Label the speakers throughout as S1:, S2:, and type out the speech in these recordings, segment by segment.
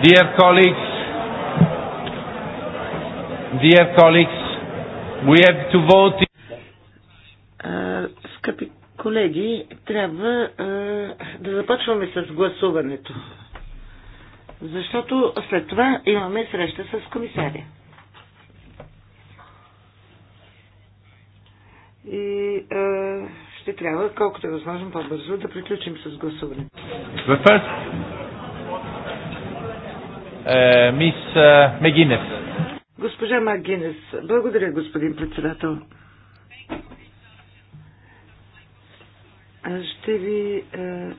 S1: Dear colleagues, dear colleagues, we have to vote.
S2: Uh, скъпи колеги, трябва uh, да започваме с гласуването. Защото след това имаме среща с комисаря. И uh, ще трябва, колкото е възможно по-бързо, да приключим с гласуването.
S1: Е, мис е, Мегинес.
S2: Госпожа Магинес, благодаря, господин председател. Ще ви е, е,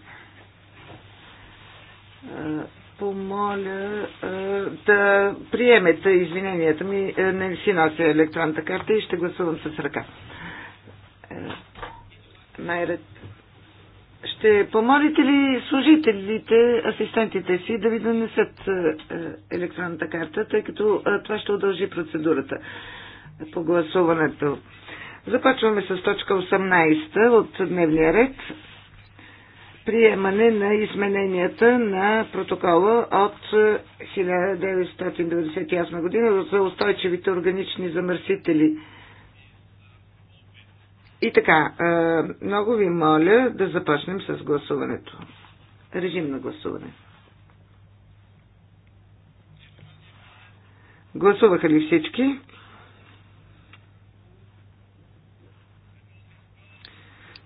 S2: помоля е, да приемете извиненията ми. Е, не си нося електронната карта и ще гласувам с ръка. Е, най-ред ще помолите ли служителите, асистентите си да ви донесат е, е, електронната карта, тъй като е, това ще удължи процедурата по гласуването. Започваме с точка 18 от дневния ред. Приемане на измененията на протокола от 1998 година за устойчивите органични замърсители. И така, много ви моля да започнем с гласуването. Режим на гласуване. Гласуваха ли всички?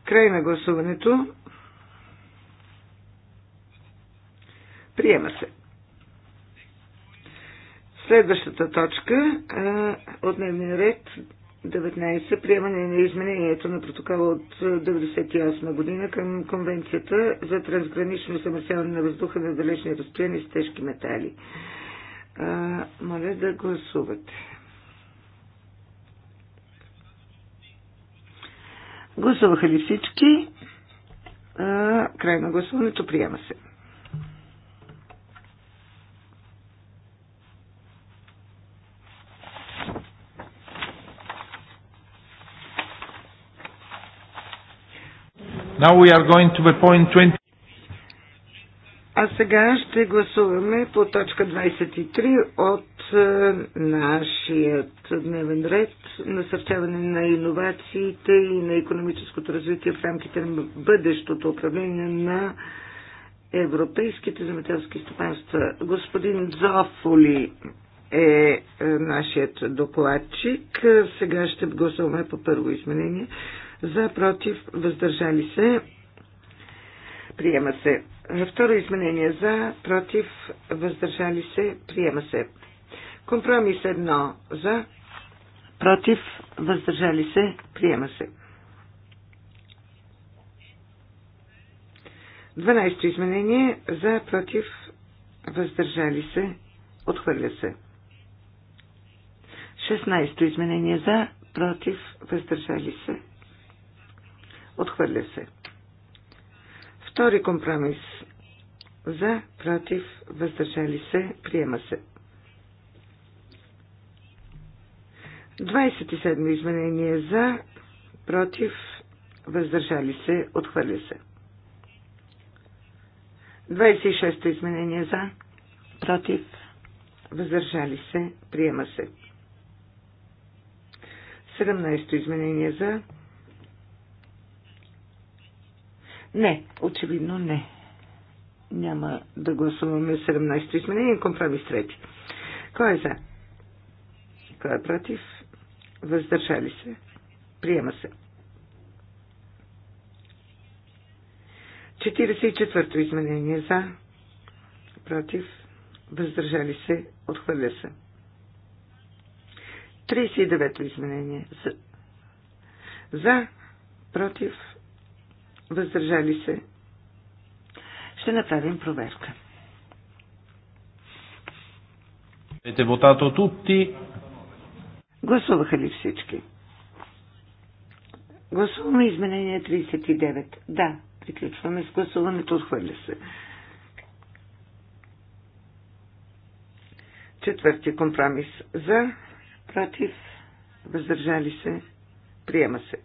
S2: Край на гласуването. Приема се. Следващата точка а, от дневния ред 19. Приемане на изменението на протокола от 1998 е, година към Конвенцията за трансгранично замърсяване на въздуха на далечни разстояния с тежки метали. А, моля да гласувате. Гласуваха ли всички? А, край на гласуването приема се.
S1: Now we are going to the point 20.
S2: А сега ще гласуваме по точка 23 от е, нашият дневен ред насърчаване на иновациите и на економическото развитие в рамките на бъдещото управление на европейските земеделски стопанства. Господин Зофоли е, е нашият докладчик. Сега ще гласуваме по първо изменение за, против, въздържали се, приема се. Второ изменение за, против, въздържали се, приема се. Компромис едно. за, против, въздържали се, приема се. 12 изменение за, против, въздържали се, отхвърля се. 16 изменение за, против, въздържали се, Отхвърля се. Втори компромис. За, против, въздържали се, приема се. 27 изменение за, против, въздържали се, отхвърля се. 26 изменение за, против, въздържали се, приема се. 17 изменение за, Не, очевидно не. Няма да гласуваме 17-то изменение. Компромис трети. Кой е за? Кой е против? Въздържали се. Приема се. 44-то изменение за. Против. Въздържали се. Отхвърля се. 39-то изменение за. За. Против въздържали се. Ще направим проверка. Гласуваха ли всички? Гласуваме изменение 39. Да, приключваме с гласуването, отхвърля се. Четвърти компромис. За, против, въздържали се, приема се.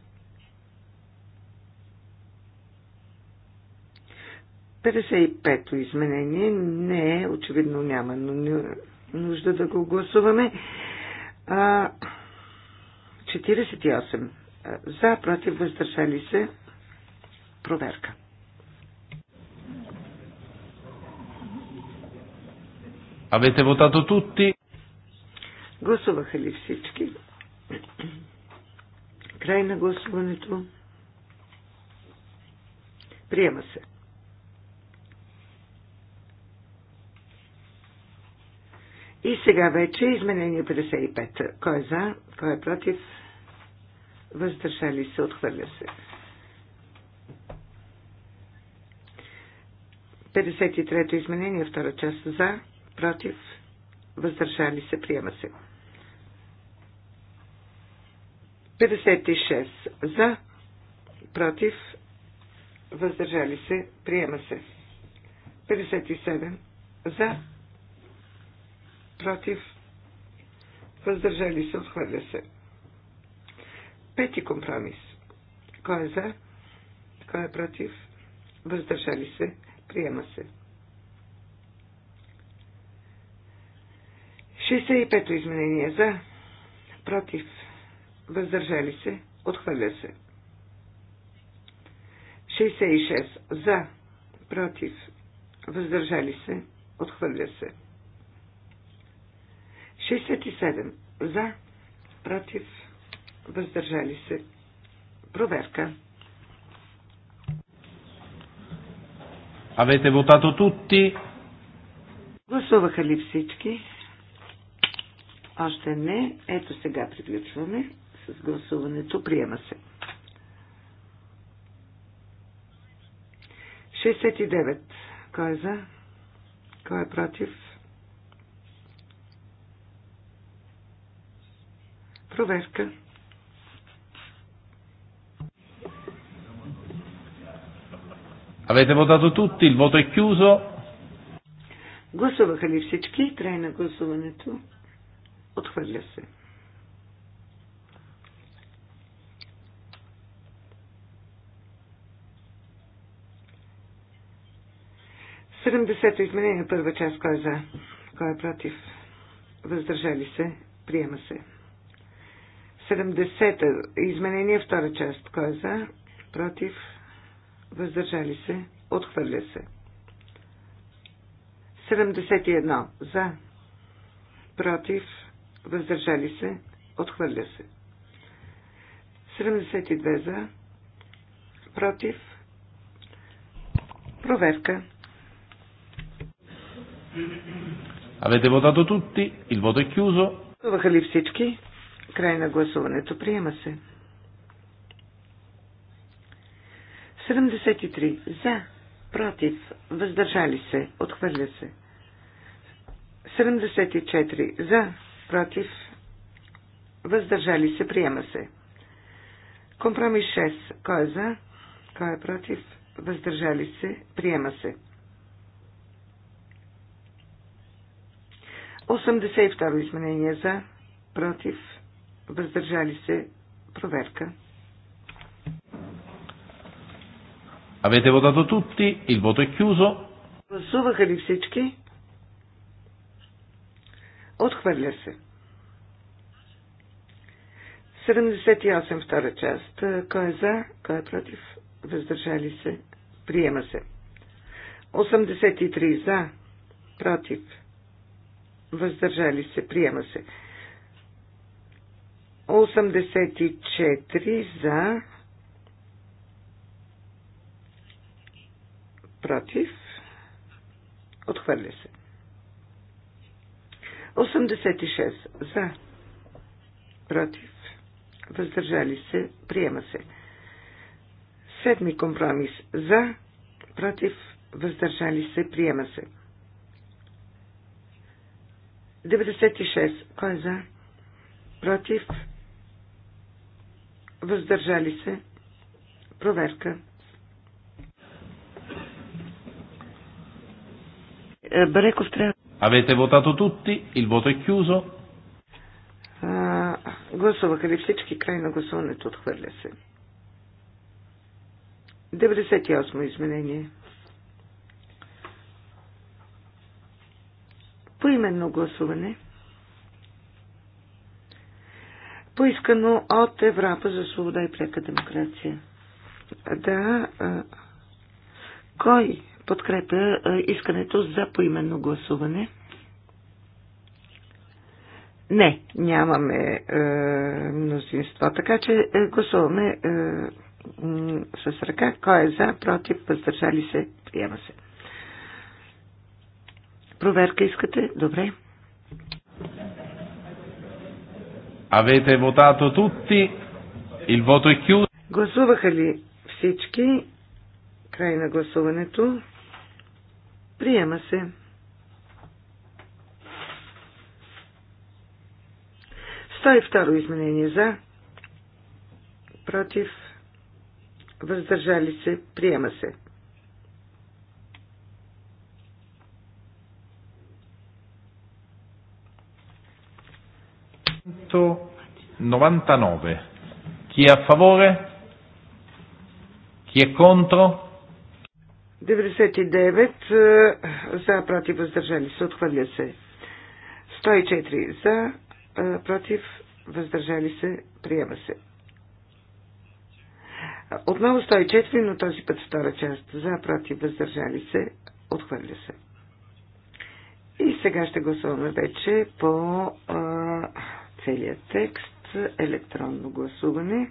S2: 55-то изменение не е, очевидно няма нужда да го гласуваме. А, 48. За, против, въздържали се. Проверка.
S1: Авете вотато тути.
S2: Гласуваха ли всички? Край на гласуването. Приема се. И сега вече изменение 55. Кой е за? Кой е против? Въздържали се, отхвърля се. 53-то изменение, втора част за, против, въздържали се, приема се. 56 за, против, въздържали се, приема се. 57 за, против, въздържали се, отхвърля се. Пети компромис. Кой е за? Кой е против? Въздържали се, приема се. 65-то изменение за, против, въздържали се, отхвърля се. 66 за, против, въздържали се, отхвърля се. 67. За. Против. Въздържали се. Проверка.
S1: Авете вотато тутти.
S2: Гласуваха ли всички? Още не. Ето сега приключваме с гласуването. Приема се. 69. Кой е за? Кой е против? Проверка.
S1: Avete votato tutti, il voto è chiuso.
S2: Гласуваха ли всички? Край на гласуването. Отхвърля се. Седемдесето изменение, първа част, кой е за, кой е против, въздържали се, приема се. 70-та. Изменение втора част. Кой е за? Против? Въздържали се? Отхвърля се. 71. За. Против? Въздържали се? Отхвърля се. 72 за. Против? Проверка.
S1: Avete votato tutti? Il voto è chiuso.
S2: Votaха ли всички? Край на гласуването. Приема се. 73. За. Против. Въздържали се. Отхвърля се. 74. За. Против. Въздържали се. Приема се. Компромис 6. Кой е за? Кой е против? Въздържали се. Приема се. 82 изменение за. Против въздържали се, проверка.
S1: Авете водато тути. il voto е chiuso.
S2: Гласуваха ли всички? Отхвърля се. 78 втора част. Кой е за, кой е против? Въздържали се. Приема се. 83 за, против. Въздържали се. Приема се. 84 за против отхвърля се 86 за против въздържали се приема се Седми компромис за против въздържали се приема се 96 кой е за против Въздържали се. Проверка. Е, Бреков трябва.
S1: Avete votato tutti? Il voto è chiuso.
S2: Гласуваха ли всички? Край на гласуването отхвърля се. 98 изменение. Поименно гласуване. поискано от Европа за свобода и пряка демокрация. Да, кой подкрепя искането за поименно гласуване? Не, нямаме е, мнозинство, така че е, гласуваме е, с ръка. Кой е за, против, въздържали се, приема се. Проверка искате? Добре.
S1: Avete votato tutti? Il voto è chiuso.
S2: Гласуваха ли всички? Край на гласуването. Приема се. Сто второ изменение за. Против. Въздържали се. Приема се.
S1: 99. Chi è a favore? Chi è contro?
S2: 99 е, за, против, въздържали се, отхвърля се. 104 за, е, против, въздържали се, приема се. Отново 104, но този път втора част. За, против, въздържали се, отхвърля се. И сега ще гласуваме вече по а, е, целият текст, електронно гласуване.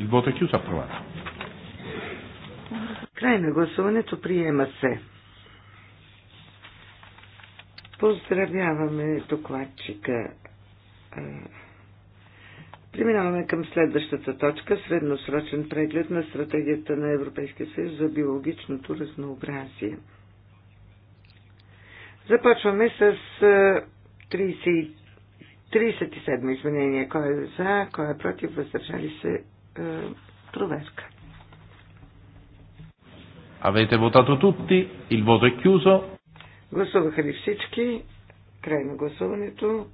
S2: Il
S1: voto è
S2: Край на гласуването приема се. Поздравяваме докладчика Преминаваме към следващата точка – средносрочен преглед на стратегията на Европейския съюз за биологичното разнообразие. Започваме с 37 е, извинения. Кой е за, кой е против, въздържали се е, проверка.
S1: Avete votato tutti, il voto è chiuso.
S2: Гласуваха ли всички? Край на гласуването.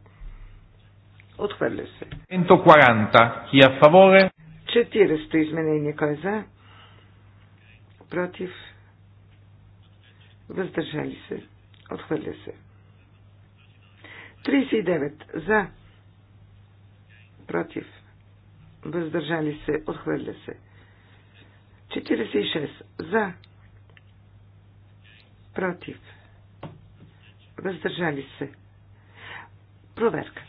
S2: Отхвърля се.
S1: 140. Хи а фаворе.
S2: 40 изменение. Кой е за? Против. Въздържали се. Отхвърля се. 39. За. Против. Въздържали се. Отхвърля се. 46. За. Против. Въздържали се. Проверка.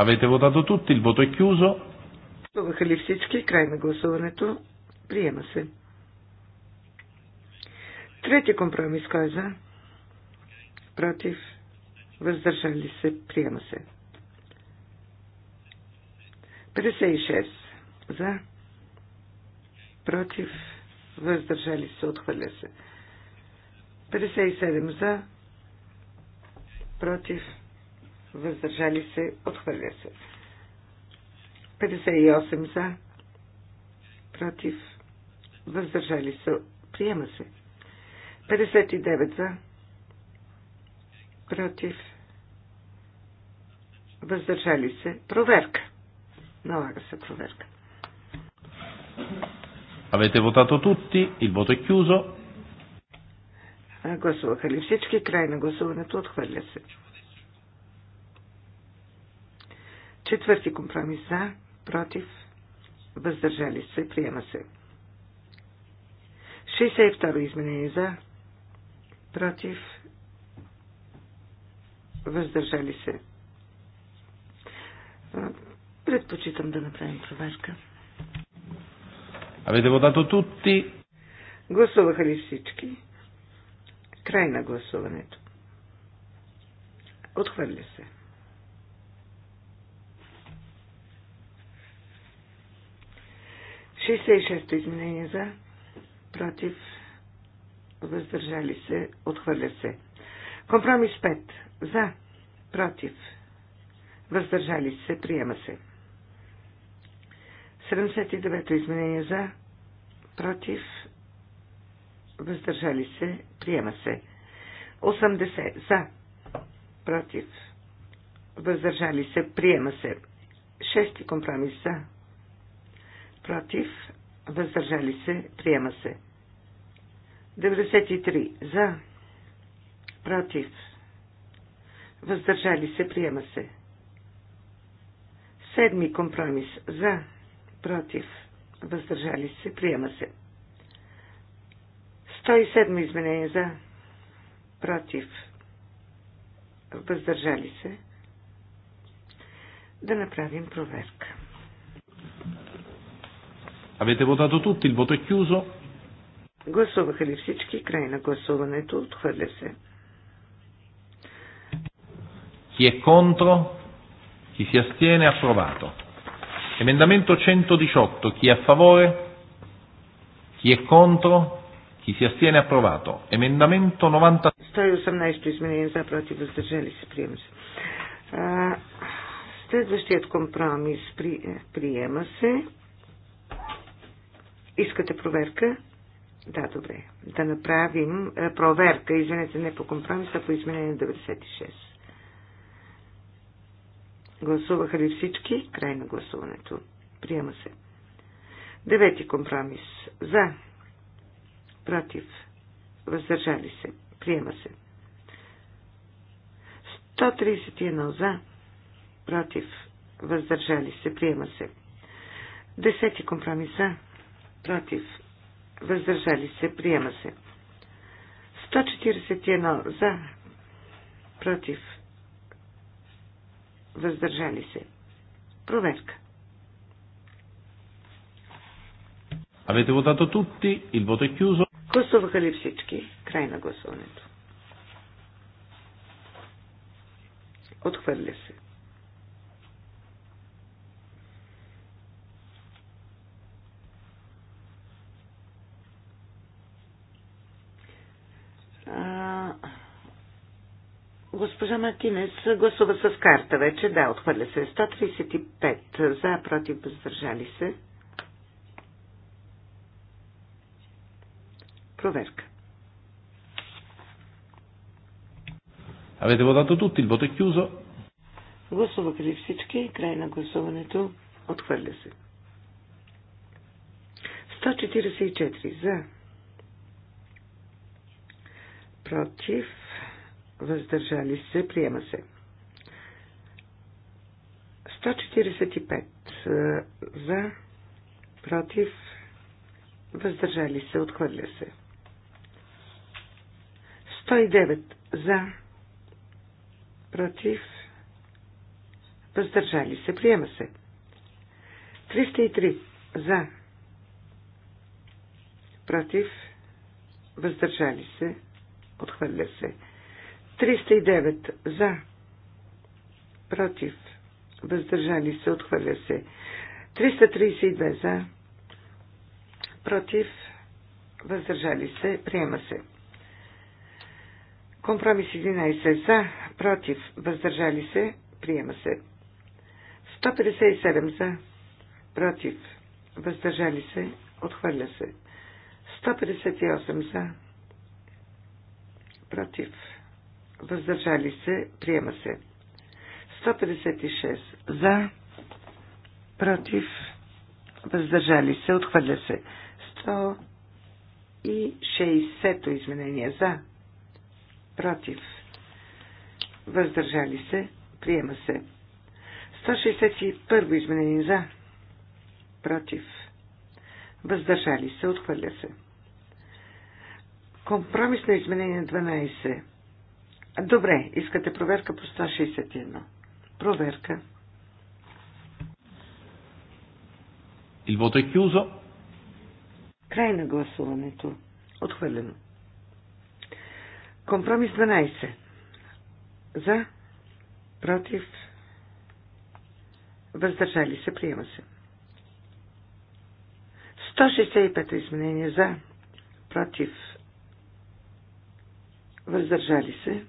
S1: Avete votato tutti, il voto è chiuso.
S2: Гласуваха ли всички? Край на гласуването. Приема се. Третия компромис кой е за? Против. Въздържали се. Приема се. 56. За. Против. Въздържали се. Отхвърля се. 57. За. Против въздържали се, отхвърля се. 58 за, против, въздържали се, приема се. 59 за, против, въздържали се, проверка. Налага се проверка.
S1: Avete votato tutti, il voto è chiuso.
S2: Гласуваха ли всички? Край на гласуването отхвърля се. Четвърти компромис за, против, въздържали се, приема се. 62 изменение за, против, въздържали се. Предпочитам да направим проверка.
S1: Avete votato тутти.
S2: Гласуваха ли всички? Край на гласуването. Отхвърля се. 66-то изменение за, против, въздържали се, отхвърля се. Компромис 5. За, против, въздържали се, приема се. 79-то изменение за, против, въздържали се, приема се. 80 за, против, въздържали се, приема се. Шести компромис за, против, въздържали се, приема се. 93 за, против, въздържали се, приема се. Седми компромис за, против, въздържали се, приема се. 107 изменение за, против, въздържали се. Да направим проверка.
S1: Avete votato tutti, il voto è chiuso.
S2: Гласуваха ли всички? Край на гласуването. Отхвърля се.
S1: Chi è contro? Chi si astiene? Approvato. Emendamento 118. Chi è a favore? Chi è contro? Chi si astiene? Approvato. Emendamento
S2: 90. 118 изменение за против въздържали се. Приема се. Следващият компромис при, приема се. Искате проверка? Да, добре. Да направим е, проверка, извинете, не по компромис, а по изменение 96. Гласуваха ли всички? Край на гласуването. Приема се. Девети компромис. За. Против. Въздържали се. Приема се. 131 за. Против. Въздържали се. Приема се. Десети компромис за против, въздържали се, приема се. 141 за, против, въздържали се. Проверка.
S1: Avete votato tutti, il voto è chiuso.
S2: Гласуваха ли всички? Край на гласуването. Отхвърля се. Госпожа Мартинес гласува с карта вече. Да, отхвърля се. 135 за, против, въздържали се. Проверка.
S1: Авете водата тут, или voto е кюзо.
S2: Гласуваха ли всички? Край на гласуването. Отхвърля се. 144 за против, въздържали се, приема се. 145 е, за, против, въздържали се, отхвърля се. 109 за, против, въздържали се, приема се. 303 за, против, въздържали се, Отхвърля се. 309 за. Против. Въздържали се. Отхвърля се. 332 за. Против. Въздържали се. Приема се. Компромис 11 за. Против. Въздържали се. Приема се. 157 за. Против. Въздържали се. Отхвърля се. 158 за против, въздържали се, приема се. 156 за, против, въздържали се, отхвърля се. 160 изменение за, против, въздържали се, приема се. 161 изменение за, против, въздържали се, отхвърля се. Компромис на изменение 12. Добре, искате проверка по 161. Проверка.
S1: Il voto è chiuso.
S2: Край на гласуването. Отхвърлено. Компромис 12. За, против, въздържали се, приема се. 165 изменение за, против, въздържали се.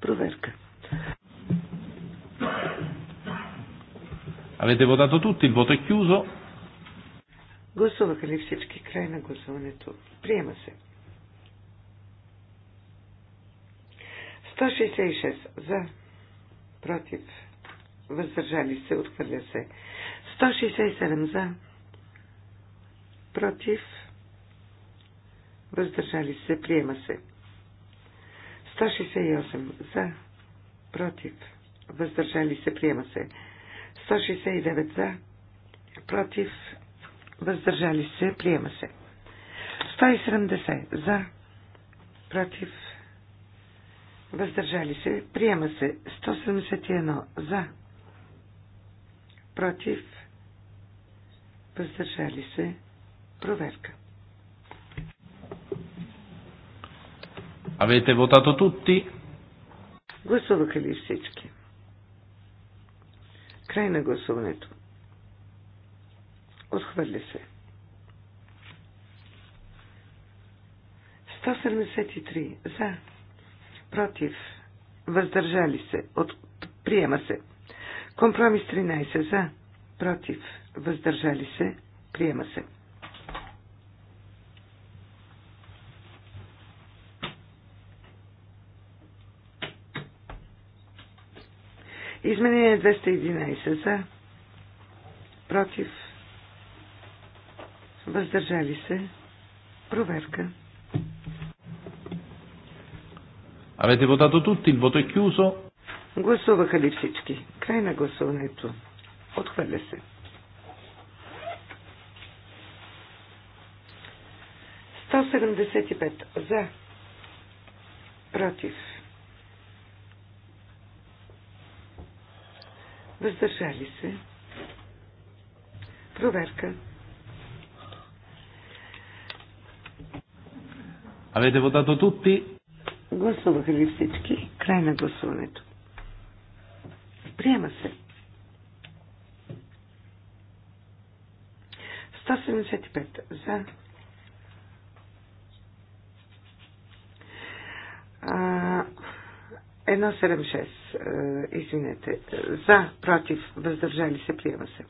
S2: Проверка.
S1: Avete votato tutti, il voto è chiuso.
S2: Гласуваха ли всички край на гласуването? Приема се. 166 за, против, въздържали се, отхвърля се. 167 за, против, въздържали се, приема се. 168 за, против, въздържали се, приема се. 169 за, против, въздържали се, приема се. 170 за, против, въздържали се, приема се. 171 за, против, въздържали се, проверка.
S1: Avete votato tutti?
S2: Гласуваха ли всички? Край на гласуването. Отхвърли се. 173 за. Против. Въздържали се. От... Приема се. Компромис 13 за. Против. Въздържали се. Приема се. Изменение 211 за. Против. Въздържали се. Проверка.
S1: Avete votato tutti, il voto è chiuso.
S2: Гласуваха ли всички? Край на гласуването. Отхвърля се. 175 за. Против. Въздържали се. Проверка.
S1: Avete votato tutti?
S2: Гласуваха ли всички? Край на гласуването. Приема се. 175 за 176, е, извинете. За, против, въздържали се, приема се.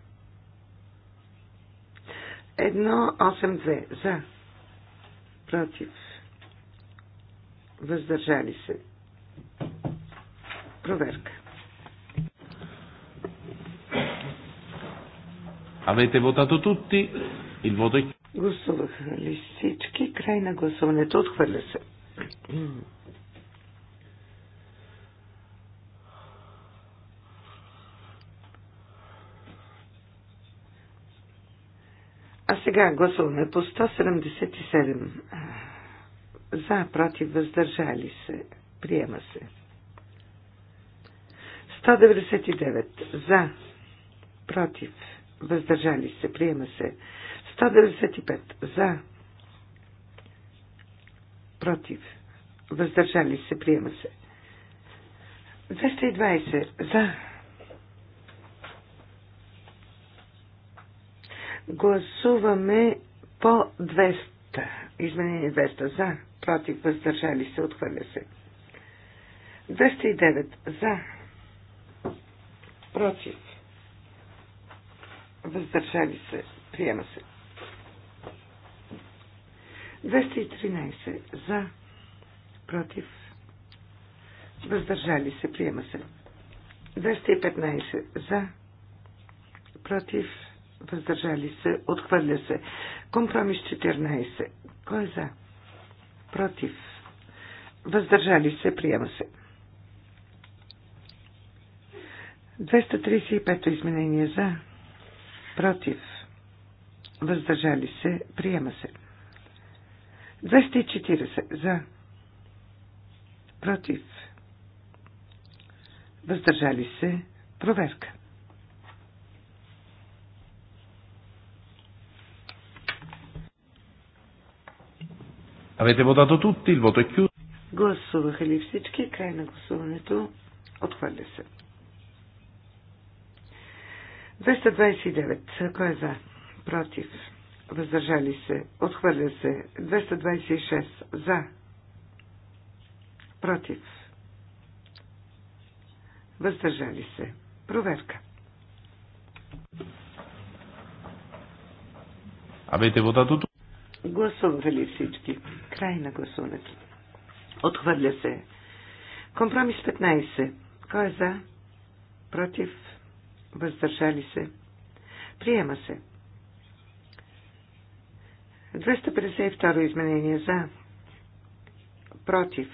S2: 182, за, против, въздържали се. Проверка.
S1: Авете вотато тутти, Il voto
S2: è... ли всички? Край на гласуването. Отхвърля се. Сега гласуваме по 177. За, против, въздържали се. Приема се. 199. За, против, въздържали се. Приема се. 195. За, против, въздържали се. Приема се. 220. За, Гласуваме по 200. Изменени 200 за, против, въздържали се, отхвърля се. 209 за, против, въздържали се, приема се. 213 за, против, въздържали се, приема се. 215 за, против, въздържали се, отхвърля се. Компромис 14. Кой е за? Против. Въздържали се, приема се. 235 изменение за. Против. Въздържали се, приема се. 240 за. Против. Въздържали се, проверка.
S1: Avete votato tutti, il voto è chiuso.
S2: Гласуваха ли всички? Край на гласуването. Отхвърля се. 229. Кой е за? Против. Въздържали се. Отхвърля се. 226. За. Против. Въздържали се. Проверка. Avete votato Гласували всички? Край на гласуването. Отхвърля се. Компромис 15. Кой е за? Против? Въздържали се? Приема се. 252 изменение за. Против.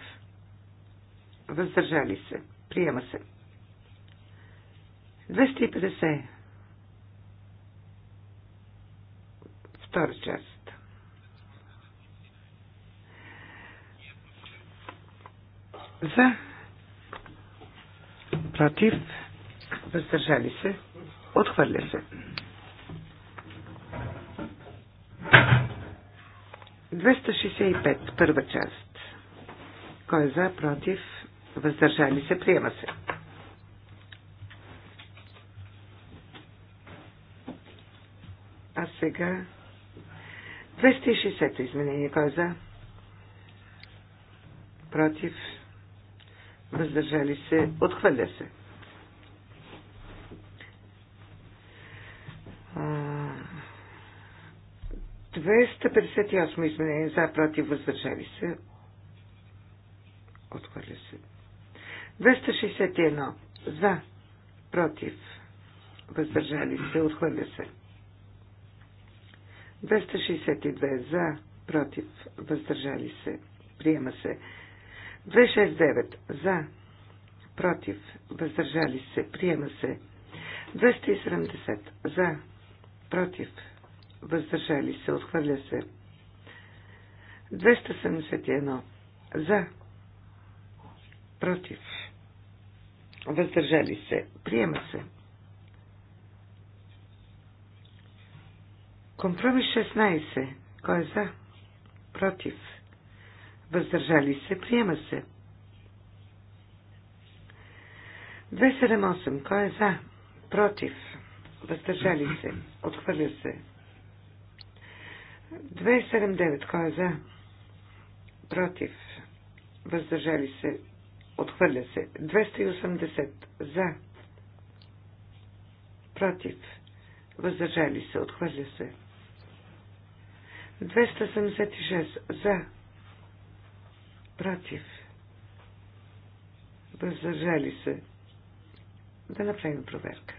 S2: Въздържали се. Приема се. 250. Втора част. За. Против. Въздържали се. Отхвърля се. 265. Първа част. Кой е за, против, въздържали се, приема се. А сега 260 изменение. Кой е за? Против, въздържали се, отхвърля се. А, 258 изменение за, против, въздържали се, отхвърля се. 261 за, против, въздържали се, отхвърля се. 262 за, против, въздържали се, приема се. 269 за, против, въздържали се, приема се. 270 за, против, въздържали се, отхвърля се. 271 за, против, въздържали се, приема се. Компромис 16. Кой е за? Против въздържали се, приема се. 278. Кой е за? Против. Въздържали се. Отхвърля се. 279. Кой е за? Против. Въздържали се. Отхвърля се. 280. За. Против. Въздържали се. Отхвърля се. 276. За против, въздържали се, да направим проверка.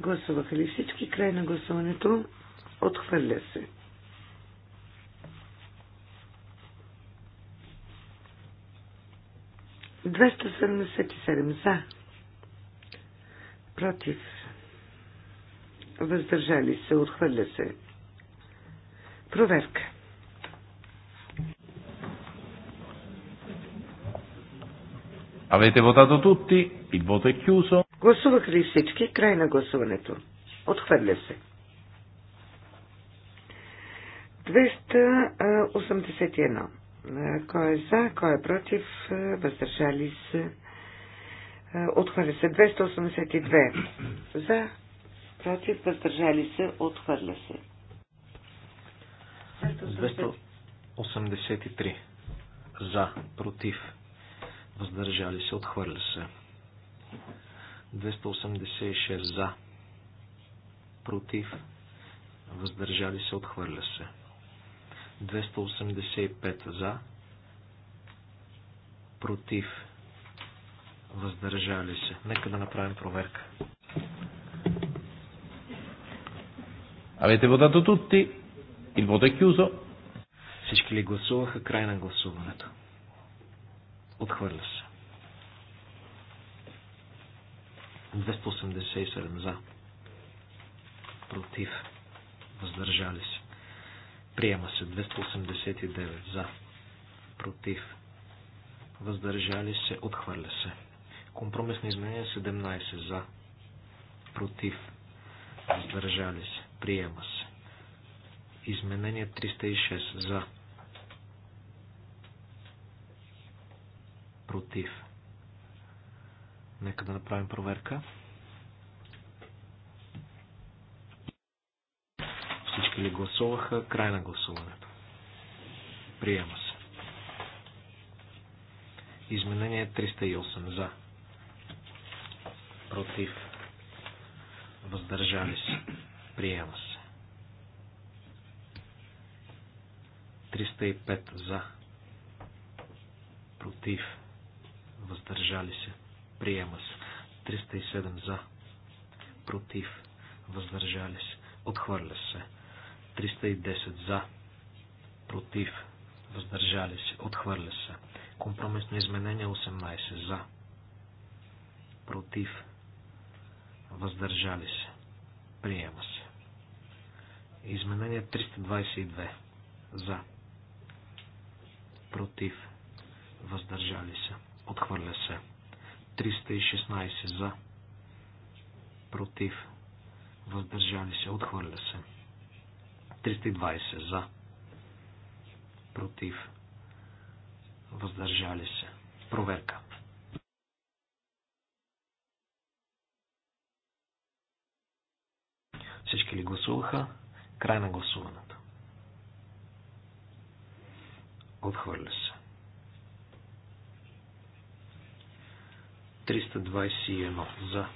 S2: Гласуваха ли всички? Край на гласуването отхвърля се. Двеста за. Против. Въздържали се. Отхвърля се. Проверка.
S1: Avete votato tutti? Il voto è chiuso.
S2: Гласуваха ли всички? Край на гласуването. Отхвърля се. 281. Кой е за, кой е против, въздържали се. Отхвърля се. 282. За, против, въздържали се, отхвърля се.
S3: 283. За, против, въздържали се, отхвърля се. 286 за, против, въздържали се, отхвърля се. 285 за, против, въздържали се. Нека да направим проверка. Avete votato tutti? Il voto è chiuso. Всички ли гласуваха край на гласуването? Отхвърля се. 287 за. Против. Въздържали се. Приема се 289 за. Против. Въздържали се. Отхвърля се. Компромисни изменение 17 за. Против. Въздържали се. Приема се. Изменение 306 за. Против. Нека да направим проверка. Всички ли гласуваха? Край на гласуването. Приема се. Изменение 308 за. Против. Въздържали се. Приема се. 305 за. Против. Въздържали се. Приема се. 307 за. Против. Въздържали се. Отхвърля се. 310 за. Против. Въздържали се. Отхвърля се. Компромисно изменение 18 за. Против. Въздържали се. Приема се. Изменение 322. За против, въздържали се, отхвърля се. 316 за, против, въздържали се, отхвърля се. 320 за, против, въздържали се. Проверка. Всички ли гласуваха? Край на гласуване. Отхвърля се. 321 за.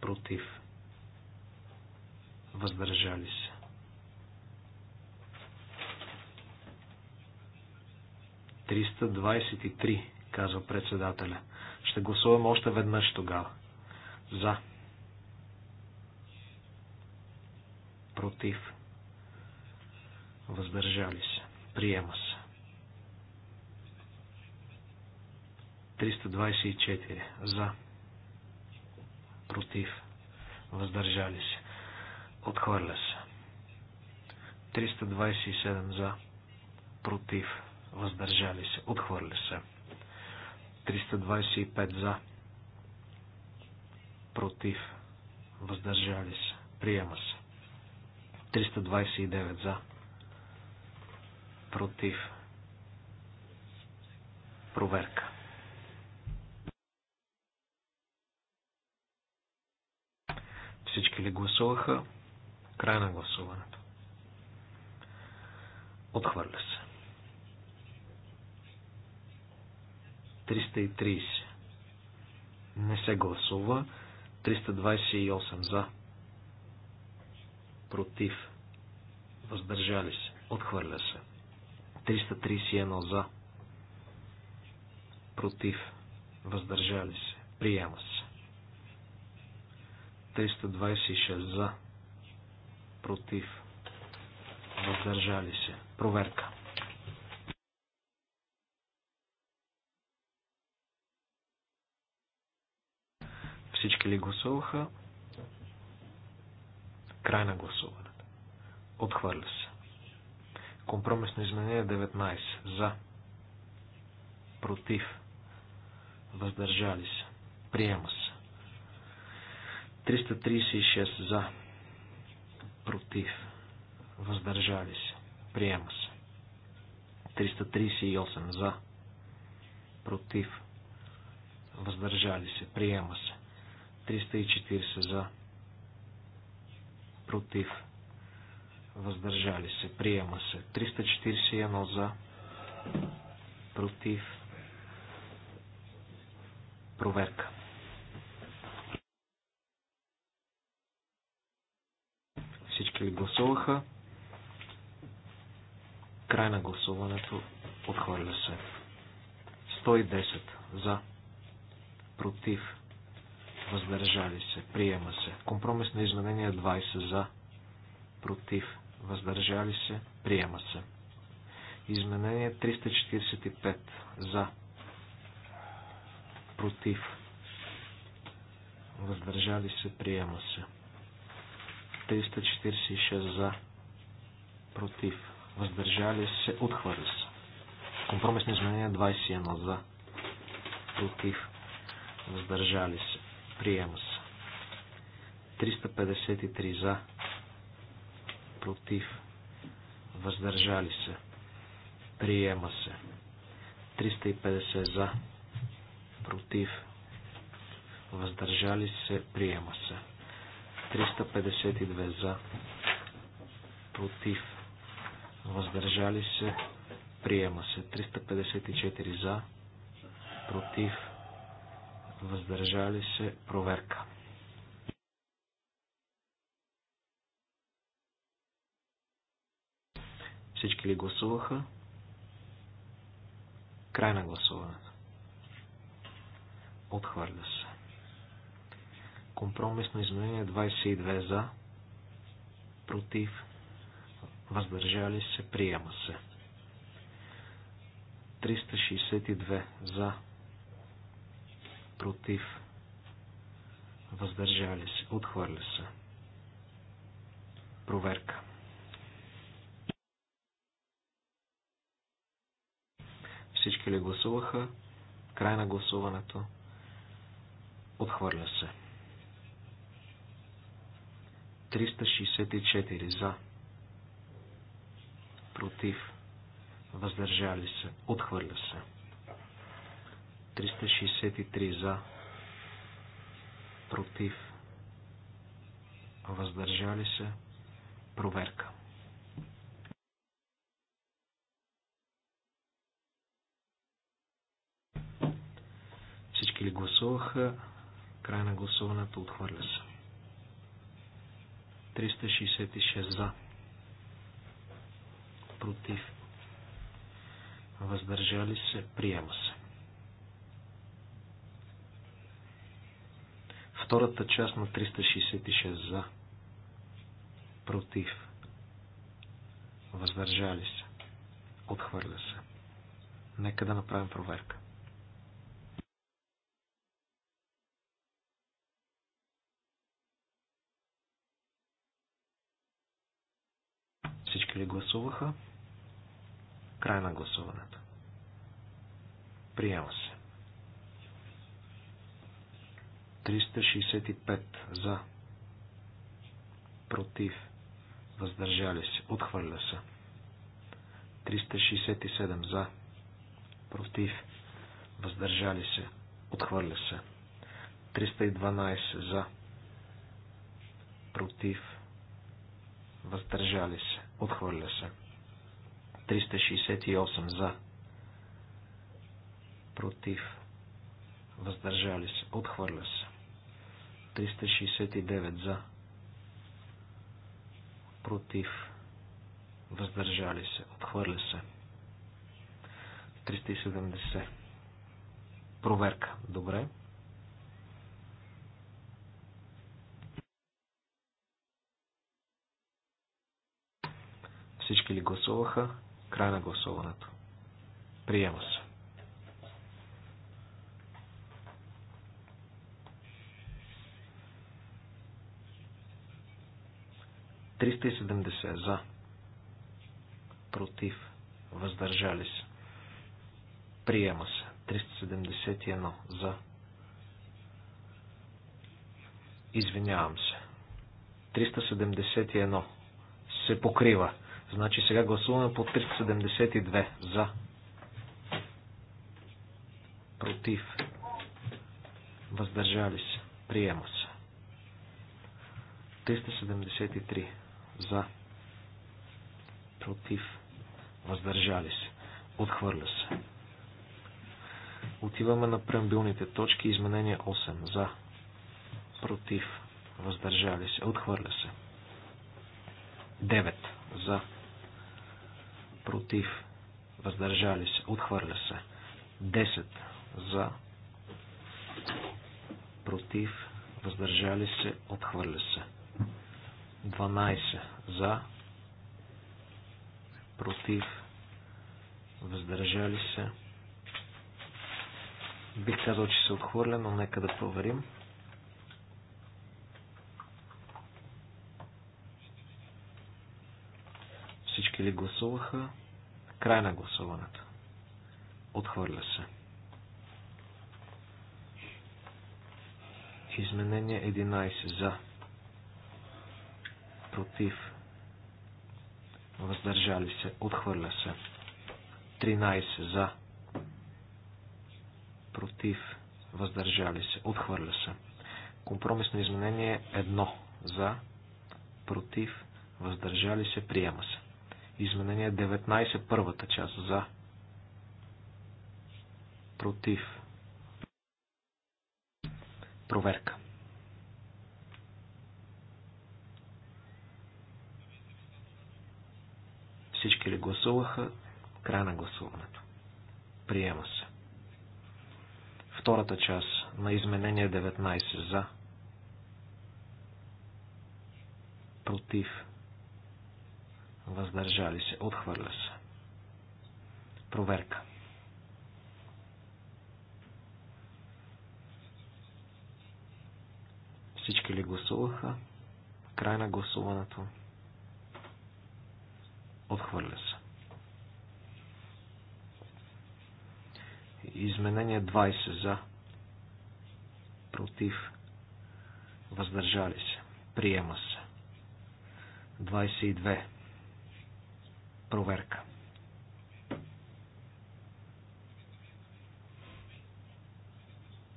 S3: Против. Въздържали се. Триста казва председателя. Ще гласувам още веднъж тогава. За. Против. Въздържали се. Приема се. 324. За. Против. Въздържали се. Отхвърля се. 327. За. Против. Въздържали се. Отхвърля се. 325. За. Против. Въздържали се. Приема се. 329. За против. Проверка. Всички ли гласуваха? Край на гласуването. Отхвърля се. 330. Не се гласува. 328 за. Против. Въздържали се. Отхвърля се. 331 за. Против. Въздържали се. Приема се. 326 за. Против. Въздържали се. Проверка. Всички ли гласуваха? Край на гласуването. Отхвърля се. Компромисно изменение 19. За. Против. Въздържали се. Приема се. 336 за. Против. Въздържали се. Приема се. 338 за. Против. Въздържали се. Приема се. 340 за. Против въздържали се, приема се. 341 за, против, проверка. Всички ли гласуваха? Край на гласуването отхвърля се. 110 за, против, въздържали се, приема се. Компромисно изменение 20 за, против, въздържали се, приема се. Изменение 345 за, против, въздържали се, приема се. 346 за, против, въздържали се, отхвърля се. Компромисно изменение 21 за, против, въздържали се, приема се. 353 за, против, въздържали се, приема се. 350 за, против, въздържали се, приема се. 352 за, против, въздържали се, приема се. 354 за, против, въздържали се, проверка. Всички ли гласуваха? Край на гласуването. Отхвърля се. Компромисно изменение 22 за. Против. Въздържали се. Приема се. 362 за. Против. Въздържали се. Отхвърля се. Проверка. Всички ли гласуваха? Край на гласуването. Отхвърля се. 364 за. Против. Въздържали се. Отхвърля се. 363 за. Против. Въздържали се. Проверка. Всички ли гласуваха? Край на гласуването отхвърля се. 366 за. Против. Въздържали се. Приема се. Втората част на 366 за. Против. Въздържали се. Отхвърля се. Нека да направим проверка. или гласуваха? Край на гласуването. Приема се. 365 за. Против. Въздържали се. Отхвърля се. 367 за. Против. Въздържали се. Отхвърля се. 312 за. Против. Въздържали се. Отхвърля се. 368 за. Против. Въздържали се. Отхвърля се. 369 за. Против. Въздържали се. Отхвърля се. 370. Проверка. Добре. Всички ли гласуваха? Край на гласуването. Приема се. Триста и седемдесет за. Против. Въздържали се. Приема се. 371 за. Извинявам се. 371 се покрива. Значи сега гласуваме по 372. За. Против. Въздържали се. Приема се. 373. За. Против. Въздържали се. Отхвърля се. Отиваме на преамбилните точки. Изменение 8. За. Против. Въздържали се. Отхвърля се. 9. За против, въздържали се, отхвърля се. 10 за, против, въздържали се, отхвърля се. 12 за, против, въздържали се. Бих казал, че се отхвърля, но нека да проверим. 12 Всички ли гласуваха? Край на гласуването. Отхвърля се. Изменение 11 за. Против. Въздържали се. Отхвърля се. 13 за. Против. Въздържали се. Отхвърля се. Компромисно изменение 1 за. Против. Въздържали се. Приема се. Изменение 19, първата част. За. Против. Проверка. Всички ли гласуваха? Край на гласуването. Приема се. Втората част на изменение 19 за. Против въздържали се, отхвърля се. Проверка. Всички ли гласуваха? Край на гласуването. Отхвърля се. Изменение 20 за. Против. Въздържали се. Приема се. 22 проверка.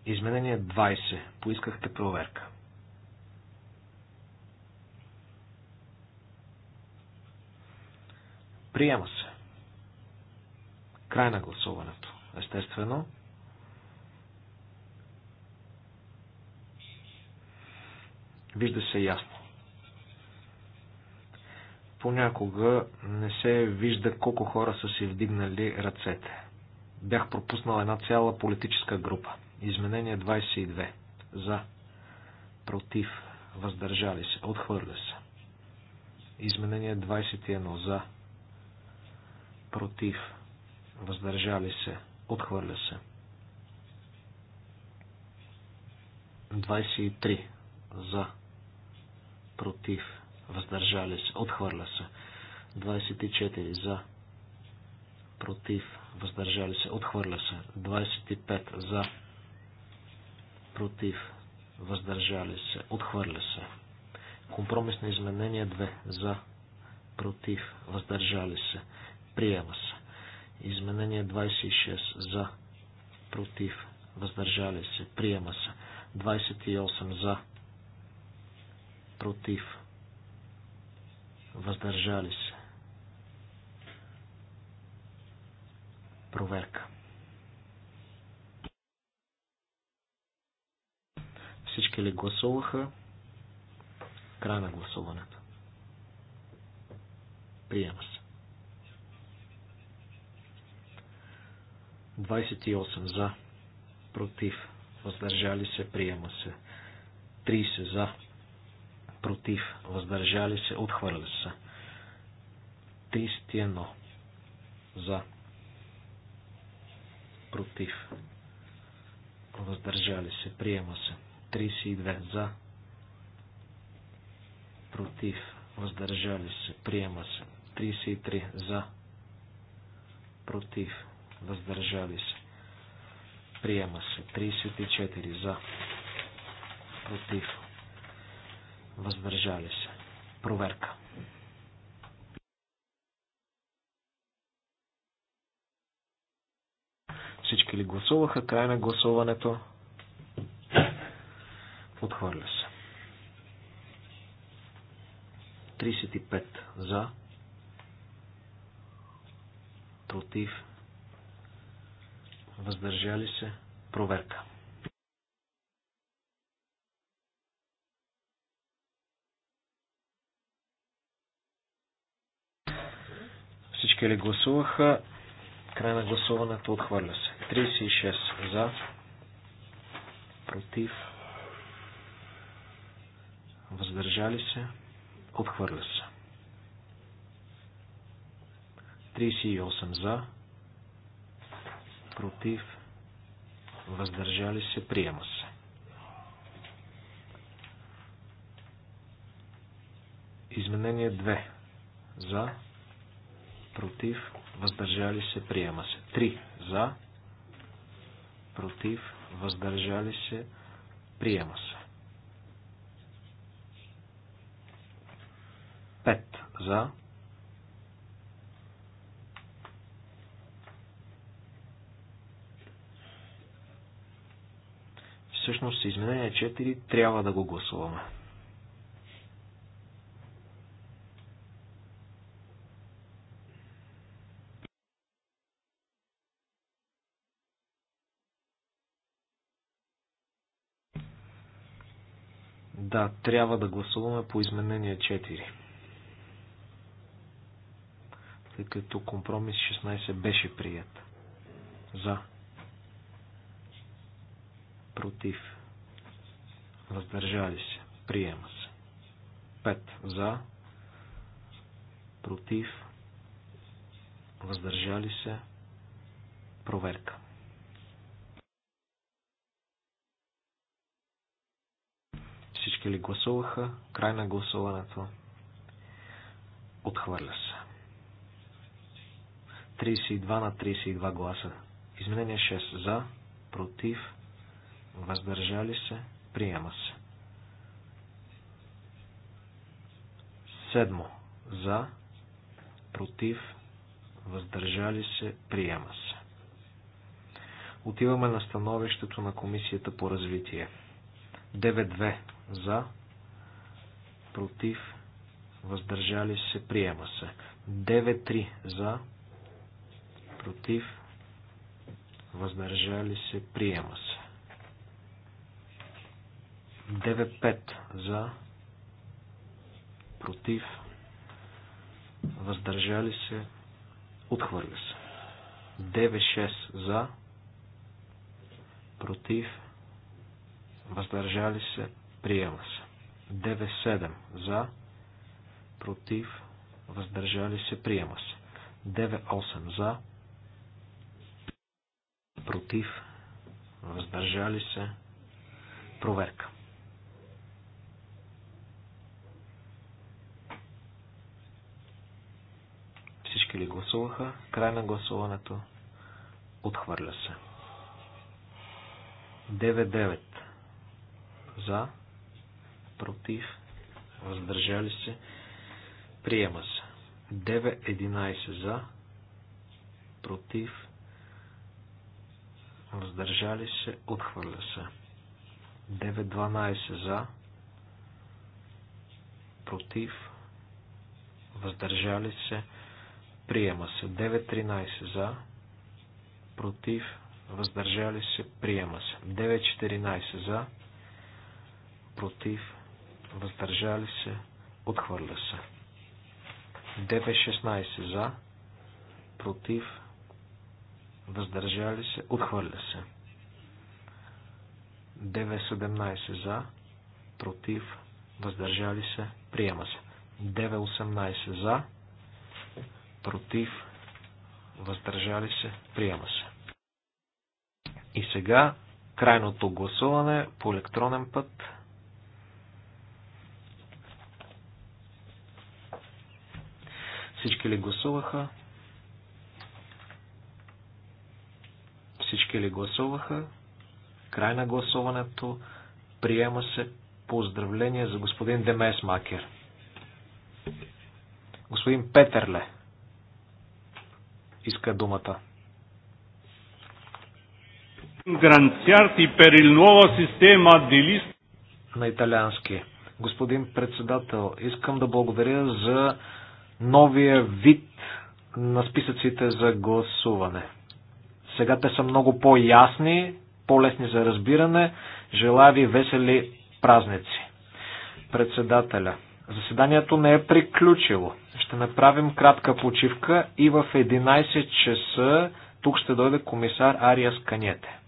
S3: Изменение 20. Поискахте проверка. Приема се. Край на гласуването. Естествено. Вижда се ясно понякога не се вижда колко хора са си вдигнали ръцете. Бях пропуснал една цяла политическа група. Изменение 22. За. Против. Въздържали се. Отхвърля се. Изменение 21. За. Против. Въздържали се. Отхвърля се. 23. За. Против въздържали се, отхвърля се. 24 за, против, въздържали се, отхвърля се. 25 за, против, въздържали се, отхвърля се. на изменение 2 за, против, въздържали се, приема се. Изменение 26 за, против, въздържали се, приема се. 28 за, против, въздържали се. Проверка. Всички ли гласуваха? Край на гласуването. Приема се. 28 за, против, въздържали се, приема се. 30 за, против, въздържали се, отхвърля се. 31 за, против, въздържали се, приема се. 32 за, против, въздържали се, приема се. 33 за, против, въздържали се, приема се. 34 за, против, въздържали се. Проверка. Всички ли гласуваха? Край на гласуването. Отхвърля се. 35 за. Против. Въздържали се. Проверка. Всички ли гласуваха? Край на гласуването отхвърля се. 36 за, против, въздържали се, отхвърля се. 38 за, против, въздържали се, приема се. Изменение 2 за, против, въздържали се, приема се. 3 за, против, въздържали се, приема се. 5 за, всъщност изменение 4 трябва да го гласуваме. Да, трябва да гласуваме по изменение 4. Тъй като компромис 16 беше прият. За. Против. Въздържали се. Приема се. 5. За. Против. Въздържали се. Проверка. Всички ли гласуваха? Край на гласуването. Отхвърля се. 32 на 32 гласа. Изменение 6 за, против, въздържали се, приема се. Седмо. За, против, въздържали се, приема се. Отиваме на становището на Комисията по развитие. 9.2 за, против, въздържали се, приема се. 9-3 за, против, въздържали се, приема се. 9-5 за, против, въздържали се, отхвърля се. 9-6 за, против, въздържали се, Приема се. 9.7 за, против, въздържали се, приема се. 9.8 за, против, въздържали се, проверка. Всички ли гласуваха? Край на гласуването. Отхвърля се. 9-9. За против, въздържали се, приема се. 9-11 за, против, въздържали се, отхвърля се. 9.12 за, против, въздържали се, приема се. 9.13 за, против, въздържали се, приема се. 9-14 за, против, въздържали се, отхвърля се. 9.16 за, против, въздържали се, отхвърля се. 9.17 за, против, въздържали се, приема се. 9.18 за, против, въздържали се, приема се. И сега крайното гласуване по електронен път. Всички ли гласуваха? Всички ли гласуваха? Край на гласуването. Приема се поздравление за господин Демес Макер. Господин Петърле иска думата. Гранцярти per система nuovo На италиански. Господин председател, искам да благодаря за новия вид на списъците за гласуване. Сега те са много по-ясни, по-лесни за разбиране. Желая ви весели празници. Председателя. Заседанието не е приключило. Ще направим кратка почивка и в 11 часа тук ще дойде комисар Ария Сканете.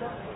S4: Thank you.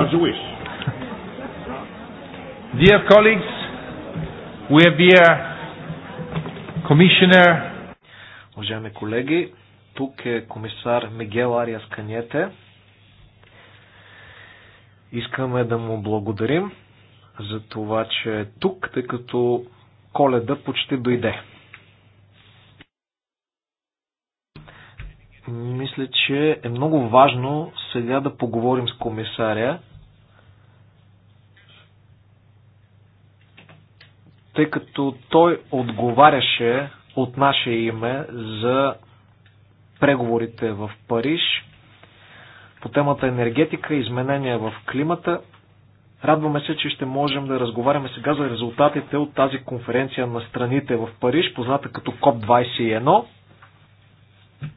S5: are Jewish. Dear colleagues, we have here
S3: Commissioner. Уважаеми колеги, тук е комисар Мигел Ариас Каньете. Искаме да му благодарим за това, че е тук, тъй като коледа почти дойде. мисля, че е много важно сега да поговорим с комисаря тъй като той отговаряше от наше име за преговорите в Париж по темата енергетика, изменения в климата. Радваме се, че ще можем да разговаряме сега за резултатите от тази конференция на страните в Париж, позната като КОП-21.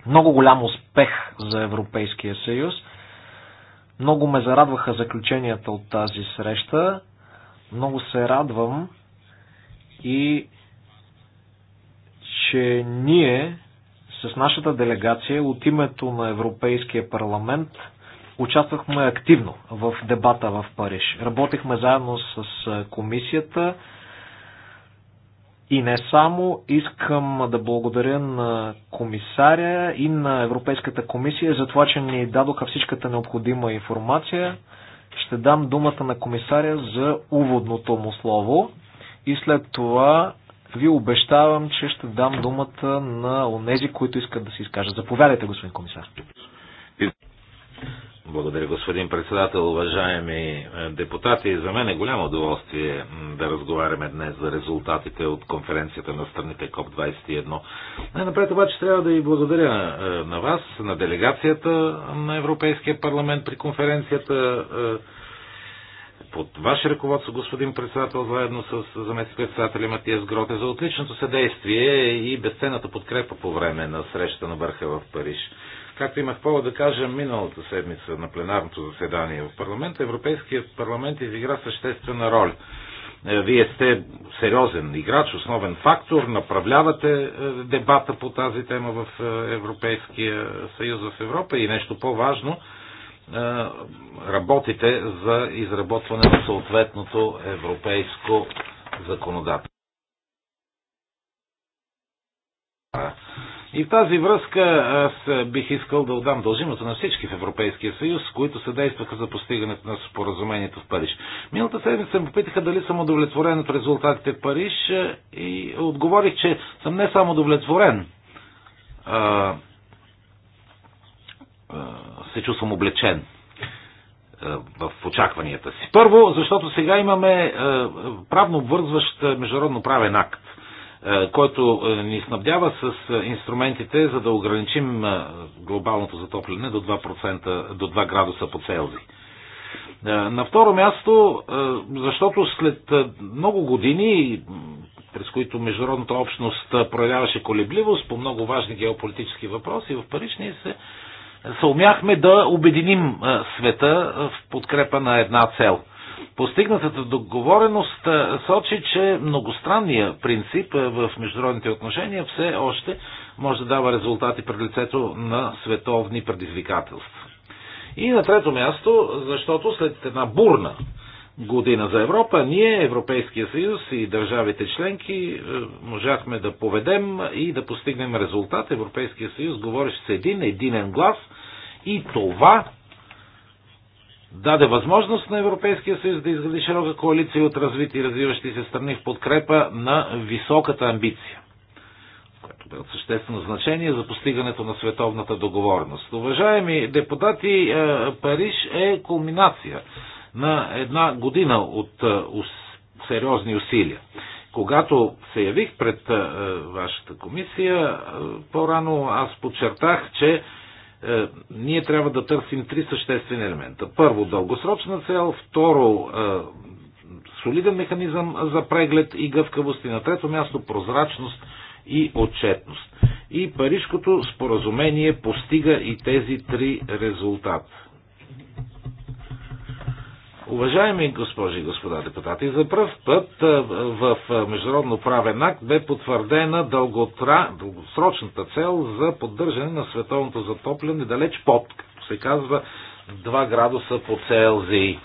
S3: Много голям успех за Европейския съюз. Много ме зарадваха заключенията от тази среща. Много се радвам, и че ние с нашата делегация от името на Европейския парламент участвахме активно в дебата в Париж. Работихме заедно с комисията и не само. Искам да благодаря на комисаря и на Европейската комисия за това, че ни дадоха всичката необходима информация. Ще дам думата на комисаря за уводното му слово и след това ви обещавам, че ще дам думата на онези, които искат да се изкажат. Заповядайте, господин комисар.
S6: Благодаря, господин председател, уважаеми е, депутати. За мен е голямо удоволствие да разговаряме днес за резултатите от конференцията на страните КОП-21. Най-напред обаче трябва да ви благодаря е, на вас, на делегацията на Европейския парламент при конференцията е, под ваше ръководство, господин председател, заедно с заместник председателя Матиас Гроте, за отличното съдействие и безценната подкрепа по време на среща на върха в Париж. Както имах повод да кажа миналата седмица на пленарното заседание в парламента, Европейският парламент изигра съществена роля. Е, вие сте сериозен играч, основен фактор, направлявате е, дебата по тази тема в е, Европейския съюз в Европа и нещо по-важно – е, работите за изработване на съответното европейско законодателство. И в тази връзка аз бих искал да отдам дължимото на всички в Европейския съюз, които се действаха за постигането на споразумението в Париж. Миналата седмица ме попитаха дали съм удовлетворен от резултатите в Париж е, и отговорих, че съм не само удовлетворен, се чувствам облечен в очакванията си. Първо, защото сега имаме правно обвързващ международно правен акт, който ни снабдява с инструментите за да ограничим глобалното затопляне до 2%, до 2 градуса по Целзий. На второ място, защото след много години, през които международната общност проявяваше колебливост по много важни геополитически въпроси, в Париж ние се съумяхме да обединим е, света е, в подкрепа на една цел. Постигнатата договореност е, сочи, че многостранния принцип в международните отношения все още може да дава резултати пред лицето на световни предизвикателства. И на трето място, защото след една бурна година за Европа, ние, Европейския съюз и държавите членки е, можахме да поведем и да постигнем резултат. Европейския съюз говореше с един, единен глас и това даде възможност на Европейския съюз да изгради широка коалиция от развити и развиващи се страни в подкрепа на високата амбиция което бе от съществено значение за постигането на световната договорност. Уважаеми депутати, е, Париж е кулминация на една година от е, сериозни усилия. Когато се явих пред е, вашата комисия, е, по-рано аз подчертах, че ние трябва да търсим три съществени елемента. Първо, дългосрочна цел, второ, солиден механизъм за преглед и гъвкавост и на трето място прозрачност и отчетност. И Парижкото споразумение постига и тези три резултата. Уважаеми госпожи и господа депутати, за първ път в Международно правен акт бе потвърдена дълготра... дългосрочната цел за поддържане на световното затопляне далеч под, както се казва, 2 градуса по Целзий.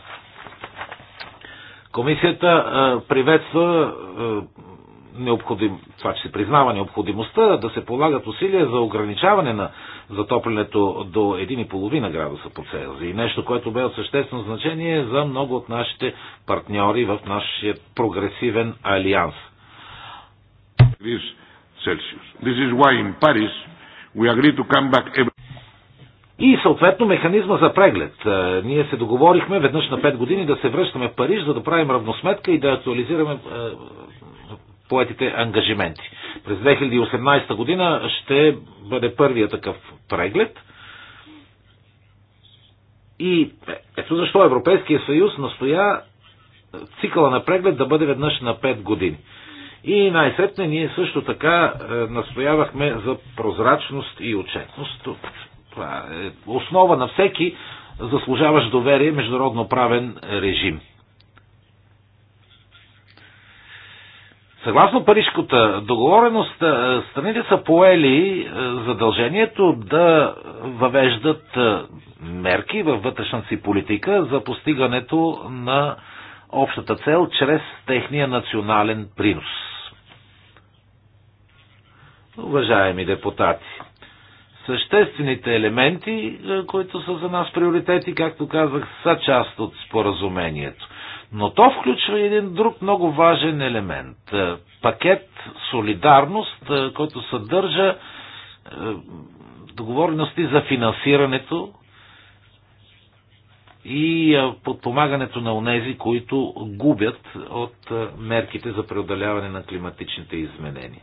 S6: Комисията приветства необходим, това, че се признава необходимостта да се полагат усилия за ограничаване на затоплянето до 1,5 градуса по Целзий. Нещо, което бе от съществено значение за много от нашите партньори в
S5: нашия прогресивен алианс. И съответно
S6: механизма за преглед. Е, ние се договорихме веднъж на 5 години да се връщаме в Париж, за да правим равносметка и да актуализираме е, поетите ангажименти. През 2018 година ще бъде първия такъв преглед. И е, ето защо Европейския съюз настоя цикъла на преглед да бъде веднъж на 5 години. И най-сетне ние също така е, настоявахме за прозрачност и отчетност. Това е основа на всеки заслужаващ доверие международно правен режим. Съгласно Парижката договореност, е, страните са поели е, задължението да въвеждат е, мерки във вътрешната си политика за постигането на общата цел чрез техния национален принос. Уважаеми депутати, съществените елементи, които са за нас приоритети, както казах, са част от споразумението. Но то включва един друг много важен елемент. Е, пакет солидарност, е, който съдържа е, договорености за финансирането и подпомагането на онези, които губят от мерките за преодоляване на климатичните изменения.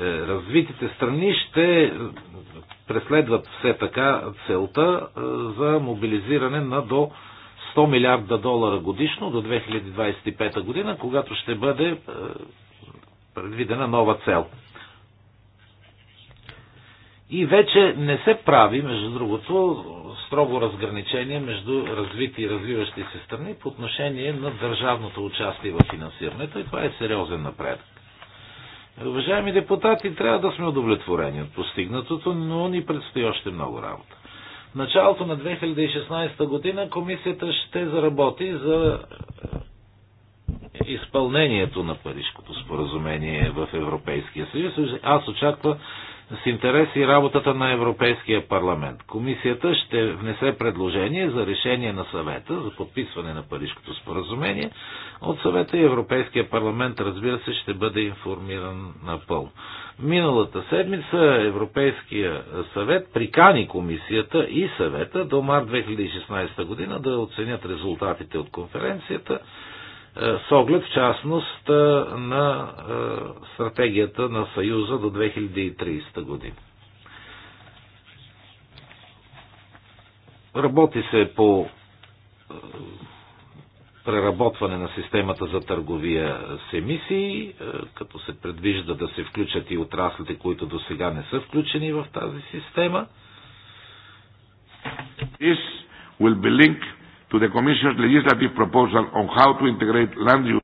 S6: Развитите страни ще преследват все така целта за мобилизиране на до 100 милиарда долара годишно до 2025 година, когато ще бъде е, предвидена нова цел. И вече не се прави, между другото, строго разграничение между развити и развиващи се страни по отношение на държавното участие в финансирането и това е сериозен напредък. Уважаеми депутати, трябва да сме удовлетворени от постигнатото, но ни предстои още много работа началото на 2016 година комисията ще заработи за е, изпълнението на Парижското споразумение в Европейския съюз. Аз очаквам с интерес и работата на Европейския парламент. Комисията ще внесе предложение за решение на съвета за подписване на Парижкото споразумение. От съвета и Европейския парламент, разбира се, ще бъде информиран напълно. Миналата седмица Европейския съвет прикани комисията и съвета до март 2016 година да оценят резултатите от конференцията е, с оглед в частност е, на е, стратегията на Съюза до 2030 година. Работи се по преработване на системата за търговия с емисии, като се предвижда да се включат и отраслите,
S5: които до сега
S6: не са включени в тази система.
S5: This will be linked to the Commission's legislative proposal on how to integrate land use.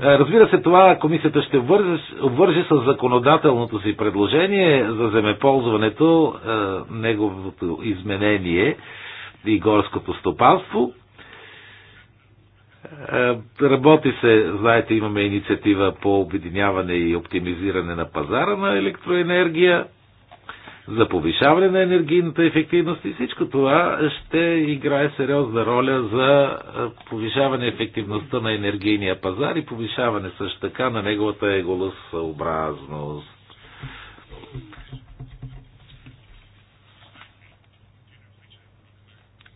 S6: Е, разбира се, това комисията ще върже, върже с законодателното си предложение за земеползването, е, неговото изменение и горското стопанство. Е, работи се, знаете, имаме инициатива по обединяване и оптимизиране на пазара на електроенергия за повишаване на енергийната ефективност и всичко това ще играе сериозна роля за повишаване ефективността на енергийния пазар и повишаване също така на неговата еголосъобразност.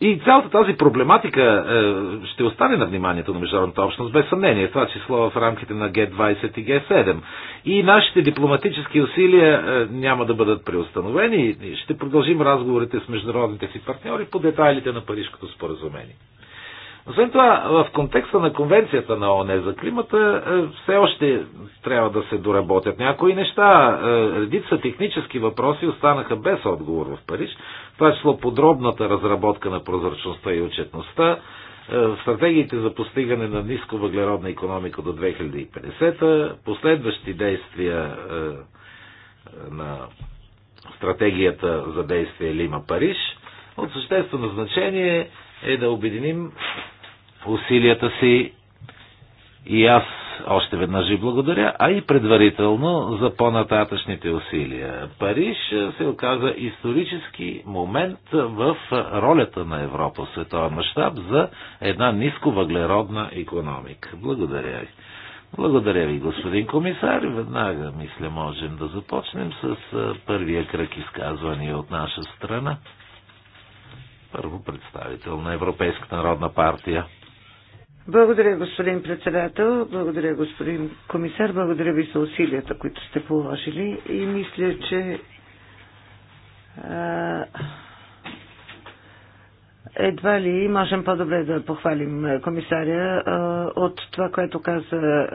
S6: И цялата тази проблематика е, ще остане на вниманието на международната общност, без съмнение, това число в рамките на Г20 и Г7. И нашите дипломатически усилия е, няма да бъдат преустановени. Ще продължим разговорите с международните си партньори по детайлите на Парижкото споразумение. Освен това, в контекста на конвенцията на ОНЕ за климата е, все още трябва да се доработят някои неща. Е, редица технически въпроси останаха без отговор в Париж, това е число подробната разработка на прозрачността и отчетността, е, стратегиите за постигане на ниско въглеродна економика до 2050, последващи действия е, на стратегията за действие Лима Париж. От съществено значение е да обединим усилията си и аз още веднъж ви благодаря, а и предварително за по-нататъчните усилия. Париж е, се оказа исторически момент в ролята на Европа в световен мащаб за една нисковъглеродна економика. Благодаря ви. Благодаря ви, господин комисар. Веднага, мисля, можем да започнем с е, първия кръг изказвания от наша страна. Първо представител на Европейската народна партия.
S2: Благодаря, господин председател, благодаря, господин комисар, благодаря ви за усилията, които сте положили и мисля, че а, едва ли можем по-добре да похвалим е, комисаря е, от това, което каза е,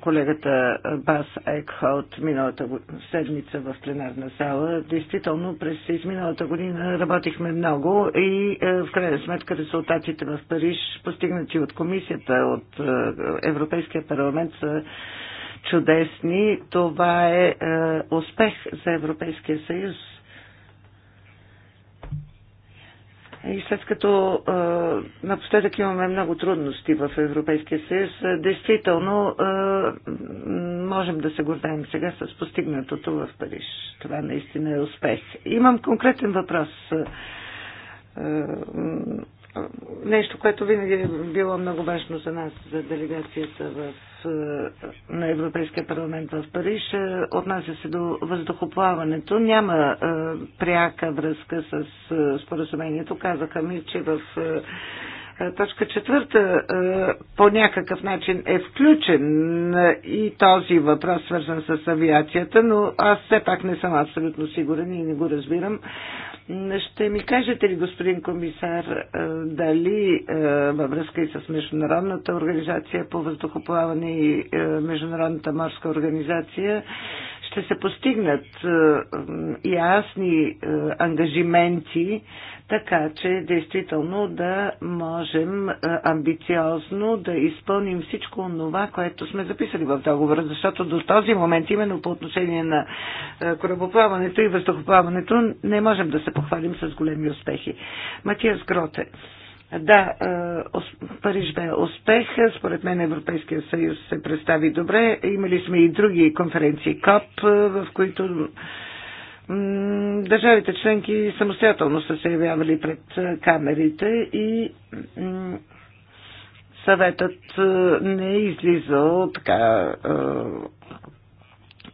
S2: колегата Бас Екхолт миналата седмица в пленарна зала. Действително, през изминалата година работихме много и в крайна сметка резултатите в Париж, постигнати от комисията, от Европейския парламент са чудесни. Това е успех за Европейския съюз И след като а, напоследък имаме много трудности в Европейския съюз, действително а, можем да се гордаем сега с постигнатото в Париж. Това наистина е успех. Имам конкретен въпрос. А, нещо, което винаги е било много важно за нас, за делегацията в е, на Европейския парламент в Париж е, отнася се до въздухоплаването. Няма е, пряка връзка с споразумението. Казаха ми, че в точка четвърта по някакъв начин е включен и този въпрос, свързан с авиацията, но аз все пак не съм абсолютно сигурен и не го разбирам. Ще ми кажете ли, господин комисар, е, дали е, във връзка и с Международната организация по въздухоплаване и е, Международната морска организация ще се постигнат е, ясни е, ангажименти, така че действително да можем е, амбициозно да изпълним всичко това, което сме записали в договора, защото до този момент, именно по отношение на корабоплаването и въздухоплаването, не можем да се похвалим с големи успехи. Матиас Гроте. Да, е, Париж бе успех. Според мен Европейския съюз се представи добре. Имали сме и други конференции КОП, е, в които държавите членки самостоятелно са се явявали пред е, камерите и съветът не е излизал така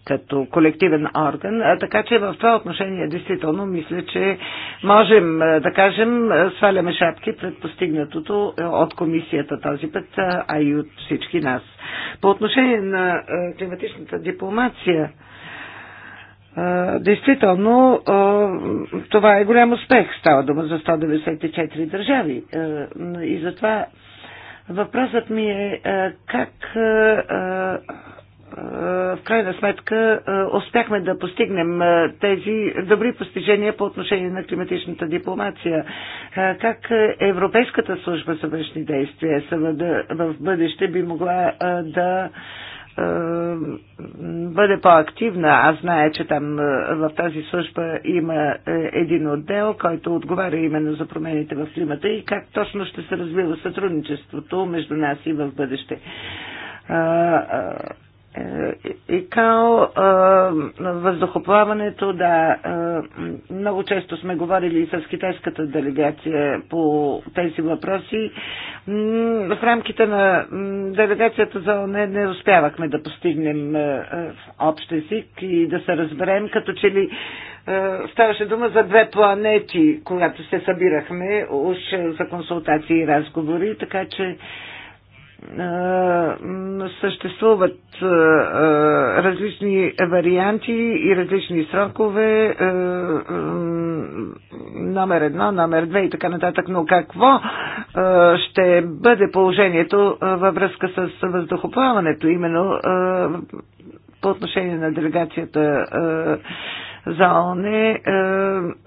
S2: като колективен орган. Така че в това отношение действително мисля, че можем да кажем, сваляме шапки пред постигнатото от комисията този път, а и от всички нас. По отношение на климатичната дипломация, Действително, това е голям успех. Става дума за 194 държави. И затова въпросът ми е как в крайна сметка успяхме да постигнем тези добри постижения по отношение на климатичната дипломация. Как Европейската служба за външни действия в бъдеще би могла да бъде по-активна. Аз знае, че там в тази служба има един отдел, който отговаря именно за промените в климата и как точно ще се развива сътрудничеството между нас и в бъдеще. И као въздухоплаването, да, много често сме говорили и с китайската делегация по тези въпроси. В рамките на делегацията за ОНЕ не успявахме да постигнем общ език и да се разберем, като че ли ставаше дума за две планети, когато се събирахме уж за консултации и разговори, така че съществуват различни варианти и различни срокове, номер едно, номер две и така нататък, но какво ще бъде положението във връзка с въздухоплаването, именно по отношение на делегацията за ООН, е,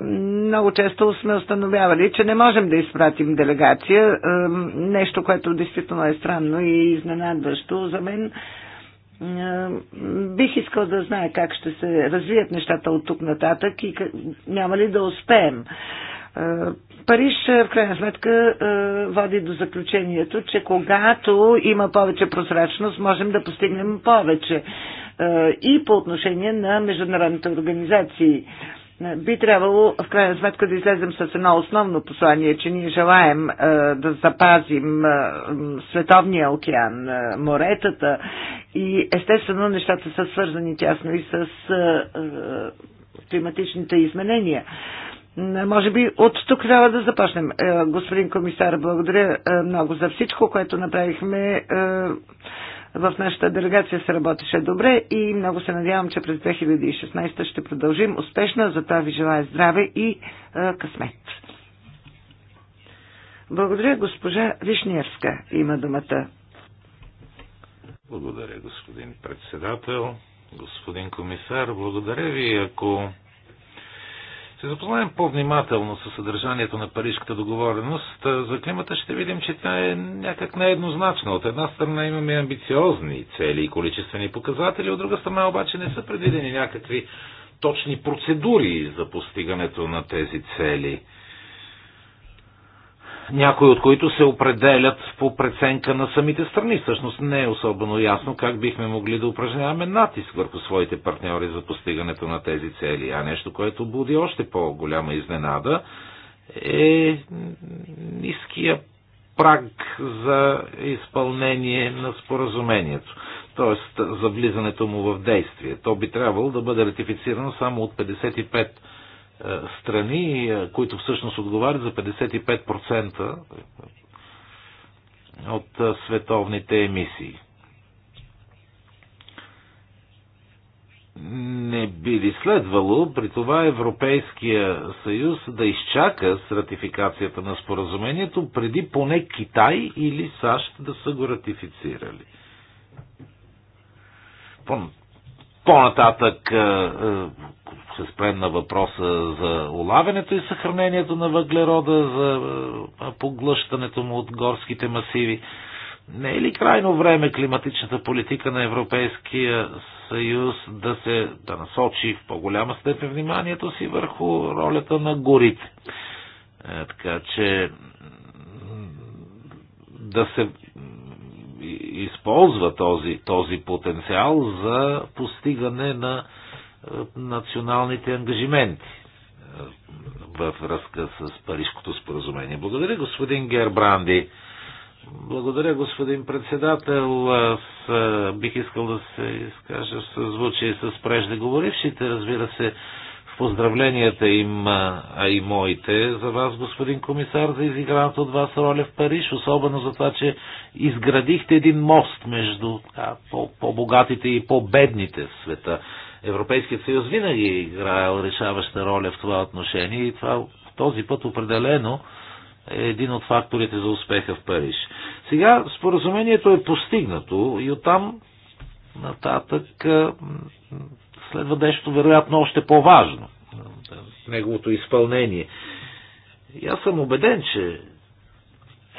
S2: много често сме установявали, че не можем да изпратим делегация. Е, нещо, което действително е странно и изненадващо за мен. Е, бих искал да знае как ще се развият нещата от тук нататък и няма ли да успеем. Париж в крайна сметка води до заключението, че когато има повече прозрачност, можем да постигнем повече и по отношение на международните организации. Би трябвало в крайна сметка да излезем с едно основно послание, че ние желаем е, да запазим е, световния океан, е, моретата и естествено нещата са свързани тясно и с е, е, климатичните изменения. Може би от тук трябва да започнем. Господин комисар, благодаря много за всичко, което направихме в нашата делегация се работеше добре и много се надявам, че през 2016 ще продължим успешно. За това ви желая здраве и а, е, късмет. Благодаря, госпожа Вишневска. Има думата.
S6: Благодаря, господин председател. Господин комисар, благодаря ви. Ако се запознаем по-внимателно с съдържанието на Парижката договореност за климата, ще видим, че тя е някак нееднозначна. От една страна имаме амбициозни цели и количествени показатели, от друга страна обаче не са предвидени някакви точни процедури за постигането на тези цели някои от които се определят по преценка на самите страни. Всъщност не е особено ясно как бихме могли да упражняваме натиск върху своите партньори за постигането на тези цели. А нещо, което буди още по-голяма изненада, е ниския праг за изпълнение на споразумението, т.е. за влизането му в действие. То би трябвало да бъде ратифицирано само от 55 е, страни, е, които всъщност отговарят за 55% от е, световните емисии. не би ли следвало при това Европейския съюз да изчака с ратификацията на споразумението преди поне Китай или САЩ да са го ратифицирали? По-нататък е, е, се спрем на въпроса за улавянето и съхранението на въглерода, за е, поглъщането му от горските масиви. Не е ли крайно време климатичната политика на Европейския съюз да се да насочи в по-голяма степен вниманието си върху ролята на горите? Е, така че да се използва този, този потенциал за постигане на е, националните ангажименти е, в връзка с Парижското споразумение. Благодаря, господин Гербранди. Благодаря, господин председател. Аз е, бих искал да се изкажа в съзвучие с преждеговорившите. Разбира се, Поздравленията им, а и моите, за вас, господин комисар, за изиграната от вас роля в Париж, особено за това, че изградихте един мост между по-богатите и по-бедните в света. Европейският съюз винаги е играел решаваща роля в това отношение и това този път определено е един от факторите за успеха в Париж. Сега споразумението е постигнато и оттам нататък следва нещо вероятно още по-важно. Неговото изпълнение. И аз съм убеден, че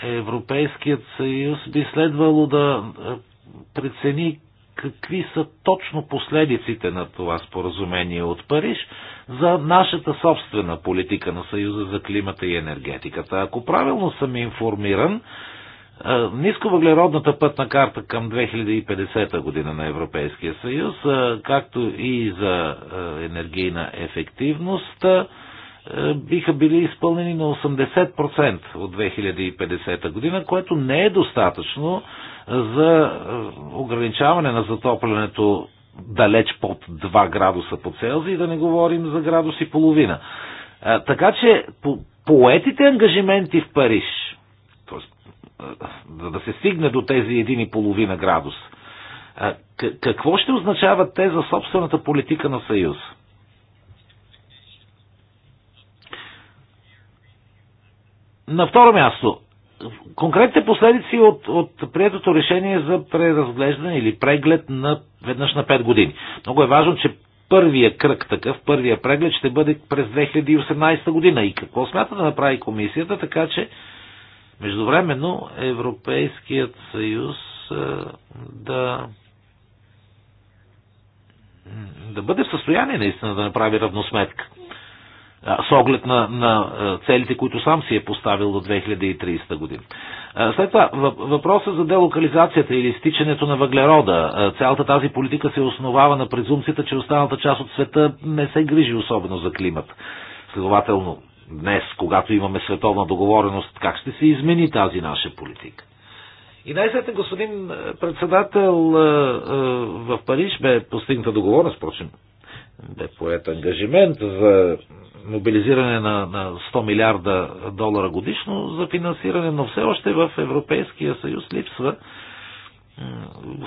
S6: Европейският съюз би следвало да е, прецени какви са точно последиците на това споразумение от Париж за нашата собствена политика на Съюза за климата и енергетиката. Ако правилно съм информиран, Нисковъглеродната пътна карта към 2050 година на Европейския съюз, както и за енергийна ефективност, биха били изпълнени на 80% от 2050 година, което не е достатъчно за ограничаване на затоплянето далеч под 2 градуса по Целзий, да не говорим за градус и половина. Така че поетите ангажименти в Париж за да се стигне до тези 1,5 градус. Какво ще означават те за собствената политика на Съюз? На второ място, конкретните последици от, от приетото решение за преразглеждане или преглед на веднъж на 5 години. Много е важно, че първия кръг такъв, първия преглед ще бъде през 2018 година. И какво смята да направи комисията, така че Междувременно Европейският съюз е, да да бъде в състояние наистина да направи равносметка с оглед на, на е, целите, които сам си е поставил до 2030 година. След това, въпросът за делокализацията или стичането на въглерода. Цялата тази политика се основава на презумцията, че останалата част от света не се грижи особено за климат. Следователно, днес, когато имаме световна договореност, как ще се измени тази наша политика? И най-сетне, господин е, председател, е, е, в Париж бе постигната договорност, впрочем, бе поет ангажимент за мобилизиране на, на 100 милиарда долара годишно за финансиране, но все още в Европейския съюз липсва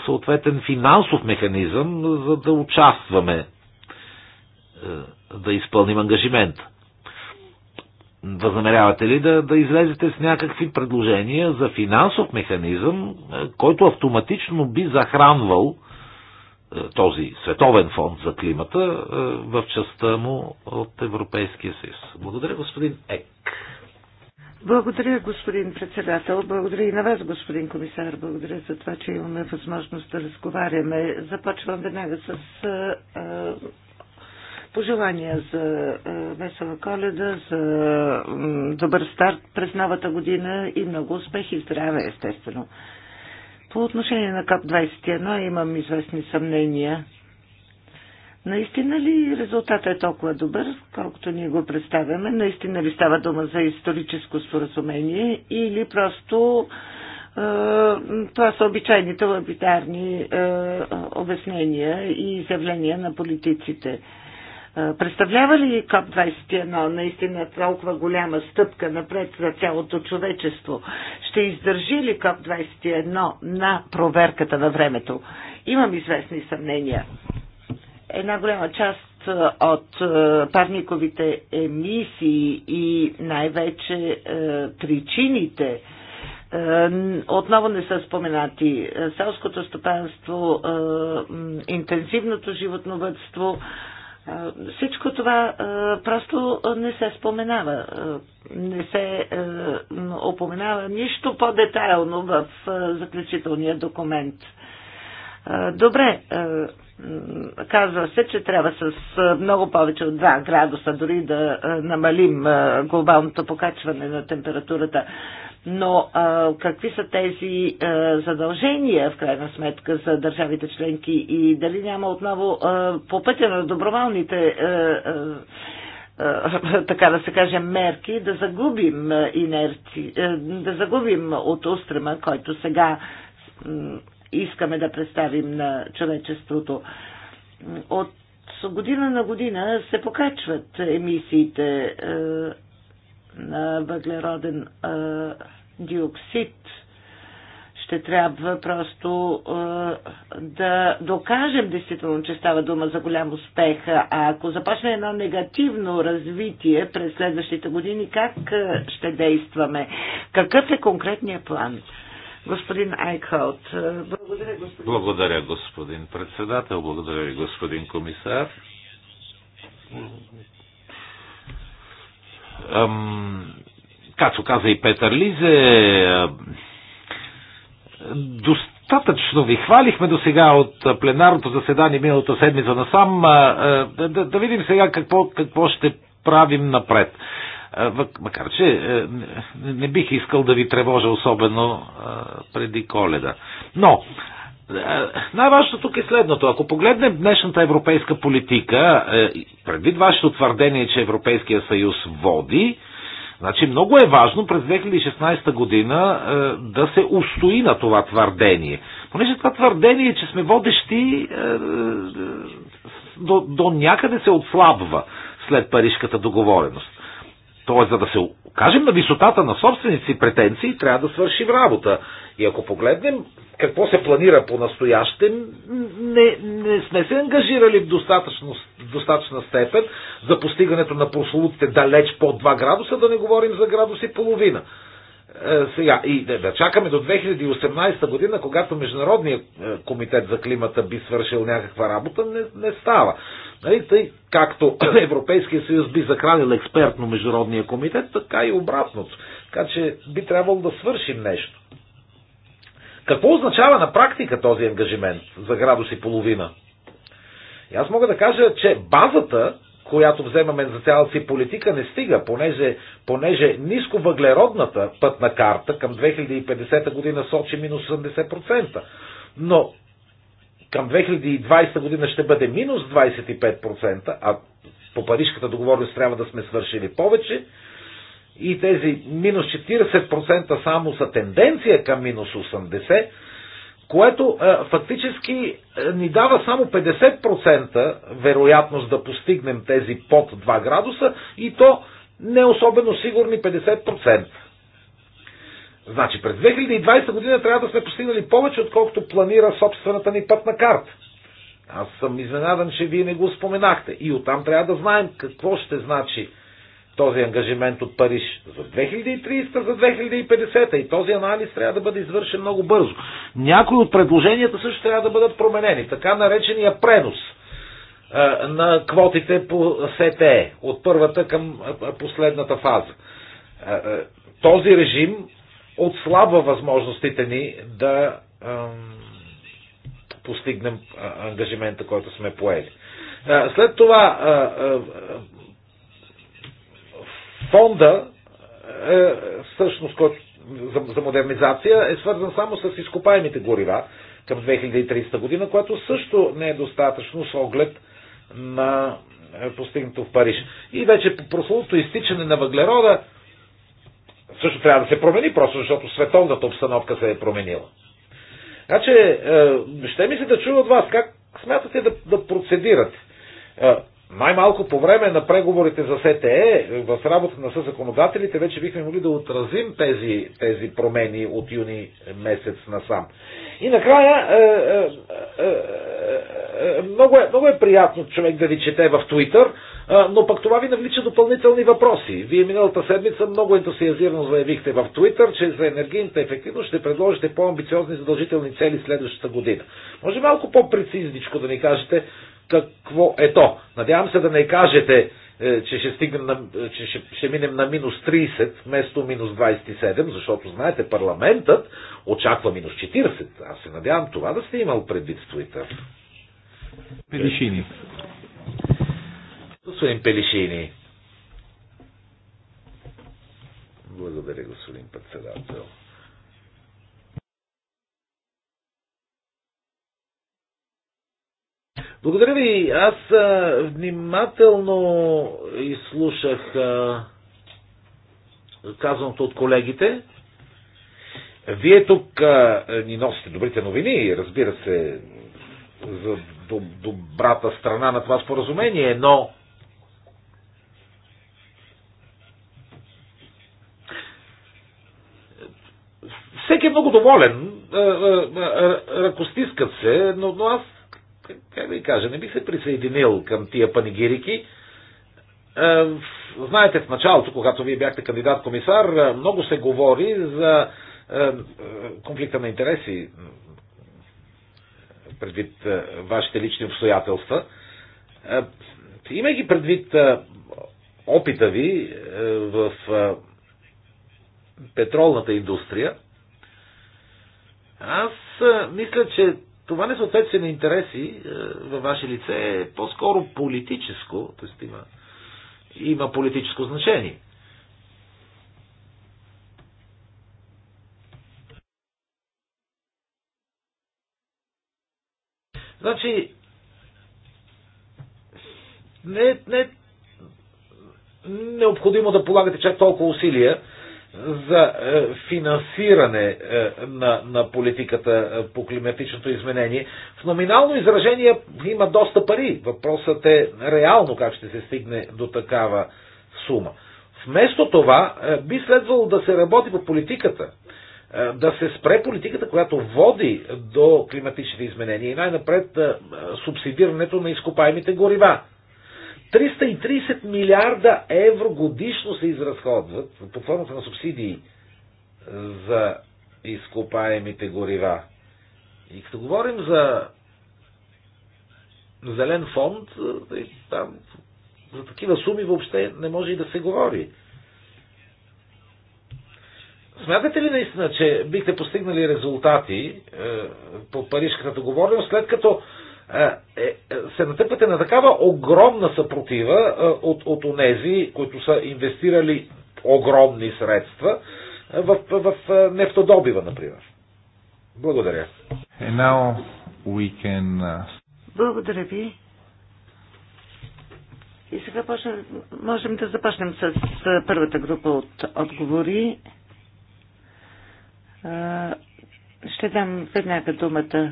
S6: съответен финансов механизъм, за да участваме да изпълним ангажимента. Възнамерявате ли да, да излезете с някакви предложения за финансов механизъм, е, който автоматично би захранвал е, този световен фонд за климата е, в частта му от Европейския съюз? Благодаря, господин Ек.
S2: Благодаря, господин председател. Благодаря и на вас, господин комисар. Благодаря за това, че имаме възможност да разговаряме. Започвам веднага с Пожелания за е, весела коледа, за добър старт през новата година и много успех и здраве, естествено. По отношение на КАП-21 имам известни съмнения. Наистина ли резултатът е толкова добър, колкото ние го представяме? Наистина ли става дума за историческо споразумение или просто е, това са обичайните лабитарни е, обяснения и изявления на политиците? Представлява ли КОП-21 наистина толкова голяма стъпка напред за цялото човечество? Ще издържи ли КОП-21 на проверката на времето? Имам известни съмнения. Една голяма част от парниковите емисии и най-вече причините отново не са споменати. Селското стопанство, интензивното животновътство, всичко това просто не се споменава. Не се опоменава нищо по-детайлно в заключителния документ. Добре, казва се, че трябва с много повече от 2 градуса дори да намалим глобалното покачване на температурата. Но а, какви са тези а, задължения в крайна сметка за държавите членки и дали няма отново а, по пътя на доброволните а, а, така да се каже, мерки, да загубим инерци, да загубим от устрема, който сега искаме да представим на човечеството. От година на година се покачват емисиите на въглероден диоксид. Ще трябва просто да докажем действително, че става дума за голям успех. А ако започне едно негативно развитие през следващите години, как ще действаме? Какъв е конкретният план? Господин Айкхолт. Благодаря, господин.
S6: Благодаря, господин председател. Благодаря ви, господин комисар както каза и Петър Лизе, достатъчно ви хвалихме до сега от пленарното заседание миналата седмица насам. Да, да видим сега какво, какво ще правим напред. Макар, че не бих искал да ви тревожа особено преди коледа. Но, е, най-важното тук е следното. Ако погледнем днешната европейска политика, е, предвид вашето твърдение, че Европейския съюз води, значи много е важно през 2016 година е, да се устои на това твърдение. Понеже това твърдение, че сме водещи, до, до някъде се отслабва след Парижката договореност. Тоест, за да се окажем на висотата на собствените си претенции, трябва да свършим работа. И ако погледнем какво се планира по настояще, не, не сме се ангажирали в, достатъчно, в достатъчна степен за постигането на прословутите далеч под 2 градуса, да не говорим за градус и половина. Е, сега, и да, да чакаме до 2018 година, когато Международният е, комитет за климата би свършил някаква работа, не, не става. Нали, тъй, както Европейския съюз би захранил експертно Международния комитет, така и обратното. Така че би трябвало да свършим нещо. Какво означава на практика този ангажимент за градус и половина? И аз мога да кажа, че базата, която вземаме за цялата си политика, не стига, понеже, понеже ниско въглеродната пътна карта към 2050 година сочи минус 80%. Но към 2020 година ще бъде минус 25%, а по парижката договорност трябва да сме свършили повече, и тези минус 40% само са тенденция към минус 80%, което а, фактически а, ни дава само 50% вероятност да постигнем тези под 2 градуса и то не особено сигурни 50%. Значи през 2020 година трябва да сме постигнали повече, отколкото планира собствената ни пътна карта. Аз съм изненадан, че вие не го споменахте. И оттам трябва да знаем какво ще значи този ангажимент от Париж за 2030, за 2050 и този анализ трябва да бъде извършен много бързо. Някои от предложенията също трябва да бъдат променени. Така наречения пренос на квотите по СТЕ от първата към последната фаза. Този режим отслабва възможностите ни да а, постигнем ангажимента, който сме поели. След това фонда, е, всъщност, който за модернизация е свързан само с изкопаемите горива към 2030 година, което също не е достатъчно с оглед на е, постигнато в Париж. И вече по прословото изтичане на въглерода, също трябва да се промени, просто защото световната обстановка се е променила. Значи, е, ще ми се да чуя от вас как смятате да, да процедирате. Е, най-малко по време на преговорите за СТЕ, в работа на съзаконодателите, вече бихме могли да отразим тези, тези промени от юни месец насам. И накрая, е, е, е, много, е, много е приятно човек да ви чете в Твитър, но пък това ви навлича допълнителни въпроси. Вие миналата седмица много ентусиазирано заявихте в Твитър, че за енергийната ефективност ще предложите по-амбициозни задължителни цели следващата година. Може малко по-прецизничко да ни кажете какво е то. Надявам се да не кажете, е, че ще, стигнем на, е, че ще, ще минем на минус 30 вместо минус 27, защото знаете, парламентът очаква минус 40. Аз се надявам това да сте имал предвид в Твитър. Пелишини. Господин Пелишини. Благодаря, господин председател. Благодаря ви. Аз внимателно изслушах казаното от колегите. Вие тук а, ни носите добрите новини, разбира се, за добрата страна на това споразумение, но всеки е много доволен, ръкостискат се, но, но аз как да ви кажа, не би се присъединил към тия панигирики. Е, знаете, в началото, когато вие бяхте кандидат-комисар, е, много се говори за е, конфликта на интереси предвид вашите лични обстоятелства. Имайки предвид опита ви в петролната индустрия, аз мисля, че това несъответствие на интереси е, във ваше лице е по-скоро политическо, т.е. Има, има политическо значение. Значи, не, е, не е необходимо да полагате чак толкова усилия за е, финансиране е, на, на политиката е, по климатичното изменение. В номинално изражение има доста пари. Въпросът е реално как ще се стигне до такава сума. Вместо това би следвало да се работи по политиката, да се спре политиката, която води до климатичните изменения и най-напред субсидирането на изкопаемите горива. 330 милиарда евро годишно се изразходват по формата на субсидии за изкопаемите горива. И като говорим за зелен фонд, е, е, там за такива суми въобще не може и да се говори. Смятате ли наистина, че бихте постигнали резултати е, по парижката договорност, след като е, е, е, се натъпвате на такава огромна съпротива от, от онези, които са инвестирали огромни средства в, в, в нефтодобива, например. Благодаря.
S1: And now we can... Uh,
S2: Благодаря ви. И сега почнем, можем да започнем с, с първата група от отговори. Ще дам веднага думата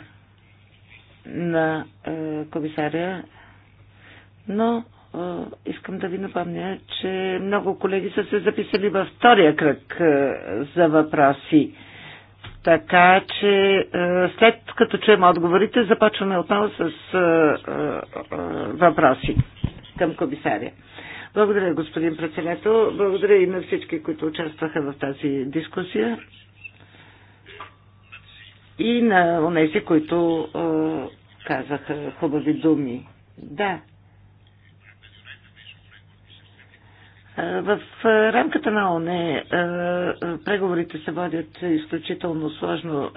S2: на е, комисаря, но е, искам да ви напомня, че много колеги са се записали във втория кръг е, за въпроси. Така че след като чуем отговорите, започваме отново с въпроси към комисаря. Благодаря, господин председател. Благодаря и на всички, които участваха в тази дискусия и на тези, които казаха хубави думи. Да. В рамката на ОНЕ преговорите се водят изключително сложно.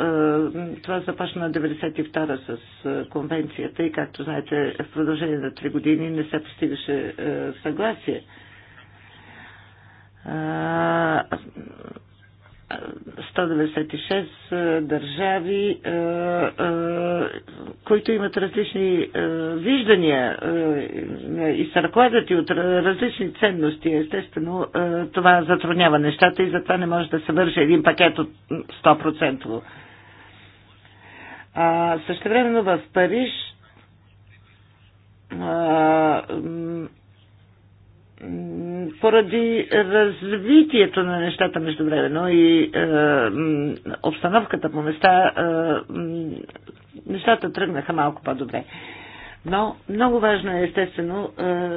S2: Това започна 92 та с конвенцията и както знаете в продължение на 3 години не се постигаше съгласие 196 държави, е, е, които имат различни е, виждания и са ръководени от различни ценности. Естествено, това затруднява нещата и затова не може да се върши един пакет от 100%. А, същевременно в Париж поради развитието на нещата междувременно и е, обстановката по места, е, нещата тръгнаха малко по-добре. Но много важно е, естествено, е, е,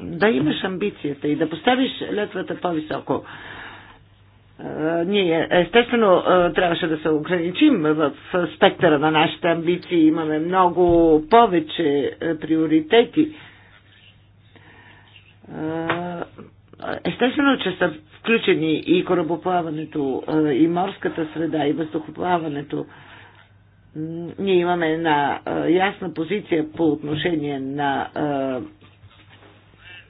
S2: да имаш амбицията и да поставиш летвата по-високо. Е, ние, естествено, е, трябваше да се ограничим в спектъра на нашите амбиции. Имаме много повече е, приоритети Естествено, че са включени и корабоплаването, и морската среда, и въздухоплаването. Ние имаме една ясна позиция по отношение на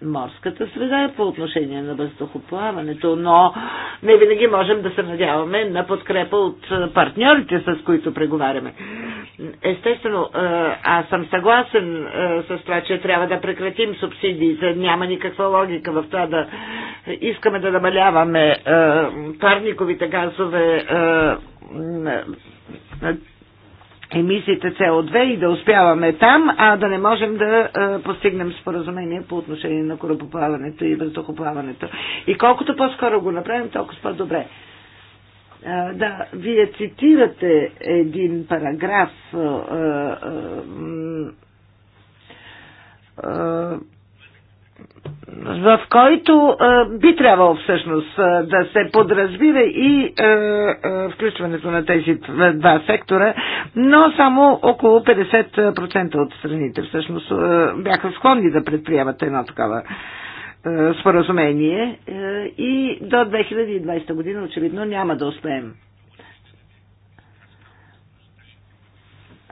S2: морската среда по отношение на въздухоплаването, но не винаги можем да се надяваме на подкрепа от партньорите, с които преговаряме. Естествено, аз съм съгласен с това, че трябва да прекратим субсидиите. Няма никаква логика в това да искаме да намаляваме парниковите газове емисиите CO2 и да успяваме там, а да не можем да а, е, постигнем споразумение по отношение на корабоплаването и въздухоплаването. И колкото по-скоро го направим, толкова по-добре. Е, да, вие цитирате един параграф а, е, а, в който а, би трябвало всъщност а, да се подразбира и а, а, включването на тези два сектора, но само около 50% от страните всъщност а, бяха склонни да предприемат едно такава а, споразумение а, и до 2020 година очевидно няма да успеем.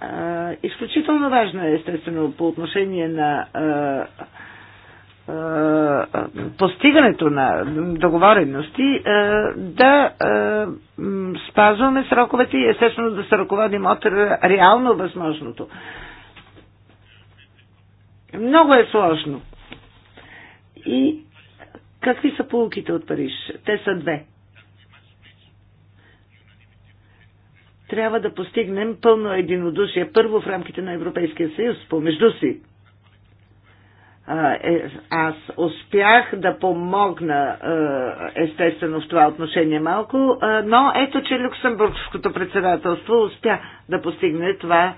S2: А, изключително важно е, естествено, по отношение на а, постигането на договорености да спазваме сроковете и естествено да се ръководим от реално възможното. Много е сложно. И какви са полуките от Париж? Те са две. Трябва да постигнем пълно единодушие първо в рамките на Европейския съюз, помежду си, е, аз успях да помогна естествено в това отношение малко, но ето, че Люксембургското председателство успя да постигне това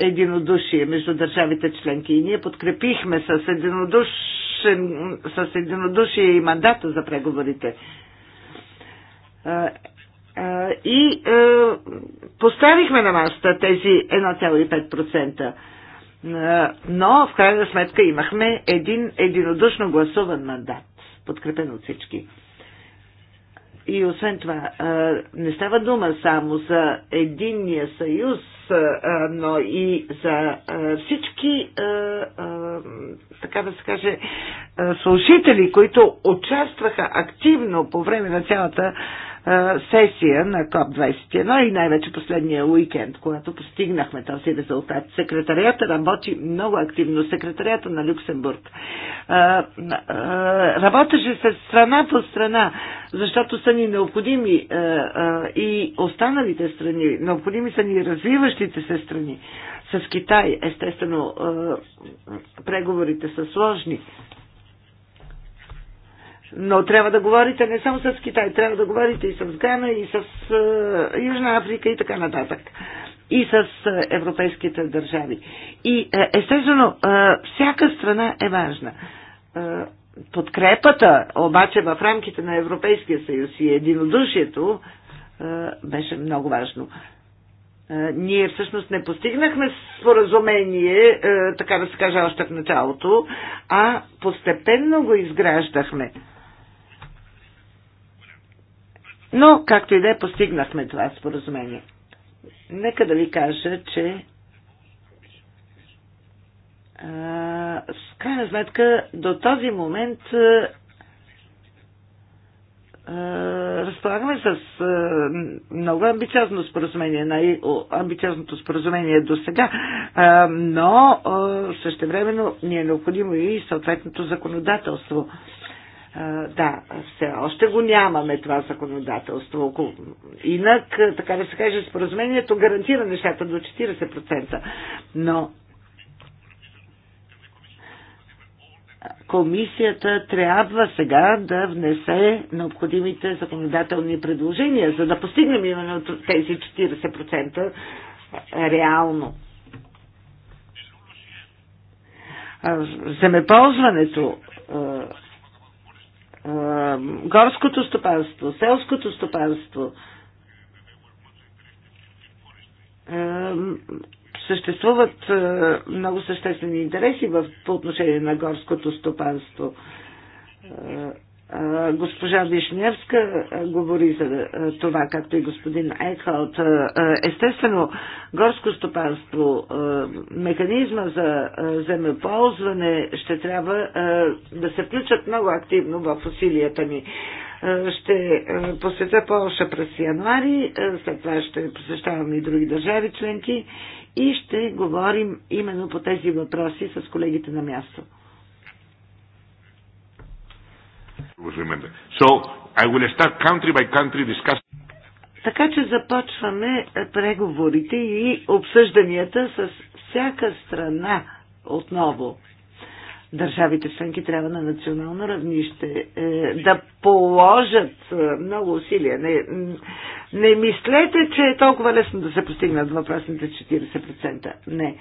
S2: единодушие между държавите членки. И ние подкрепихме с, единодуш... с единодушие и мандата за преговорите. И поставихме на масата тези 1,5%. Е, но в крайна сметка имахме един единодушно гласуван мандат, подкрепен от всички. И освен това, е, не става дума само за единния съюз, е, но и за всички, така да се каже, служители, които участваха активно по време на цялата сесия на КОП-21 и най-вече последния уикенд, когато постигнахме този резултат. Секретарията работи много активно. Секретарията на Люксембург работеше с страна по страна, защото са ни необходими и останалите страни, необходими са ни развиващите се страни. С Китай, естествено, преговорите са сложни но трябва да говорите не само с Китай, трябва да говорите и с Гана, и с е, Южна Африка и така нататък. И с е, европейските държави. И е, естествено, всяка страна е важна. Подкрепата, обаче в рамките на Европейския съюз и единодушието беше много важно ние всъщност не постигнахме споразумение, така да се каже, още в началото, а постепенно го изграждахме. Но, както и да е, постигнахме това споразумение. Нека да ви кажа, че с крайна сметка до този момент разполагаме с много амбициозно споразумение, най-амбициозното споразумение до сега, но същевременно ни е необходимо и съответното законодателство да, все още го нямаме това законодателство. Инак, така да се каже, споразумението гарантира нещата до 40%. Но комисията трябва сега да внесе необходимите законодателни предложения, за да постигнем именно тези 40% реално. Земеползването горското стопанство, селското стопанство. Съществуват много съществени интереси в, по отношение на горското стопанство. Госпожа Вишневска говори за това, както и господин Екхалт. Естествено, горско стопанство, механизма за земеползване ще трябва да се включат много активно в усилията ми. Ще посетя Полша през януари, след това ще посещавам и други държави членки и ще говорим именно по тези въпроси с колегите на място.
S5: was remembered. So I will start country by country discussing.
S2: Така че започваме е, преговорите и обсъжданията с всяка страна отново. Държавите членки трябва на национално равнище е, да положат е, много усилия. Не, не мислете, че е толкова лесно да се постигнат въпросните 40%. Не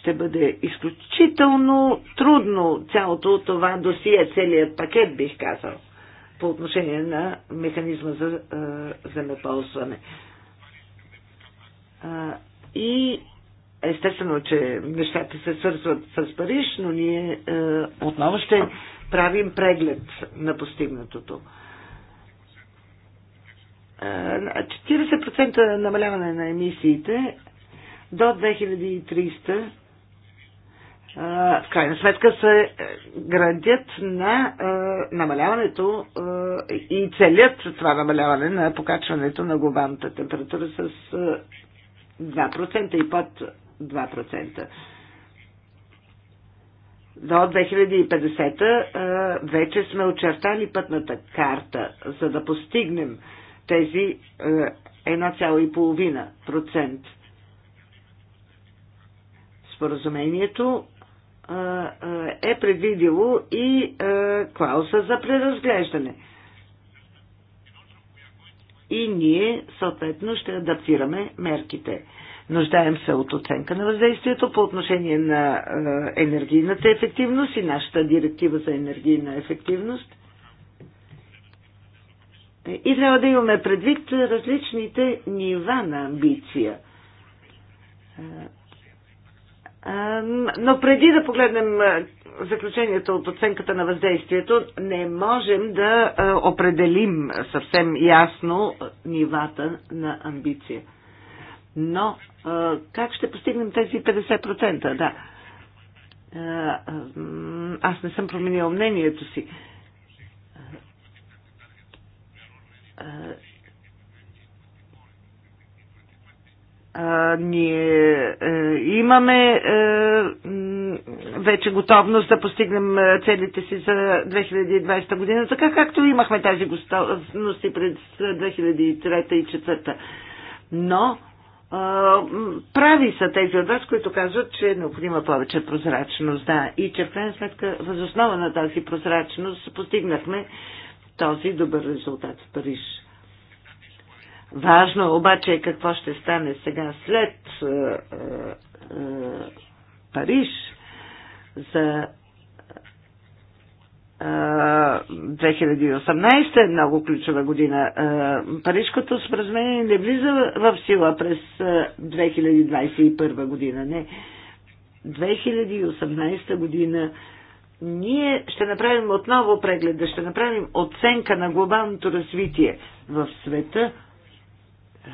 S2: ще бъде изключително трудно цялото това досие, целият пакет, бих казал, по отношение на механизма за е, земеползване. А, и естествено, че нещата се свързват с Париж, но ние е, отново ще правим преглед на постигнатото. 40% намаляване на емисиите до 2300 в крайна сметка се е, градят на е, намаляването е, и целят това намаляване на покачването на глобалната температура с 2% и под 2%. До 2050 вече сме очертали пътната карта, за да постигнем тези 1,5% споразумението е предвидило и клауса за преразглеждане. И ние съответно ще адаптираме мерките. Нуждаем се от оценка на въздействието по отношение на енергийната ефективност и нашата директива за енергийна ефективност. И трябва да имаме предвид различните нива на амбиция но преди да погледнем заключението от оценката на въздействието, не можем да определим съвсем ясно нивата на амбиция. Но как ще постигнем тези 50%? Да. Аз не съм променила мнението си А, ние е, имаме е, вече готовност да постигнем е, целите си за 2020 година, така както имахме тази готовност и през 2003 и 2004. Но прави са тези от вас, които казват, че е необходима повече прозрачност. Да, и че в крайна сметка, възоснова на тази прозрачност, постигнахме този добър резултат в Париж. Важно обаче е какво ще стане сега след е, е, Париж за 2018 е, е много ключова година. Е, Парижкото споразумение не влиза в сила през 2021 е, година. Не. 2018 година ние ще направим отново прегледа, ще направим оценка на глобалното развитие в света е,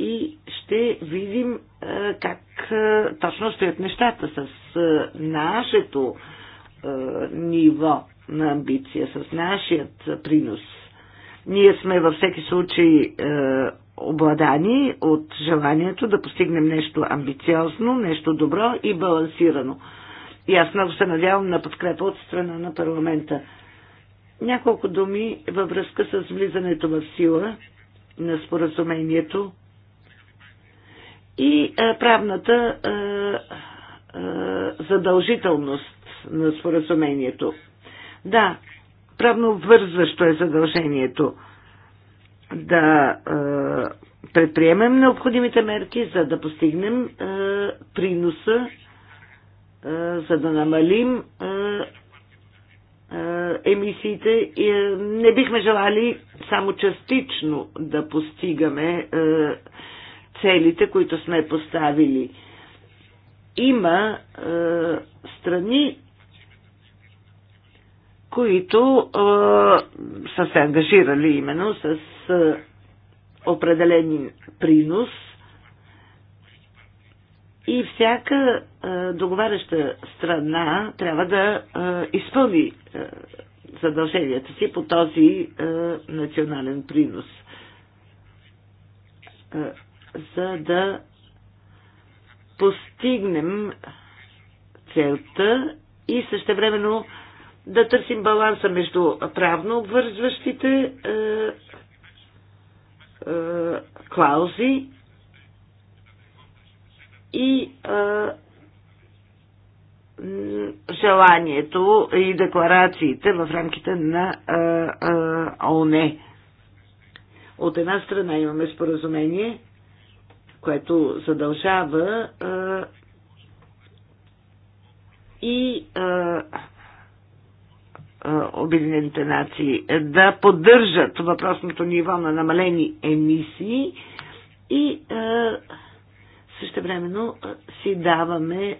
S2: и ще видим е, как е, точно стоят нещата с нашето ниво на амбиция, с нашият принос. Ние сме във всеки случай обладани от желанието да постигнем нещо амбициозно, нещо добро и балансирано. И аз много се надявам на подкрепа от страна на парламента. Няколко думи във връзка с влизането в сила на споразумението и правната задължителност на споразумението. Да, правно обвързващо е задължението да предприемем необходимите мерки, за да постигнем приноса, за да намалим е, емисиите и е, не бихме желали само частично да постигаме е, целите, които сме поставили. Има страни, които са се ангажирали именно с определен принос – и всяка е, договаряща страна трябва да е, изпълни е, задълженията си по този национален принос, за да постигнем целта и същевременно да търсим баланса между правно обвързващите е, е, клаузи и а, желанието и декларациите в рамките на а, а, ОНЕ. От една страна имаме споразумение, което задължава а, и а, Обединените нации да поддържат въпросното ниво на намалени емисии и а, Същевременно си даваме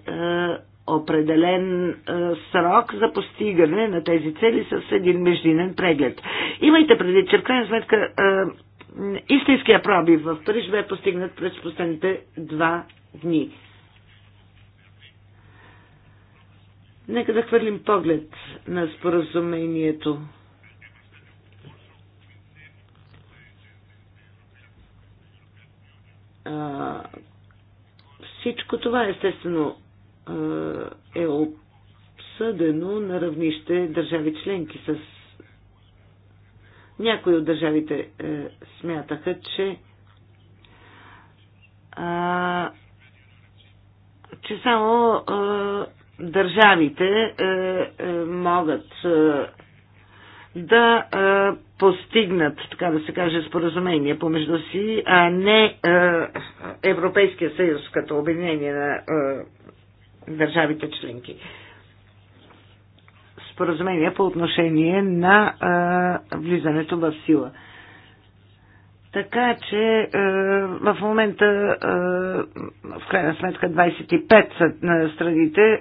S2: определен а, срок за постигане на тези цели с един междинен преглед. Имайте преди, че в крайна сметка истинския пробив в Париж бе постигнат през последните два дни. Нека да хвърлим поглед на споразумението. Всичко това естествено е обсъдено на равнище държави членки с някои от държавите е, смятаха, че а, че само а, държавите а, е, а, е, могат а, е, да а, постигнат, така да се каже, споразумение помежду си, а не а, Европейския съюз като обединение на а, държавите членки. Споразумение по отношение на а, влизането в сила. Така че е, в момента, е, в крайна сметка, 25 са на е, страните, е,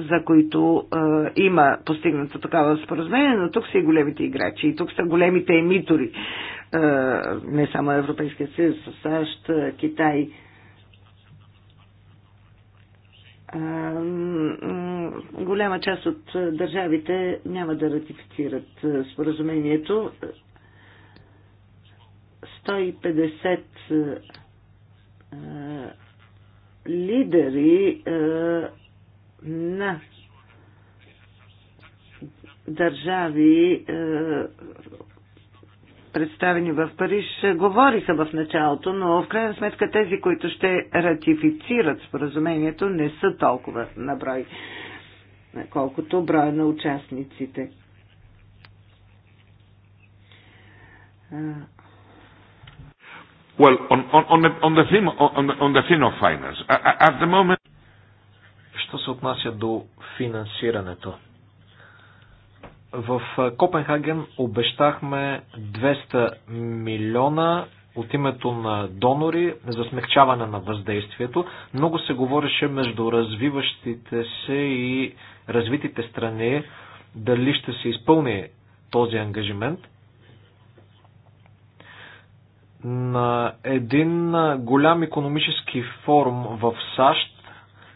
S2: за които е, има постигнато такава споразумение, но тук са и големите играчи, и тук са големите емитори, е, не само Европейския съюз, САЩ, Китай. Е, голяма част от е, държавите няма да ратифицират споразумението 150 е, лидери е, на държави, е, представени в Париж, говориха в началото, но в крайна сметка тези, които ще ратифицират споразумението, не са толкова на брой, колкото броя на участниците.
S5: Well, on, on, on, the, on, the, theme, on, the, on the theme of finance, at the moment... Що се отнася до финансирането?
S3: В Копенхаген обещахме 200 милиона от името на донори за смягчаване на въздействието. Много се говореше между развиващите се и развитите страни дали ще се изпълни този ангажимент – на един голям економически форум в САЩ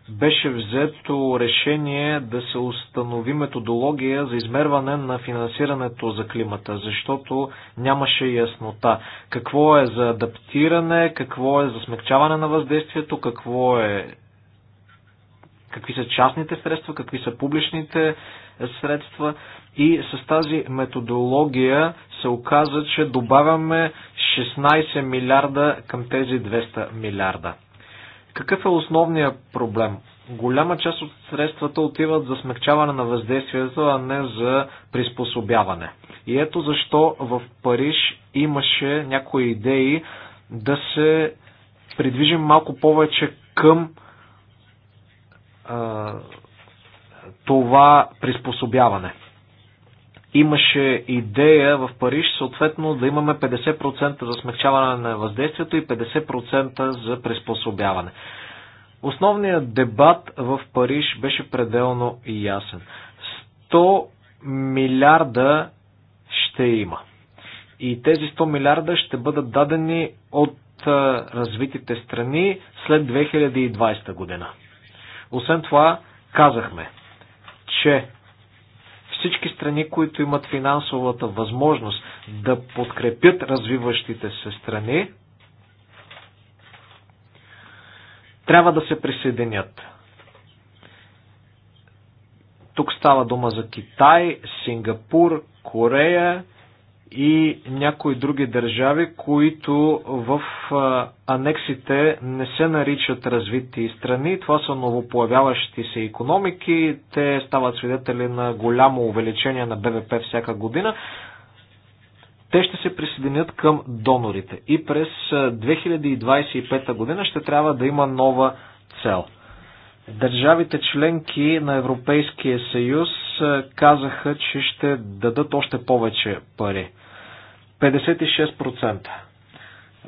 S3: беше взето решение да се установи методология за измерване на финансирането за климата, защото нямаше яснота. Какво е за адаптиране, какво е за смягчаване на въздействието, какво е какви са частните средства, какви са публичните средства и с тази методология се оказа, че добавяме 16 милиарда към тези 200 милиарда. Какъв е основният проблем? Голяма част от средствата отиват за смягчаване на въздействието, а не за приспособяване. И ето защо в Париж имаше някои идеи да се придвижим малко повече към това приспособяване. Имаше идея в Париж съответно да имаме 50% за смягчаване на въздействието и 50% за приспособяване. Основният дебат в Париж беше пределно ясен. 100 милиарда ще има. И тези 100 милиарда ще бъдат дадени от развитите страни след 2020 година. Освен това, казахме, че всички страни, които имат финансовата възможност да подкрепят развиващите се страни, трябва да се присъединят. Тук става дума за Китай, Сингапур, Корея, и някои други държави, които в анексите не се наричат развити страни. Това са новопоявяващи се економики. Те стават свидетели на голямо увеличение на БВП всяка година. Те ще се присъединят към донорите и през 2025 година ще трябва да има нова цел – Държавите членки на Европейския съюз казаха, че ще дадат още повече пари. 56%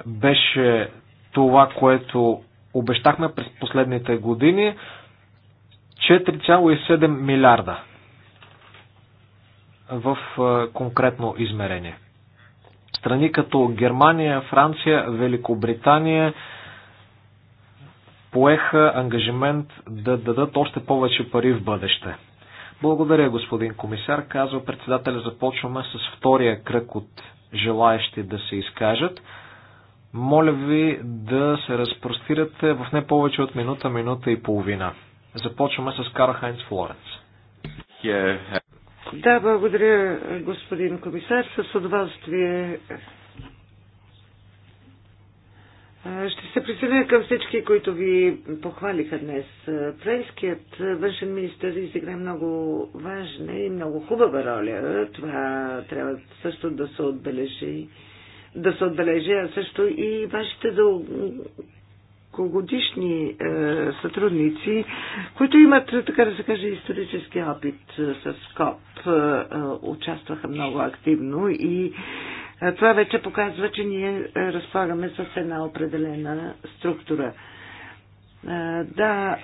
S3: беше това, което обещахме през последните години. 4,7 милиарда в конкретно измерение. Страни като Германия, Франция, Великобритания, поеха ангажимент да дадат още повече пари в бъдеще. Благодаря, господин комисар. Казва председателя, започваме с втория кръг от желаящи да се изкажат. Моля ви да се разпростирате в не повече от минута, минута и половина. Започваме с Карл Хайнц Флоренц.
S2: Да, благодаря, господин комисар. С удоволствие ще се присъединя към всички, които ви похвалиха днес. Френският външен министр изигра много важна и много хубава роля. Това трябва също да се отбележи. Да се отбележи, а също и вашите дългогодишни е, сътрудници, които имат, така да се каже, исторически опит е, с КОП, е, участваха много активно и е, това вече показва, че ние е, разполагаме с една определена структура. Е, да,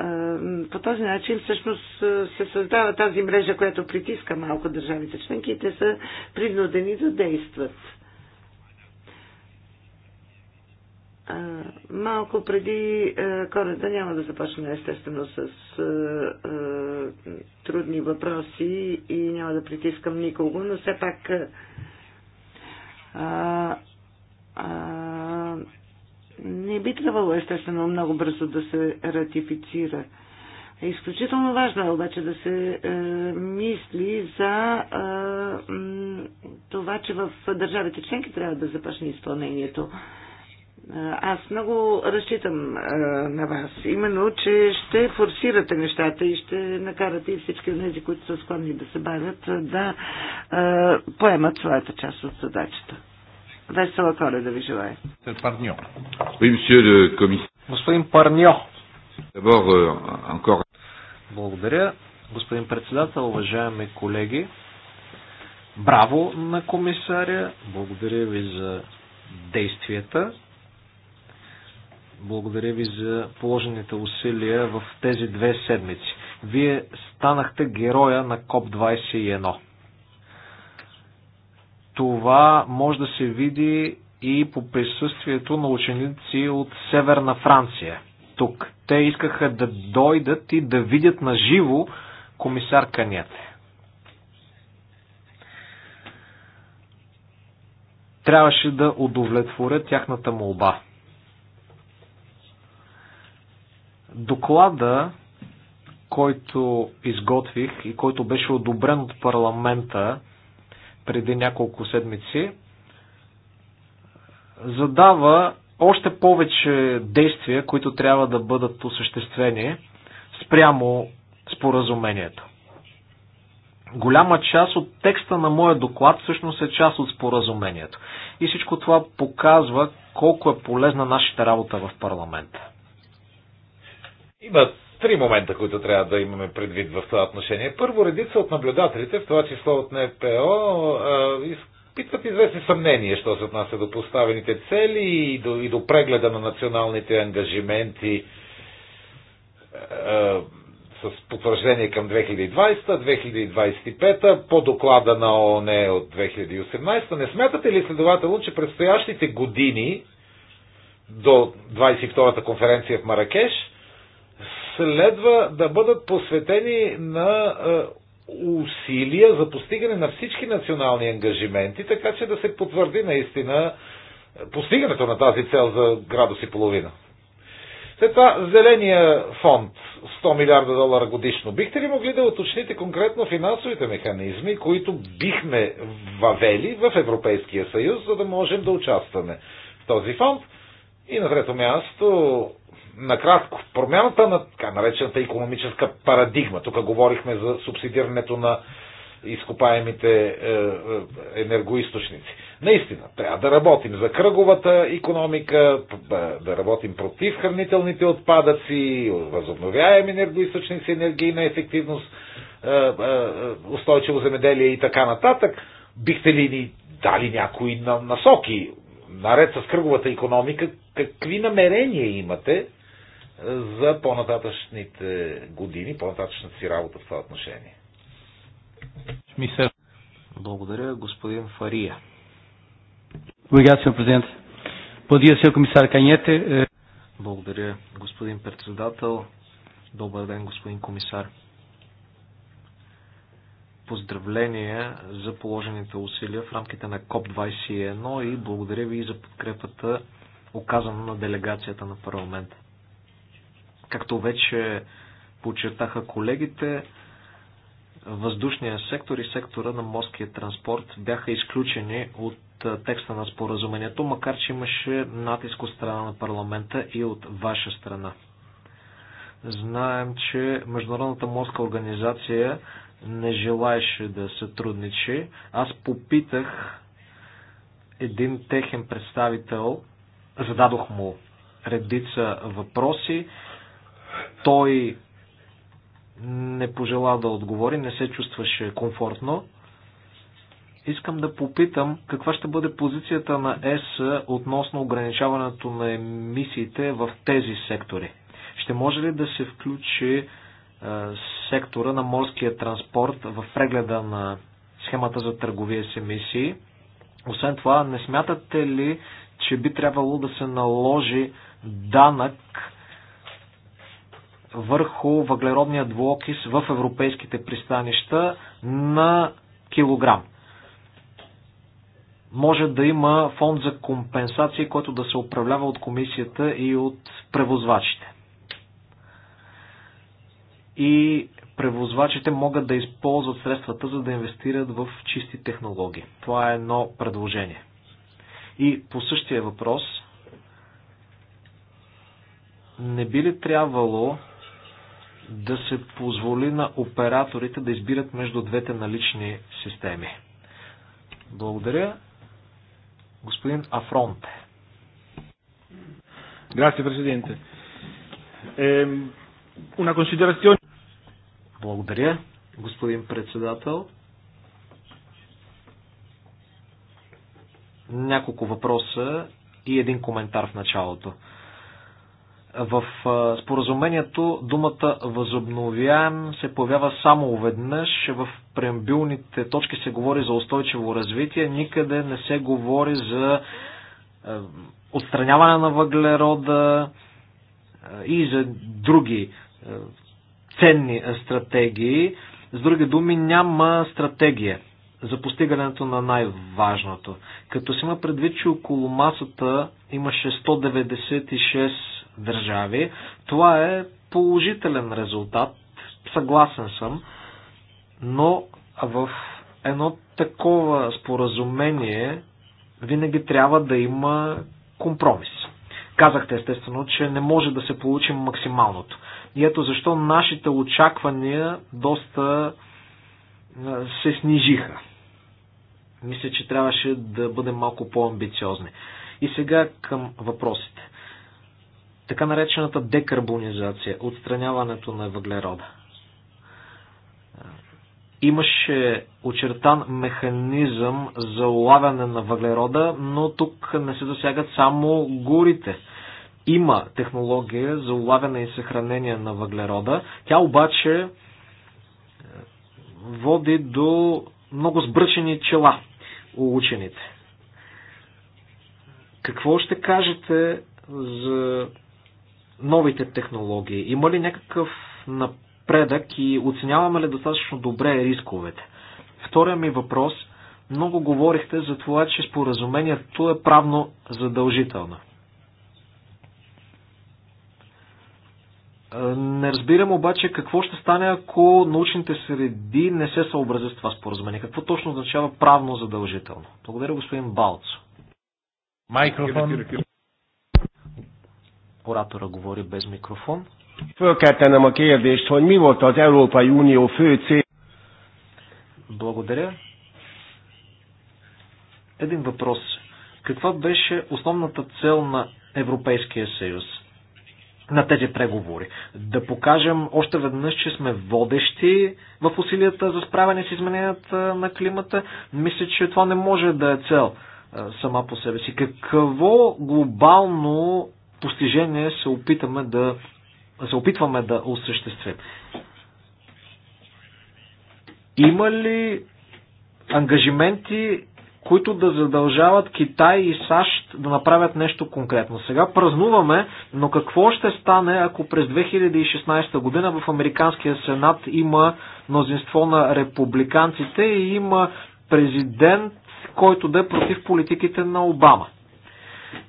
S2: по този начин всъщност се създава тази мрежа, която притиска малко държавите членки и те са принудени да действат. малко преди коледа няма да започна естествено с трудни въпроси и няма да притискам никого, но все пак а, не би трябвало естествено много бързо да се ратифицира. Изключително важно е обаче да се е, мисли за е, това, че в държавите членки трябва да започне изпълнението. Е, аз много разчитам е, на вас, именно, че ще форсирате нещата и ще накарате и всички от тези, които са склонни да се бавят, е, да е, поемат своята част от задачата. Весела коля да ви желая.
S3: Господин Парньо.
S5: Euh,
S3: благодаря. Господин председател, уважаеми колеги, браво на комисаря, благодаря ви за действията, благодаря ви за положените усилия в тези две седмици. Вие станахте героя на КОП-21. Това може да се види и по присъствието на ученици от Северна Франция. Тук те искаха да дойдат и да видят на живо комисар Каняте. Трябваше да удовлетворя тяхната молба. Доклада, който изготвих и който беше одобрен от парламента, преди няколко седмици, задава още повече действия, които трябва да бъдат осъществени спрямо споразумението. Голяма част от текста на моя доклад всъщност е част от споразумението. И всичко това показва колко е полезна нашата работа в парламента.
S6: Има три момента, които трябва да имаме предвид в това отношение. Първо, редица от наблюдателите, в това число от НПО, изпитват известни съмнения, що се отнася до поставените цели и до, и до прегледа на националните ангажименти с потвърждение към 2020-2025 по доклада на ООН е от 2018. Не смятате ли следователно, че предстоящите години до 22-та конференция в Маракеш – следва да бъдат посветени на е, усилия за постигане на всички национални ангажименти, така че да се потвърди наистина е, постигането на тази цел за градус и половина. След това зеления фонд 100 милиарда долара годишно. Бихте ли могли да уточните конкретно финансовите механизми, които бихме въвели в Европейския съюз, за да можем да участваме в този фонд? И на трето място накратко, промяната на така наречената економическа парадигма, тук говорихме за субсидирането на изкопаемите е, е, енергоисточници. Наистина, трябва да работим за кръговата економика, да работим против хранителните отпадъци, възобновяеми енергоисточници, енергийна ефективност, е, устойчиво земеделие и така нататък. Бихте ли ни дали някои насоки, наред с кръговата економика, какви намерения имате за по-нататъчните години, по-нататъчната си работа в това отношение.
S3: Благодаря, господин Фария. Благодаря, Sr. Комисар Каньете. Благодаря, господин председател. Добър ден, господин комисар. Поздравления за положените усилия в рамките на КОП-21 и благодаря ви за подкрепата, оказана на делегацията на парламента. Както вече подчертаха колегите, въздушния сектор и сектора на морския транспорт бяха изключени от текста на споразумението, макар че имаше натиск от страна на парламента и от ваша страна. Знаем, че Международната морска организация не желаеше да сътрудничи. Аз попитах един техен представител, зададох му редица въпроси. Той не пожела да отговори, не се чувстваше комфортно. Искам да попитам каква ще бъде позицията на ЕС относно ограничаването на емисиите в тези сектори. Ще може ли да се включи е, сектора на морския транспорт в прегледа на схемата за търговия с емисии? Освен това, не смятате ли, че би трябвало да се наложи данък върху въглеродния двуокис в европейските пристанища на килограм. Може да има фонд за компенсации, който да се управлява от комисията и от превозвачите. И превозвачите могат да използват средствата, за да инвестират в чисти технологии. Това е едно предложение. И по същия въпрос, не би ли трябвало да се позволи на операторите да избират между двете налични системи. Благодаря. Господин Афронте. Грасия, президенте. Уна una Благодаря, господин председател. Няколко въпроса и един коментар в началото. В споразумението думата възобновяем се появява само веднъж. В преамбилните точки се говори за устойчиво развитие, никъде не се говори за отстраняване на въглерода и за други ценни стратегии. С други думи, няма стратегия за постигането на най-важното. Като си има предвид, че около масата имаше 196 държави. Това е положителен резултат, съгласен съм, но в едно такова споразумение винаги трябва да има компромис. Казахте естествено, че не може да се получи максималното. И ето защо нашите очаквания доста се снижиха. Мисля, че трябваше да бъдем малко по-амбициозни. И сега към въпросите така наречената декарбонизация, отстраняването на въглерода. Имаше очертан механизъм за улавяне на въглерода, но тук не се засягат само горите. Има технология за улавяне и съхранение на въглерода. Тя обаче е, води до много сбръчени чела у учените. Какво ще кажете за новите технологии? Има ли някакъв напредък и оценяваме ли достатъчно добре рисковете? Втория ми въпрос. Много говорихте за това, че споразумението е правно задължително. Е, не разбирам обаче какво ще стане, ако научните среди не се съобразят с това споразумение. Какво точно означава правно задължително? Благодаря, господин Балцо. Микрофон. Оратора говори без микрофон. Fölkeltenem a kérdést, hogy mi volt az Európai Unió fő cél. Благодаря. Един въпрос. Каква беше основната цел на Европейския съюз на тези преговори? Да покажем още веднъж, че сме водещи в усилията за справяне с измененията на климата. Мисля, че това не може да е цел сама по себе си. Какво глобално постижение се, опитаме да, се опитваме да осъществим. Има ли ангажименти, които да задължават Китай и САЩ да направят нещо конкретно. Сега празнуваме, но какво ще стане, ако през 2016 година в Американския сенат има мнозинство на републиканците и има президент, който да е против политиките на Обама?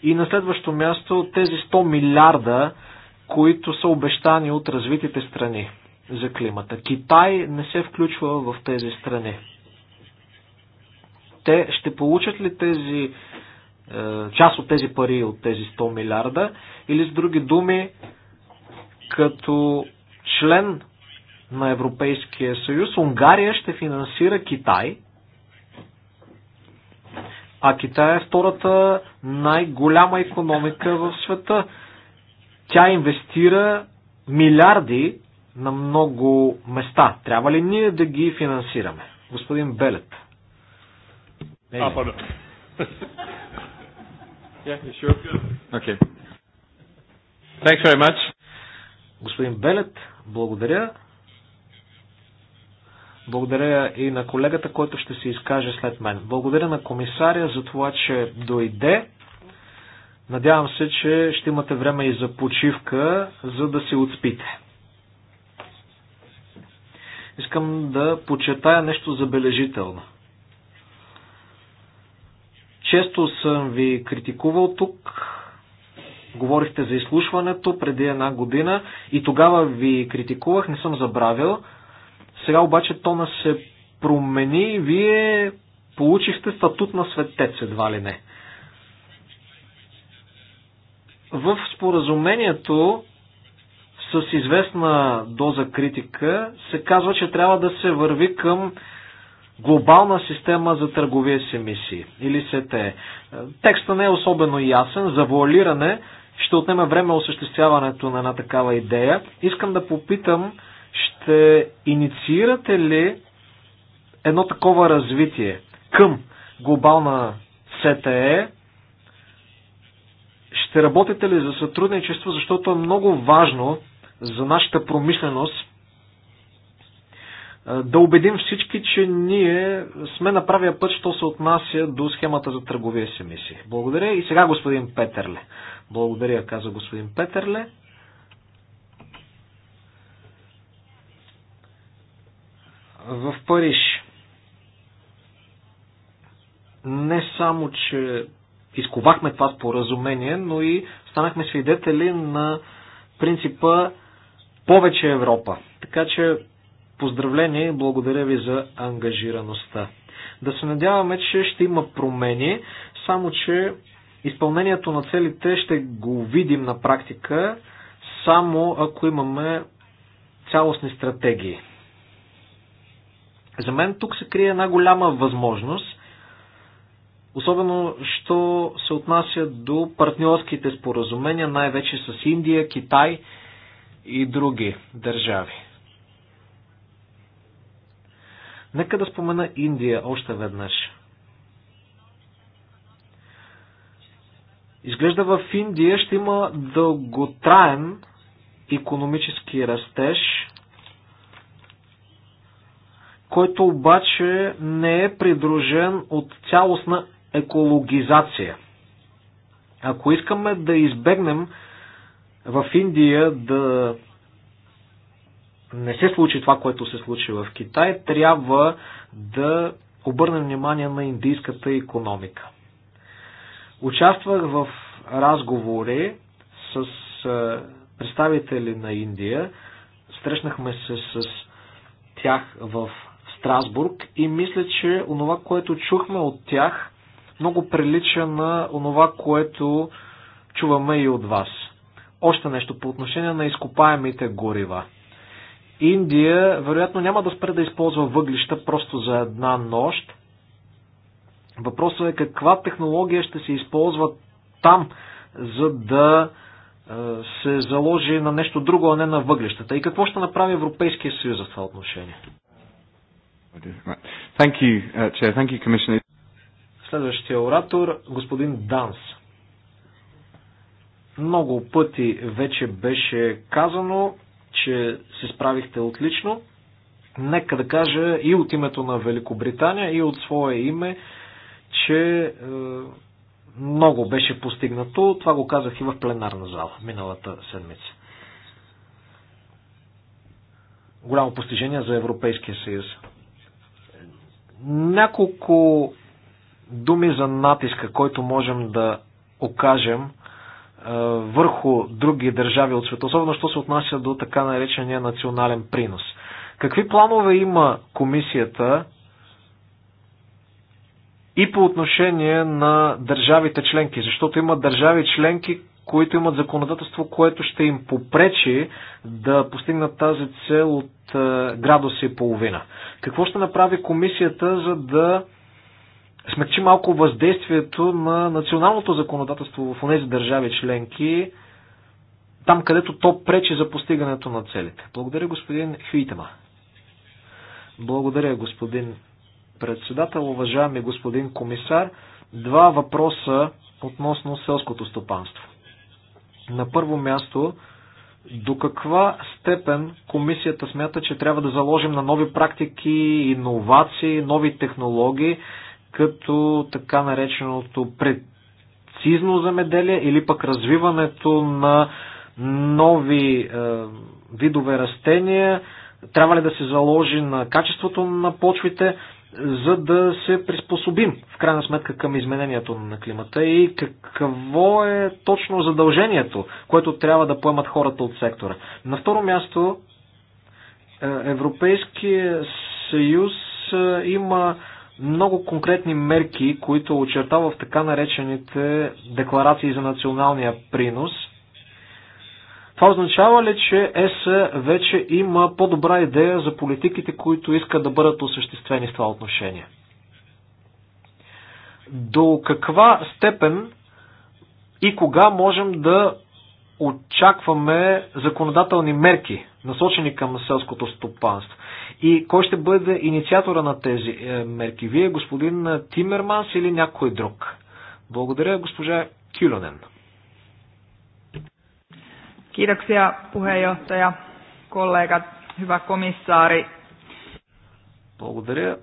S3: И на следващо място тези 100 милиарда, които са обещани от развитите страни за климата. Китай не се включва в тези страни. Те ще получат ли тези е, част от тези пари от тези 100 милиарда или с други думи като член на Европейския съюз Унгария ще финансира Китай а Китай е втората най-голяма економика в света. Тя инвестира милиарди на много места. Трябва ли ние да ги финансираме? Господин Белет. а, пардон. yeah, sure. okay. Thanks very much. Господин Белет, благодаря. Благодаря и на колегата, който ще се изкаже след мен. Благодаря на комисаря за това, че дойде. Надявам се, че ще имате време и за почивка, за да се отспите. Искам да почетая нещо забележително. Често съм ви критикувал тук, говорихте за изслушването преди една година и тогава ви критикувах, не съм забравил, сега обаче тона се промени и вие получихте статут на светец, едва ли не. В споразумението с известна доза критика се казва, че трябва да се върви към глобална система за търговия с емисии или СТЕ. Текста не е особено ясен, завуалиране ще отнеме време осъществяването на една такава идея. Искам да попитам ще инициирате ли едно такова развитие към глобална СТЕ? Ще работите ли за сътрудничество, защото е много важно за нашата промишленост да убедим всички, че ние сме на правия път, що се отнася до схемата за търговия с емисии. Благодаря и сега господин Петерле, Благодаря, каза господин Петерле. в Париж. Не само, че изковахме това споразумение, но и станахме свидетели на принципа повече Европа. Така че поздравление и благодаря ви за ангажираността. Да се надяваме, че ще има промени, само че изпълнението на целите ще го видим на практика, само ако имаме цялостни стратегии. За мен тук се крие една голяма възможност, особено що се отнася до партньорските споразумения, най-вече с Индия, Китай и други държави. Нека да спомена Индия още веднъж. Изглежда в Индия ще има дълготраен економически растеж който обаче не е придружен от цялостна екологизация. Ако искаме да избегнем в Индия да не се случи това, което се случи в Китай, трябва да обърнем внимание на индийската економика. Участвах в разговори с е, представители на Индия, срещнахме се с тях в Страсбург и мисля, че онова, което чухме от тях, много прилича на онова, което чуваме и от вас. Още нещо по отношение на изкопаемите горива. Индия вероятно няма да спре да използва въглища просто за една нощ. Въпросът е каква технология ще се използва там, за да е, се заложи на нещо друго, а не на въглищата. И какво ще направи Европейския съюз за това отношение?
S5: Thank you, uh, Chair. Thank you, Commissioner.
S3: Следващия оратор, господин Данс. Много пъти вече беше казано, че се справихте отлично. Нека да кажа и от името на Великобритания, и от свое име, че е, много беше постигнато. Това го казах и в пленарна зала миналата седмица. Голямо постижение за Европейския съюз. Няколко думи за натиска, който можем да окажем е, върху други държави от света, особено що се отнася до така наречения национален принос. Какви планове има комисията и по отношение на държавите членки, защото има държави членки, които имат законодателство, което ще им попречи да постигнат тази цел от е, градуса и половина. Какво ще направи комисията, за да смекчи малко въздействието на националното законодателство в тези държави членки, там където то пречи за постигането на целите? Благодаря, господин Хюитема. Благодаря, господин председател, уважаеми господин комисар. Два въпроса относно селското стопанство. На първо място, до каква степен комисията смята, че трябва да заложим на нови практики, иновации, нови технологии, като така нареченото прецизно замеделие или пък развиването на нови е, видове растения, трябва ли да се заложи на качеството на почвите, за да се приспособим в крайна сметка към изменението на климата и какво е точно задължението, което трябва да поемат хората от сектора. На второ място, е, Европейския съюз е, има много конкретни мерки, които очертава в така наречените декларации за националния принос – това означава ли, че ЕС вече има по-добра идея за политиките, които искат да бъдат осъществени с това отношение? До каква степен и кога можем да очакваме законодателни мерки, насочени към селското стопанство? И кой ще бъде инициатора на тези е, мерки? Вие, господин Тимерманс или някой друг? Благодаря, госпожа Кюлонен.
S2: Kiitoksia puheenjohtaja, kollegat, hyvä komissaari.
S3: Благодаря,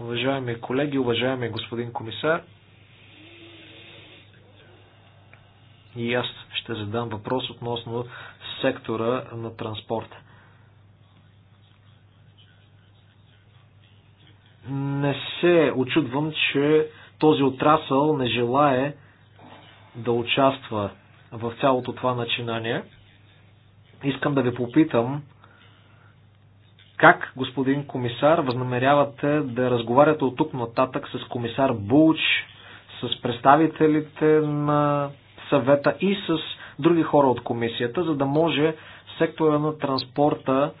S3: уважаеми колеги, уважаеми господин комисар. И аз ще задам въпрос относно сектора на транспорта. Не се очудвам, че този отрасъл не желае да участва в цялото това начинание. Искам да ви попитам как, господин комисар, възнамерявате да разговаряте от тук нататък с комисар Булч, с представителите на съвета и с други хора от комисията, за да може сектора на транспорта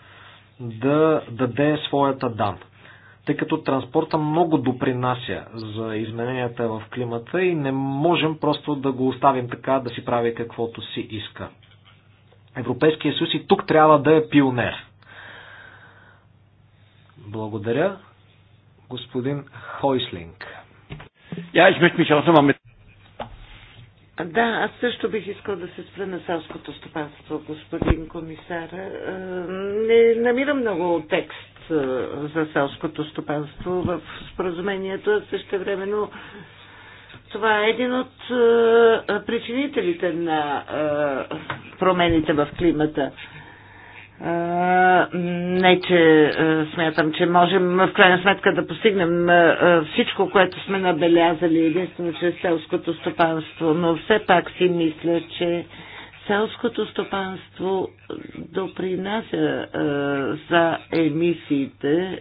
S3: да даде своята дан. Тъй като транспорта много допринася за измененията в климата и не можем просто да го оставим така да си прави каквото си иска. Европейския съюз и тук трябва да е пионер. Благодаря, господин Хойслинг. Я, ich ми mich
S2: да, аз също бих искал да се спра на селското стопанство, господин комисар. Е, не намирам много текст е, за селското стопанство в споразумението, а също времено това е един от е, причинителите на е, промените в климата. Е, не, че смятам, че можем в крайна сметка да постигнем всичко, което сме набелязали единствено чрез селското стопанство, но все пак си мисля, че селското стопанство допринася за емисиите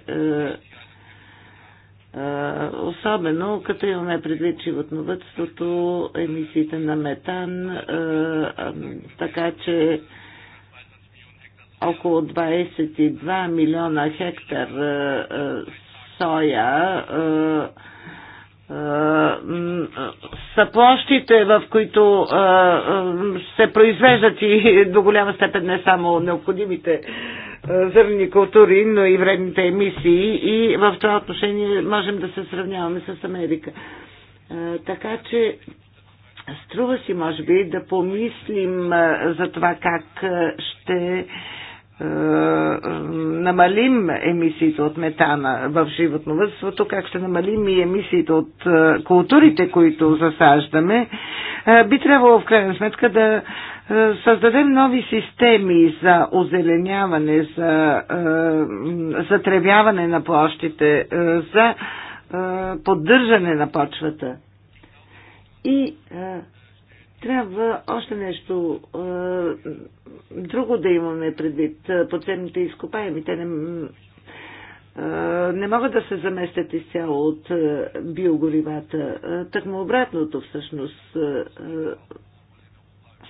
S2: особено като имаме предвид животновътството, емисиите на метан, така че около 22 милиона хектар соя е, са площите, в които е, е, се произвеждат и до голяма степен не само необходимите зърни култури, но и вредните емисии и в това отношение можем да се сравняваме с Америка. Така че струва си, може би, да помислим за това как ще е, намалим емисиите от метана в животновътството, как ще намалим и емисиите от е, културите, които засаждаме, е, би трябвало в крайна сметка да създадем нови системи за озеленяване, за затревяване на площите, за поддържане на почвата. И трябва още нещо друго да имаме предвид. Подземните изкопаеми, те не, не могат да се заместят изцяло от биогоривата. Тъкмо обратното всъщност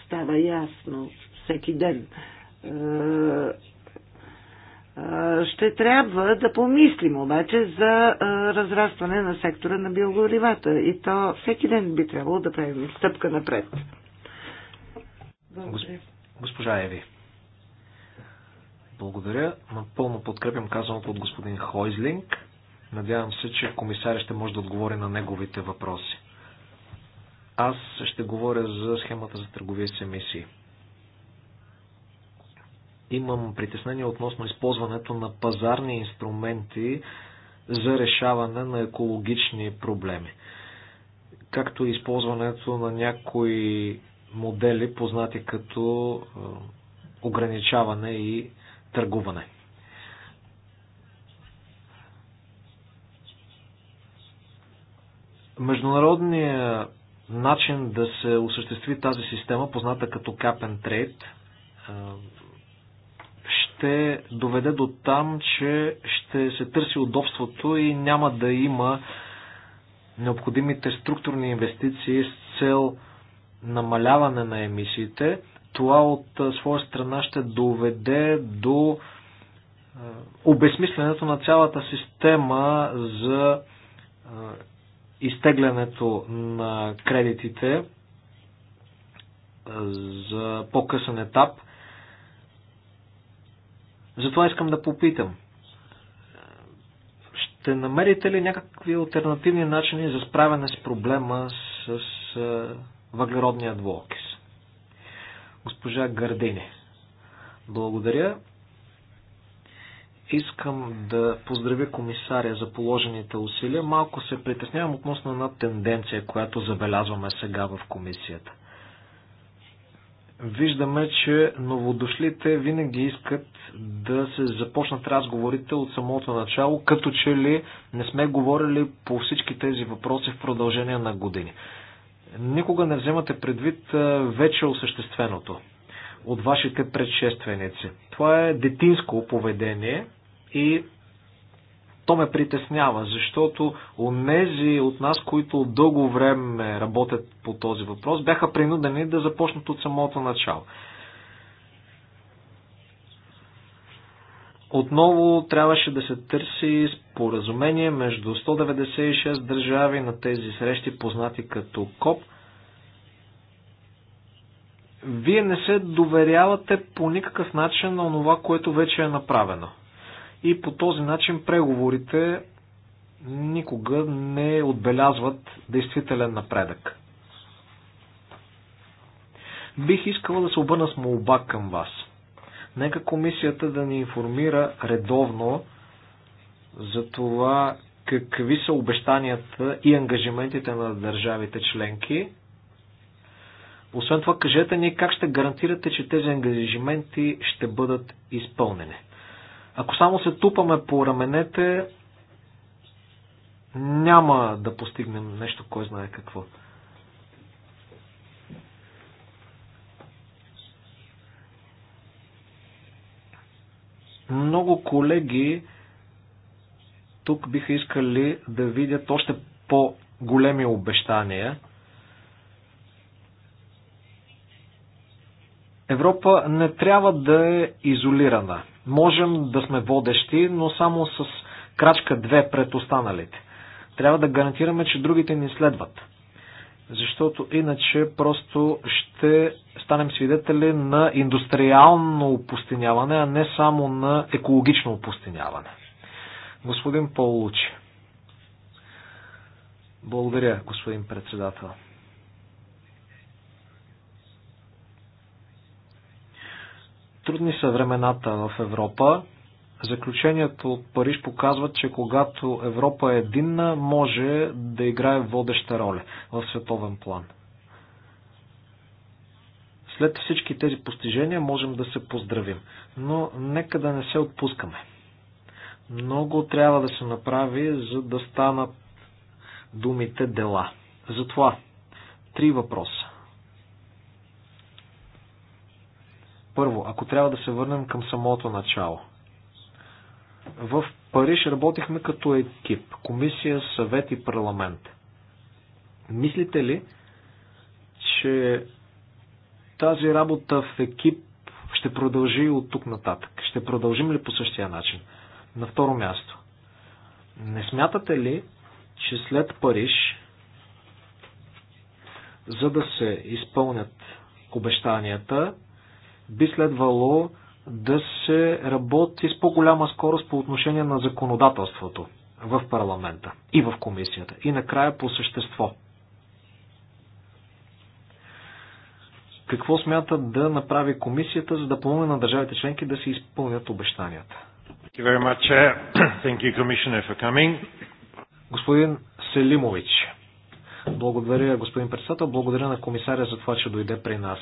S2: става ясно всеки ден. Ще трябва да помислим обаче за разрастване на сектора на биогоривата и то всеки ден би трябвало да правим стъпка напред.
S3: Благодаря. Госпожа Еви. Благодаря. Напълно подкрепям казаното от господин Хойзлинг. Надявам се, че комисаря ще може да отговори на неговите въпроси. Аз ще говоря за схемата за търговия с емисии. Имам притеснение относно използването на пазарни инструменти за решаване на екологични проблеми, както и използването на някои модели, познати като ограничаване и търгуване. Международният начин да се осъществи тази система, позната като cap and trade, ще доведе до там, че ще се търси удобството и няма да има необходимите структурни инвестиции с цел намаляване на емисиите. Това от своя страна ще доведе до обезмисленето на цялата система за изтеглянето на кредитите за по-късен етап. Затова искам да попитам. Ще намерите ли някакви альтернативни начини за справяне с проблема с въглеродния двуокис. Госпожа Гардени, Благодаря. Искам да поздравя комисаря за положените усилия. Малко се притеснявам относно една тенденция, която забелязваме сега в комисията. Виждаме, че новодошлите винаги искат да се започнат разговорите от самото начало, като че ли не сме говорили по всички тези въпроси в продължение на години никога не вземате предвид вече осъщественото от вашите предшественици. Това е детинско поведение и то ме притеснява, защото онези от нас, които дълго време работят по този въпрос, бяха принудени да започнат от самото начало. Отново трябваше да се търси споразумение между 196 държави на тези срещи, познати като КОП. Вие не се доверявате по никакъв начин на това, което вече е направено. И по този начин преговорите никога не отбелязват действителен напредък. Бих искала да се обърна с молба към вас – Нека комисията да ни информира редовно за това какви са обещанията и ангажиментите на държавите членки. Освен това, кажете ни как ще гарантирате, че тези ангажименти ще бъдат изпълнени. Ако само се тупаме по раменете, няма да постигнем нещо, кой знае какво. Много колеги тук биха искали да видят още по-големи обещания. Европа не трябва да е изолирана. Можем да сме водещи, но само с крачка две пред останалите. Трябва да гарантираме, че другите ни следват защото иначе просто ще станем свидетели на индустриално опустиняване, а не само на екологично опустиняване. Господин Лучи. Благодаря, господин председател. Трудни са времената в Европа. Заключението от Париж показват, че когато Европа е единна, може да играе водеща роля в световен план. След всички тези постижения можем да се поздравим, но нека да не се отпускаме. Много трябва да се направи, за да станат думите дела. Затова три въпроса. Първо, ако трябва да се върнем към самото начало – в Париж работихме като екип. Комисия, съвет и парламент. Мислите ли, че тази работа в екип ще продължи от тук нататък? Ще продължим ли по същия начин? На второ място. Не смятате ли, че след Париж, за да се изпълнят обещанията, би следвало да се работи с по-голяма скорост по отношение на законодателството в парламента и в комисията. И накрая по същество. Какво смята да направи комисията, за да помогне на държавите членки да се изпълнят обещанията? Господин Селимович, благодаря, господин председател, благодаря на комисаря за това, че дойде при нас.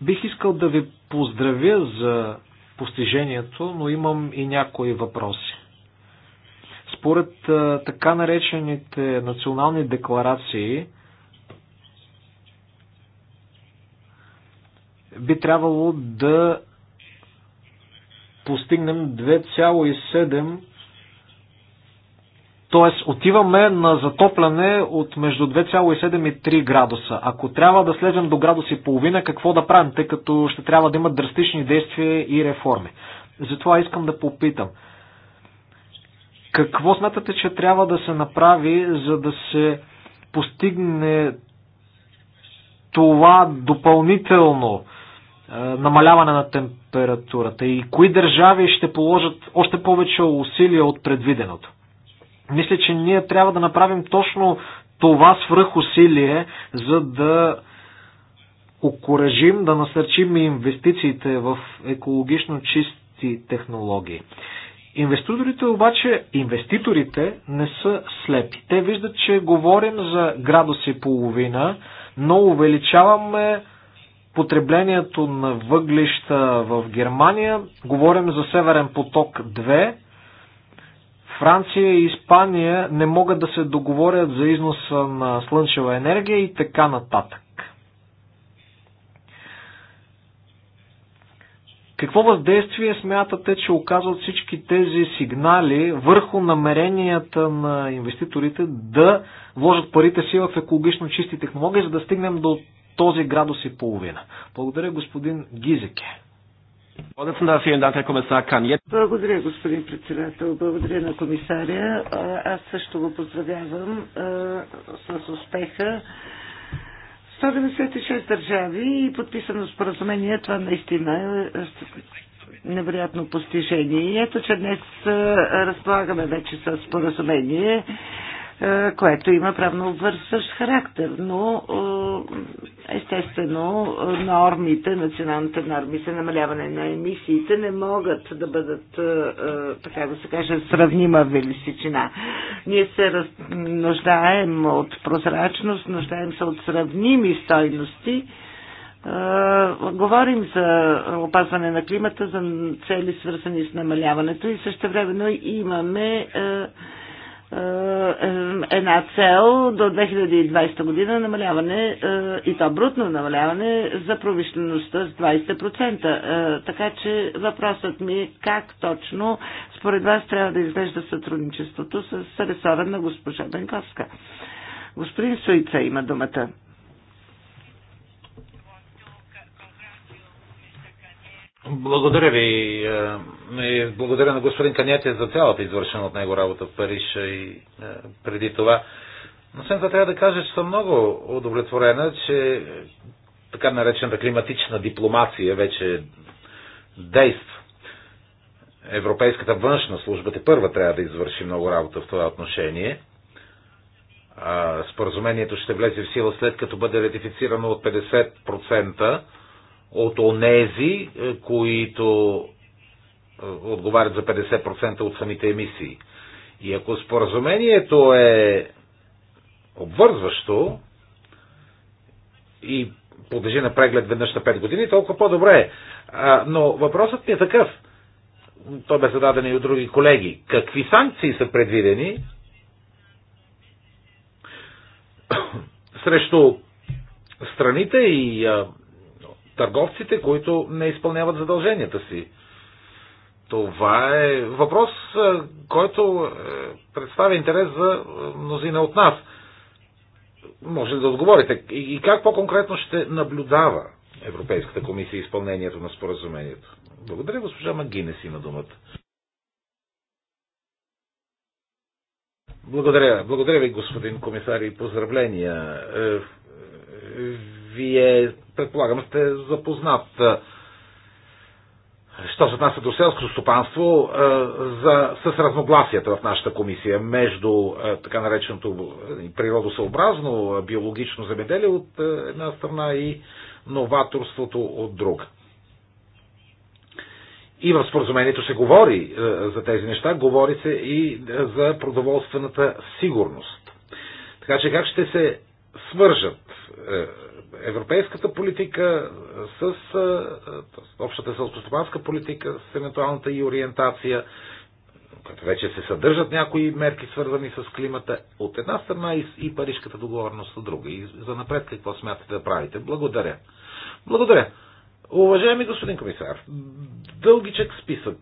S3: Бих искал да ви поздравя за постижението, но имам и някои въпроси. Според така наречените национални декларации, би трябвало да постигнем 2,7 Тоест, отиваме на затопляне от между 2,7 и 3 градуса. Ако трябва да слезем до градус и половина, какво да правим, тъй като ще трябва да има драстични действия и реформи. Затова искам да попитам. Какво смятате, че трябва да се направи, за да се постигне това допълнително е, намаляване на температурата и кои държави ще положат още повече усилия от предвиденото? Мисля, че ние трябва да направим точно това свръхусилие, за да окоръжим, да насърчим инвестициите в екологично чисти технологии. Инвеститорите обаче, инвеститорите не са слепи. Те виждат, че говорим за градус и половина, но увеличаваме потреблението на въглища в Германия. Говорим за Северен поток Франция и Испания не могат да се договорят за износа на слънчева енергия и така нататък. Какво въздействие смятате, че оказват всички тези сигнали върху намеренията на инвеститорите да вложат парите си в екологично чисти технологии, за да стигнем до този градус и половина? Благодаря, господин Гизеке.
S2: Благодаря, господин председател. Благодаря на комисаря. Аз също го поздравявам с успеха. 196 държави и подписано споразумение, това наистина е, е невероятно постижение. И ето, че днес разполагаме вече с споразумение е, което има правно обвързващ характер, но е, естествено нормите, националните норми за намаляване на емисиите не могат да бъдат, е, така да се каже, сравнима величина. Ние се раз... нуждаем от прозрачност, нуждаем се от сравними стойности, говорим за опазване на климата, за цели свързани с намаляването и също времено имаме е, е, една цел до 2020 година намаляване е, и то брутно намаляване за промишлеността с 20%. Така че въпросът ми е как точно според вас трябва да изглежда сътрудничеството с ресора на госпожа Бенковска. Господин Суица има думата.
S6: Благодаря ви. Е, благодаря на господин Каняте за цялата извършена от него работа в Париж и е, преди това. Но след това трябва да кажа, че съм много удовлетворена, че така наречената климатична дипломация вече действа. Европейската външна служба те първа трябва да извърши много работа в това отношение. Споразумението ще влезе в сила след като бъде ратифицирано от 50% от онези, е, които е, отговарят за 50% от самите емисии. И ако споразумението е обвързващо и подлежи на преглед веднъж на 5 години, толкова по-добре е. Но въпросът ми е такъв. Той бе зададен и от други колеги. Какви санкции са предвидени срещу страните и търговците, които не изпълняват задълженията си. Това е въпрос, е, който е, представя интерес за е, мнозина от нас. Може ли да отговорите? И как по-конкретно ще наблюдава Европейската комисия изпълнението на споразумението? Благодаря, госпожа Магинес има думата. Благодаря. Благодаря ви, господин комисар, и поздравления. Вие, предполагам, сте запознат. Що се отнася до селското стопанство, за, с разногласията в нашата комисия между така нареченото природосъобразно биологично земеделие от една страна и новаторството от друга. И в споразумението се говори за тези неща, говори се и за продоволствената сигурност. Така че как ще се свържат европейската политика, с общата селскостопанска политика, с евентуалната и ориентация, като вече се съдържат някои мерки, свързани с климата, от една страна и, и парижката договорност от друга. И за напред какво смятате да правите? Благодаря. Благодаря. Уважаеми господин комисар, дългичък списък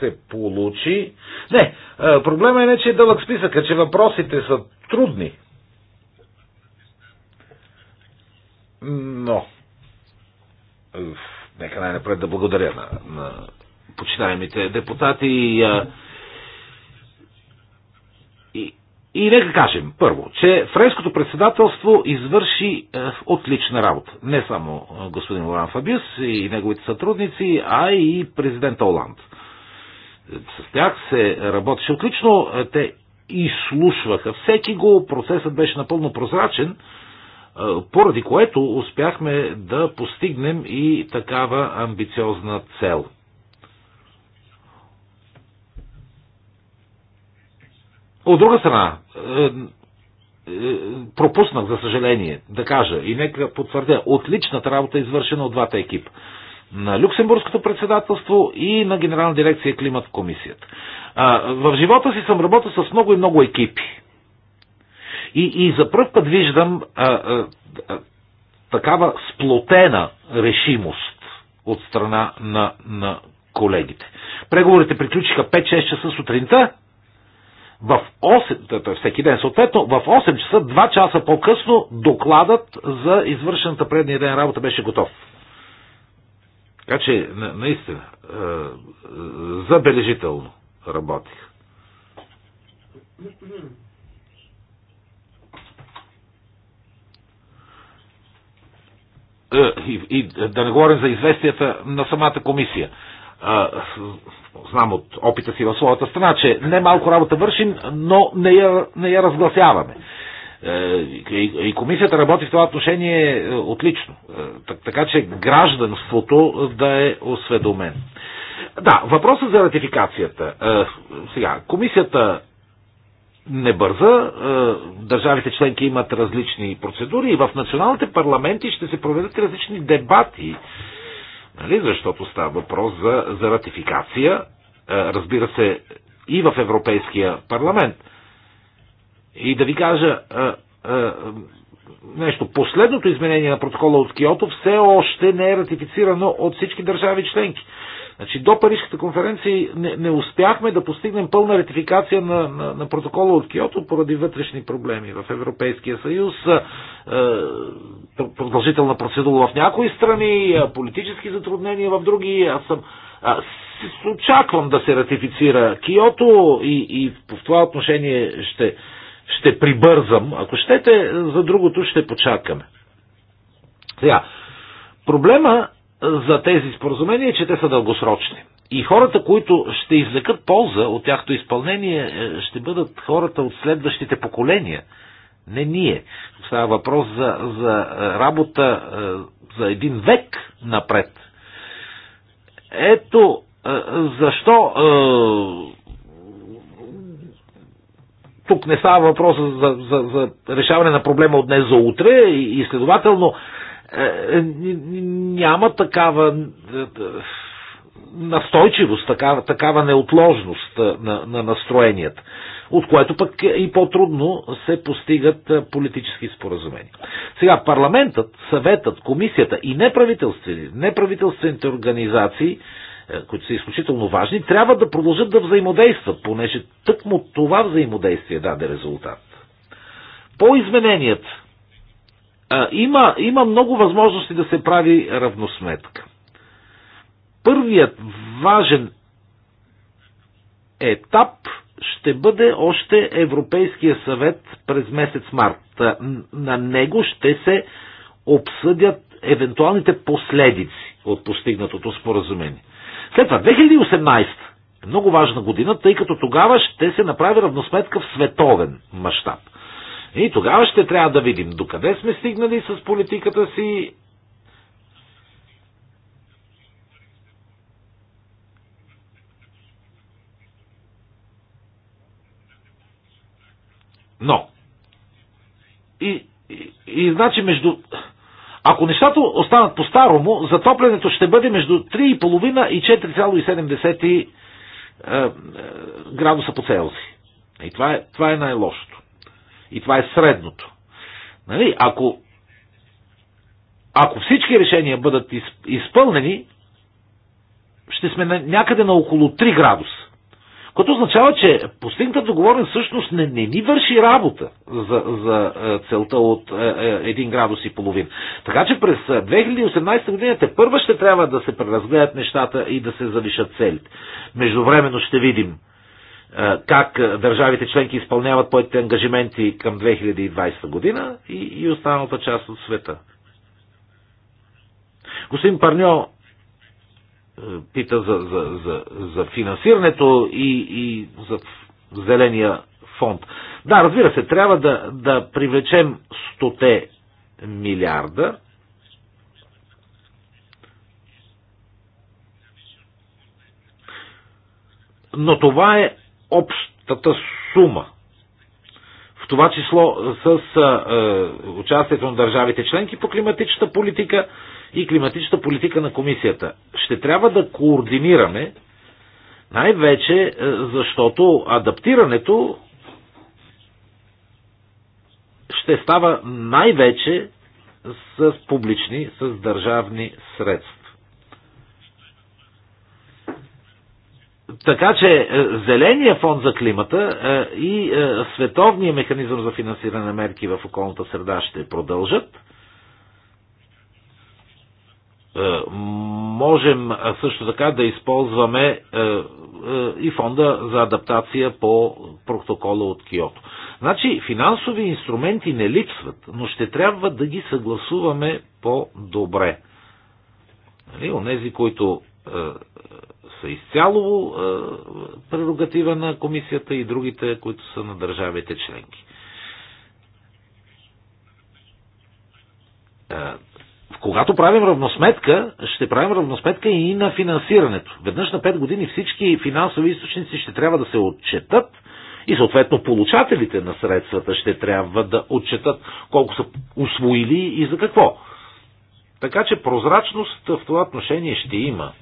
S6: се получи. Не, проблема е не, че е дълъг списък, а че въпросите са трудни. Но, нека най-напред да благодаря на, на почитаемите депутати и, и, и нека кажем първо, че френското председателство извърши а, е, отлична работа. Не само господин Лоран Фабиус и неговите сътрудници, а и президента Оланд. С тях се работеше отлично. Те изслушваха всеки го. Процесът беше напълно прозрачен поради което успяхме да постигнем и такава амбициозна цел. От друга страна, пропуснах, за съжаление, да кажа и нека потвърдя, отличната работа е извършена от двата екипа. На Люксембургското председателство и на Генерална дирекция климат в комисията. В живота си съм работил с много и много екипи и, и за първ път виждам а, а, а, такава сплотена решимост от страна на, на колегите. Преговорите приключиха 5-6 часа сутринта. В 8, т.е. всеки ден съответно, в 8 часа, 2 часа по-късно, докладът за извършената предния ден работа беше готов. Така че, на, наистина, е, забележително работих. Е, и, и да не говорим за известията на самата комисия. Знам от опита си в своята страна, че не малко работа вършим, но не я, не я разгласяваме. Е, и комисията работи в това отношение е, отлично. Така че гражданството да е осведомен. Да, въпросът за ратификацията. Сега, комисията не бърза. Е, държавите членки имат различни процедури и в националните парламенти ще се проведат различни дебати. Нали? Защото става въпрос за, за ратификация, е, разбира се, и в Европейския парламент. И да ви кажа е, нещо. Последното изменение на протокола от Киото все още не е ратифицирано от всички държави членки. Значи до Парижката конференция не, не успяхме да постигнем пълна ратификация на, на, на протокола от Киото поради вътрешни проблеми в Европейския съюз, е, продължителна процедура в някои страни, политически затруднения в други. Аз съм с, очаквам да се ратифицира Киото и, и в това отношение ще, ще прибързам. Ако щете, за другото ще почакаме. Сега, проблема за тези споразумения е, че те са дългосрочни. И хората, които ще извлекат полза от тяхто изпълнение, е, ще бъдат хората от следващите поколения. Не ние. Става въпрос за, за е, работа е, за един век напред. Ето защо тук не става въпрос за, за, за решаване на проблема от днес за утре и следователно е, е, няма такава е, настойчивост, такава, такава неотложност на, на настроенията, от което пък и по-трудно се постигат политически споразумения. Сега парламентът, съветът, комисията и неправителствени, неправителствените организации, които са изключително важни, трябва да продължат да взаимодействат, понеже тъкмо това взаимодействие даде резултат. По измененията има, има много възможности да се прави равносметка. Първият важен етап ще бъде още Европейския съвет през месец март. На него ще се обсъдят евентуалните последици от постигнатото споразумение. След това 2018 е много важна година, тъй като тогава ще се направи равносметка в световен мащаб. И тогава ще трябва да видим докъде сме стигнали с политиката си Но. И, и, и значи между... Ако нещата останат по-старому, затоплянето ще бъде между 3,5 и 4,7 е, е, градуса по Целси. И това е, това е най-лошото. И това е средното. Нали? Ако, ако всички решения бъдат изпълнени, ще сме някъде на около 3 градуса. Което означава, че постигната договорен всъщност не, не ни върши работа за, за е, целта от 1 е, е, градус и половин. Така че през 2018 година те първа ще трябва да се преразгледат нещата и да се завишат целите. Междувременно ще видим как държавите членки изпълняват поетите ангажименти към 2020 година и, и останалата част от света. Господин Парньо пита за, за, за, за финансирането и, и за зеления фонд. Да, разбира се, трябва да, да привлечем 100 милиарда. Но това е общата сума. В това число с е, участието на държавите членки по климатичната политика и климатичната политика на комисията. Ще трябва да координираме най-вече защото адаптирането ще става най-вече с публични, с държавни средства. Така че е, Зеления фонд за климата е, и е, Световния механизъм за финансиране на мерки в околната среда ще продължат. Можем също така да използваме и фонда за адаптация по протокола от Киото. Значи финансови инструменти не липсват, но ще трябва да ги съгласуваме по-добре. Нали, онези, които е, са изцяло е, прерогатива на комисията и другите, които са на държавите членки. Е, когато правим равносметка, ще правим равносметка и на финансирането. Веднъж на 5 години всички финансови източници ще трябва да се отчетат и съответно получателите на средствата ще трябва да отчетат колко са усвоили и за какво. Така че прозрачност в това отношение ще има.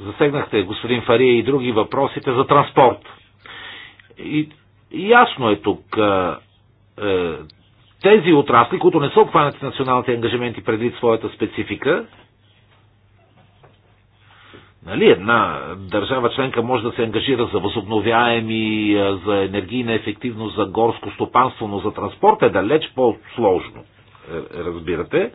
S6: засегнахте, господин Фария, и други въпросите за транспорт. И, ясно е тук, а, е, е, тези отрасли, които не са обхванати с националните ангажименти предвид своята специфика, Нали, една държава членка може да се ангажира за възобновяеми, е, за енергийна ефективност, за горско стопанство, но за транспорт е далеч по-сложно. Е, разбирате.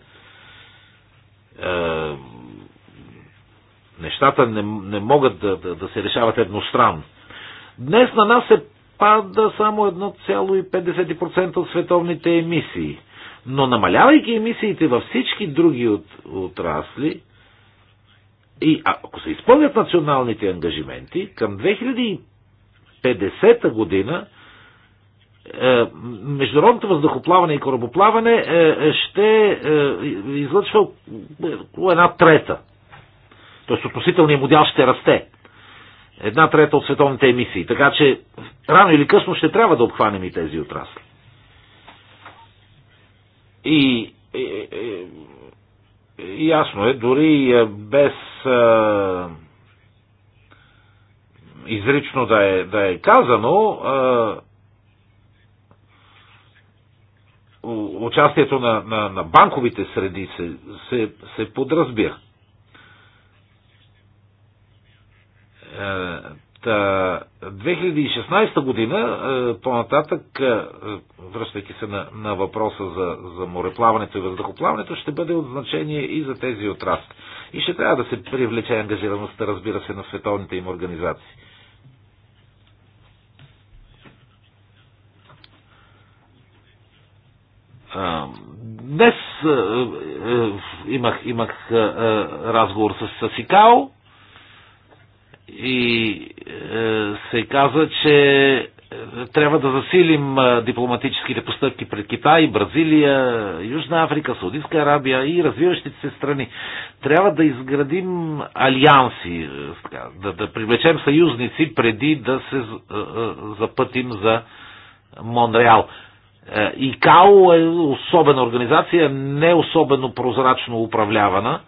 S6: Нещата не, не могат да, да, да се решават едностранно. Днес на нас се пада само 1,5% от световните емисии. Но намалявайки емисиите във всички други от, отрасли, и ако се изпълнят националните ангажименти, към 2050 година е, международното въздухоплаване и корабоплаване е, ще е, излъчва е, една трета Тоест относителният модел ще расте. Една трета от световните емисии. Така че рано или късно ще трябва да обхванем и тези отрасли.
S4: И, и, и, и
S6: ясно е, дори е, без а, е, изрично да е, да е казано, а, е, участието на, на, на банковите среди се, се, се подразбира. 2016 година, е, по-нататък, е, връщайки се на, на въпроса за, за мореплаването и въздухоплаването, ще бъде от значение и за тези отрасли. И ще трябва да се привлече ангажираността, разбира се, на световните им организации. Днес е, имах, имах разговор с, с ИКАО и е, се каза, че е, трябва да засилим е, дипломатическите постъпки пред Китай, Бразилия, Южна Африка, Саудитска Арабия и развиващите се страни. Трябва да изградим алианси, е, да, да привлечем съюзници преди да се запътим за Монреал. ИКАО е особена организация, не особено прозрачно управлявана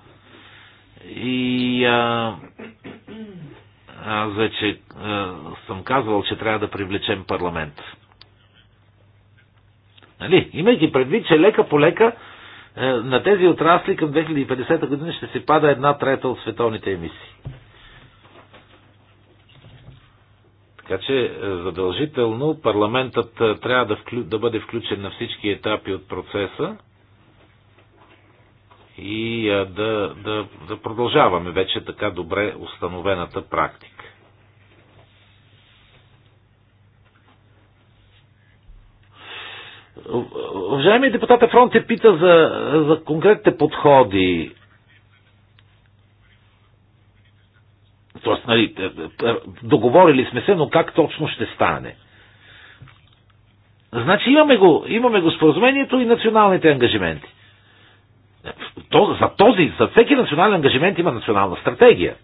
S6: и а, аз вече съм казвал, че трябва да привлечем парламент. Нали? Имайки предвид, че лека по лека е, на тези отрасли към 2050 година ще се пада една трета от световните емисии. Така че е, задължително парламентът е, трябва да, вклю... да бъде включен на всички етапи от процеса и да, да, да продължаваме вече така добре установената практика. Уважаеми депутата Фронте пита за, за конкретните подходи. Тоест, нали, е, е, договорили сме се, но как точно ще стане? Значи имаме го, имаме го споразумението и националните ангажименти за този, за всеки национален ангажимент има национална стратегия.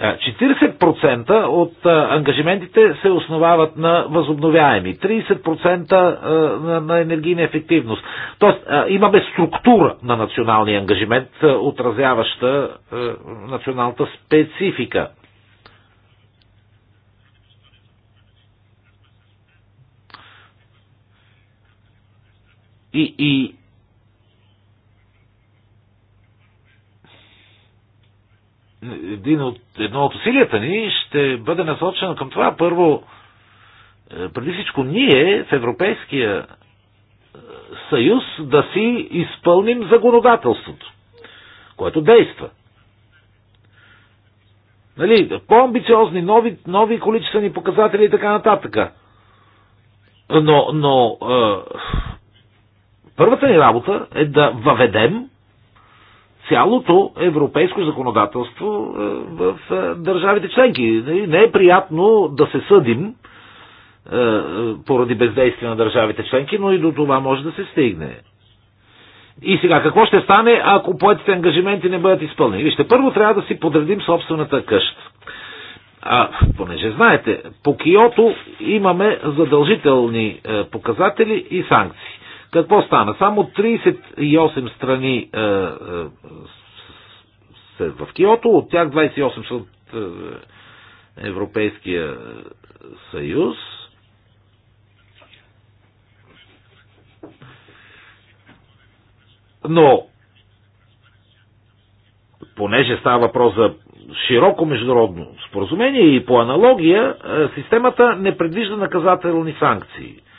S6: 40% от ангажиментите се основават на възобновяеми, 30% на енергийна ефективност. Тоест имаме структура на националния ангажимент, отразяваща националната специфика.
S4: И, и
S6: един от, едно от усилията ни ще бъде насочено към това. Първо, е, преди всичко ние в Европейския е, съюз да си изпълним законодателството, което действа. Нали, по-амбициозни, нови, нови количествени показатели и така нататък. Но, но е, първата ни работа е да въведем цялото европейско законодателство е, в е, държавите членки. Не е приятно да се съдим е, поради бездействие на държавите членки, но и до това може да се стигне. И сега, какво ще стане, ако поетите ангажименти не бъдат изпълнени? Вижте, първо трябва да си подредим собствената къща. А, понеже знаете, по Киото имаме задължителни показатели и санкции. Какво стана? Само 38 страни е, е, са в Киото, от тях 28 са от е, Европейския съюз. Но, понеже става въпрос за широко международно споразумение и по аналогия, е, системата не предвижда наказателни санкции –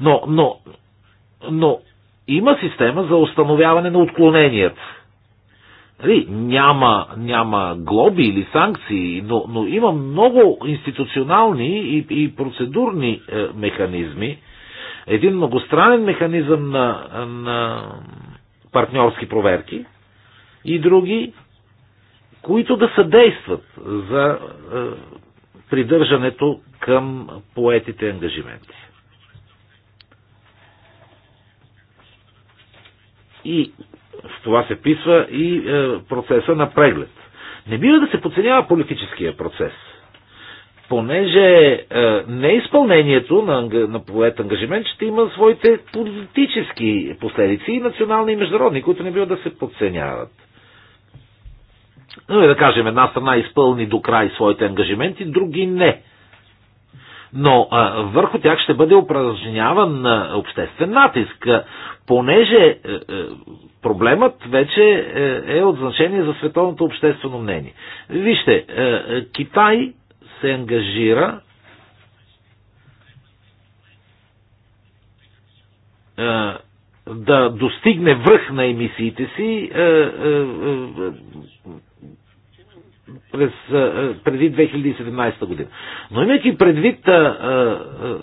S6: но, но, но има система за установяване на отклоненията. Нали, няма, няма глоби или санкции, но, но има много институционални и, и процедурни е, механизми. Един многостранен механизъм на, на партньорски проверки и други, които да съдействат за е, придържането към поетите ангажименти. И в това се писва и е, процеса на преглед. Не бива да се подценява политическия процес, понеже е, неизпълнението на, на поет ангажимент ще има своите политически последици, и национални и международни, които не бива да се подценяват. Но и нали, да кажем, една страна изпълни до край своите ангажименти, други не но а, върху тях ще бъде упражняван а, обществен натиск, а, понеже а, е, е, проблемът вече е, е от значение за световното обществено мнение. Вижте, а, е, Китай се ангажира а, да достигне връх на емисиите си А, а, а, през, преди 2017 година. Но имайки предвид а, а,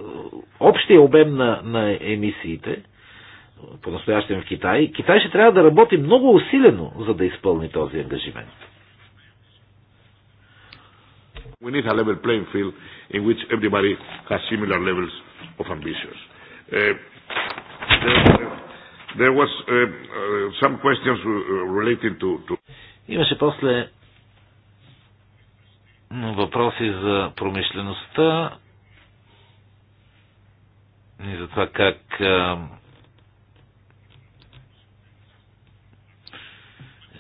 S6: общия обем на, на емисиите, по-настоящем в Китай, Китай ще трябва да работи много усилено, за да изпълни този ангажимент.
S5: We need a level playing field in which everybody has similar levels of ambitions. Uh, there, there was uh, uh, some questions uh, relating to, to... Имаше после
S6: въпроси за промишлеността и за това как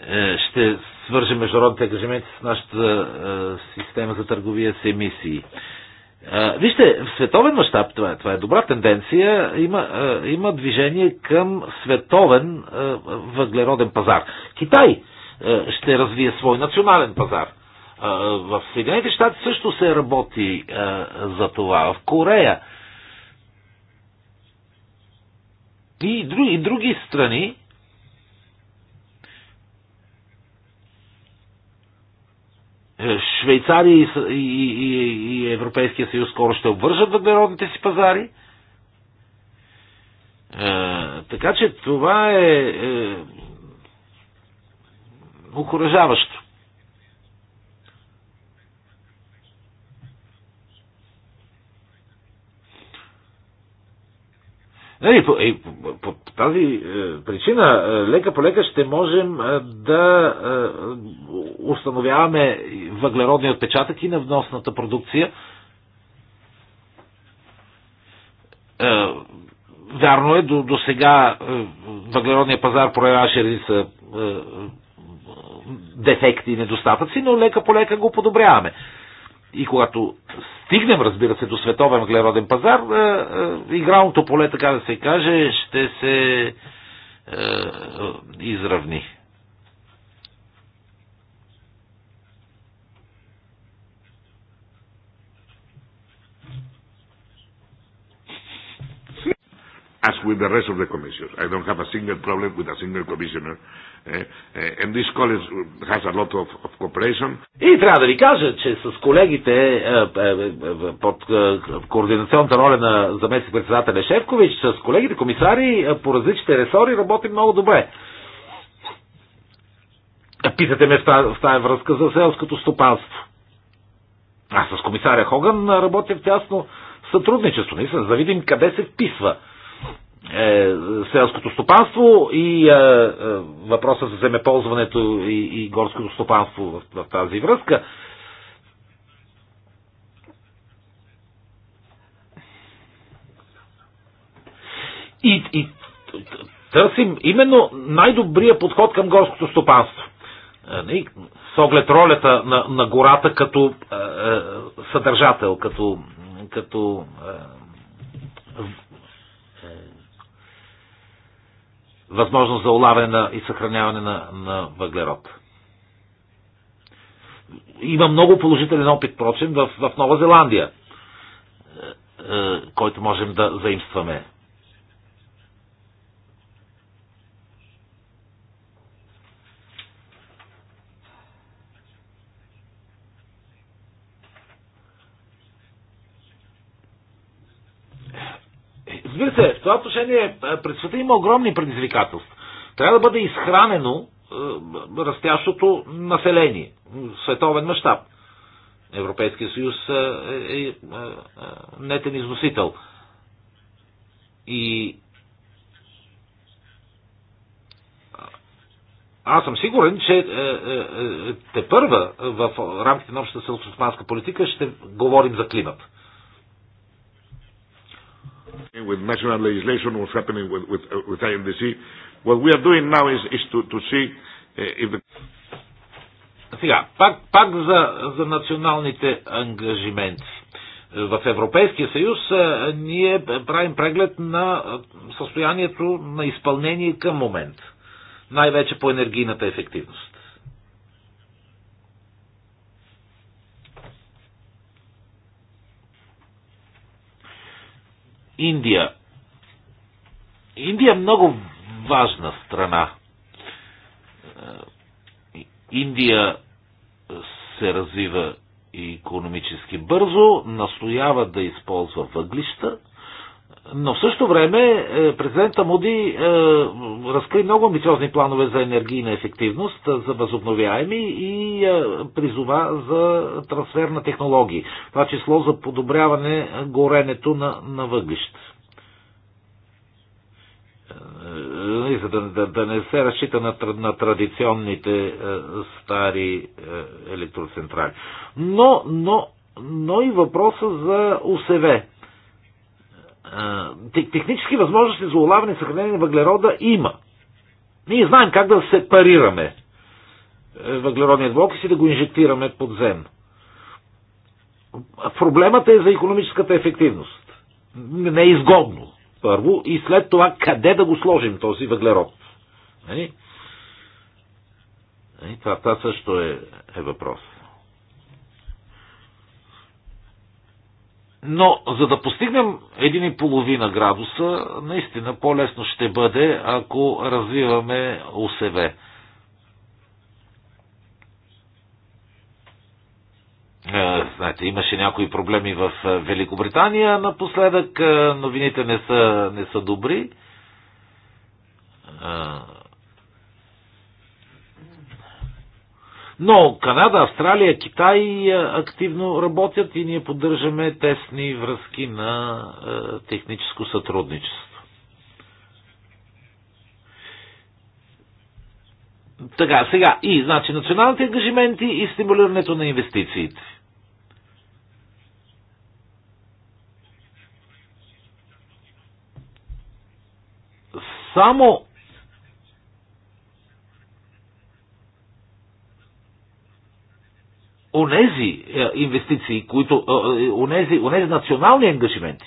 S6: е, ще свърже международните ангажименти с нашата система за търговия с емисии. Вижте, в световен мащаб това е, това е добра тенденция. Има, има движение към световен въглероден пазар. Китай ще развие свой национален пазар в Съединените щати също се работи за това. В Корея. И други, и други страни, е, Швейцария и, и, и Европейския съюз скоро ще обвържат въглеродните си пазари. Е, така че това е, е ухоръжаващо. Нали, по, и, по, по тази е, причина, е, лека по лека ще можем е, да е, установяваме въглеродния отпечатък и на вносната продукция. Е, вярно е, до, до сега е, въглеродния пазар проявяваше редица е, е дефекти и недостатъци, но лека по лека го подобряваме и когато стигнем, разбира се, до световен въглероден пазар, е, е, игралното поле, така да се каже, ще се е, изравни.
S5: as with the rest of the commissions. I don't have a single problem with a single commissioner. Uh, and this college has a lot of, of cooperation. И трябва да
S6: ви кажа, че с колегите е, е, е, под координационната роля на заместник председателя Шевкович, с колегите комисари по различните ресори работим много добре. Питате ме в тази, връзка за селското стопанство. Аз с комисаря Хоган работя в тясно сътрудничество, наистина, за да видим къде се вписва е, селското стопанство и е, е, въпроса за земеползването и, и горското стопанство в, в тази връзка. И, и търсим именно най-добрия подход към горското стопанство. Е, с оглед ролята на, на гората като е, е съдържател, като, като е, възможност за улавяне на и съхраняване на, на въглерод. Има много положителен опит, впрочем, в, в Нова Зеландия, е, е, който можем да заимстваме. това отношение е, пред света има огромни предизвикателства. Трябва да бъде изхранено е, растящото население в световен мащаб. Европейския съюз е, е нетен износител. И аз съм сигурен, че е, е, те първа в рамките на общата селско политика ще говорим за климат.
S5: Eh, with national legislation, what's happening with, with, uh, with IMDC. What we are doing now is, is to, to see uh, if the... Сега, пак, пак за, за националните ангажименти.
S6: В Европейския съюз а, е, ние правим преглед на е, състоянието на изпълнение към момент. Най-вече по енергийната ефективност. Индия. Индия е много важна страна. Е, Индия се развива и економически бързо, настоява да използва въглища, но в същото време е, президента Муди е, разкри много амбициозни планове за енергийна ефективност, за възобновяеми и е, призова за трансфер на технологии, това число за подобряване горенето на, на въглища. За да, да, да не се разчита на, на традиционните е, стари е, електроцентрали. Но, но, но и въпроса за ОСВ, технически възможности за улавяне и съхранение на въглерода има. Ние знаем как да се парираме въглеродният двуокис и да го инжектираме под зем. Проблемът е за економическата ефективност. Не е изгодно, първо, и след това къде да го сложим този въглерод. Нали? Нали? Това, това също е, е въпрос. Но за да постигнем 1,5 градуса, наистина по-лесно ще бъде, ако развиваме ОСВ. Е, знаете, имаше някои проблеми в е, Великобритания напоследък, е, новините не са, не са добри. Но Канада, Австралия, Китай е, активно работят и ние поддържаме тесни връзки на е, техническо сътрудничество. Така, сега, и, значи, националните ангажименти и стимулирането на инвестициите. Само онези е, инвестиции, които, е, е, онези, онези национални ангажименти,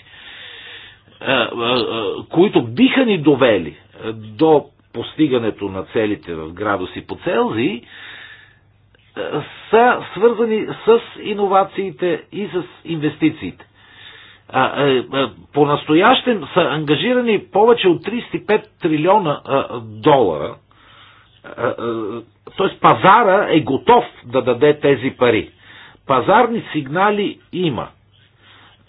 S6: които биха ни довели до постигането на целите в градуси по Целзи, са свързани с иновациите и с инвестициите. По-настоящем са ангажирани повече от 35 трилиона долара т.е. Е, пазара е готов да даде тези пари. Пазарни сигнали има.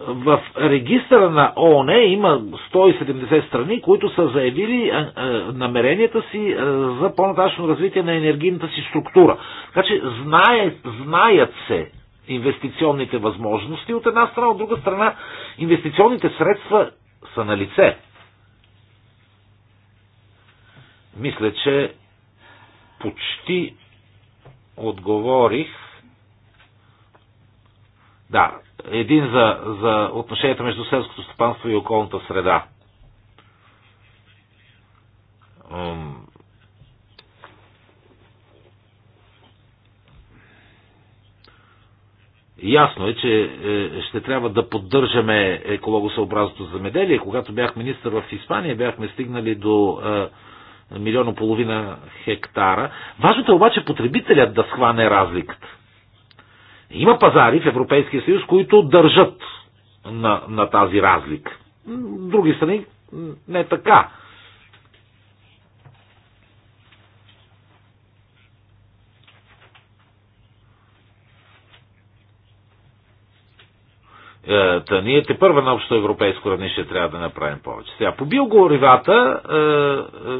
S6: В регистъра на ООН има 170 страни, които са заявили е, е, намеренията си за по-нататъчно развитие на енергийната си структура. Така че знаят, знаят се инвестиционните възможности от една страна, от друга страна инвестиционните средства са на лице. Мисля, че почти отговорих. Да, един за, за отношенията между селското стопанство и околната среда. Ясно е, че е, ще трябва да поддържаме екологосъобразното замеделие. Когато бях министър в Испания, бяхме стигнали до е, милиона половина хектара. Важното е обаче потребителят да схване разликата. Има пазари в Европейския съюз, които държат на, на тази разлика. Други страни не така. Е, та ние те първа на общо европейско равнище трябва да направим повече. Сега, по биогоривата е, е,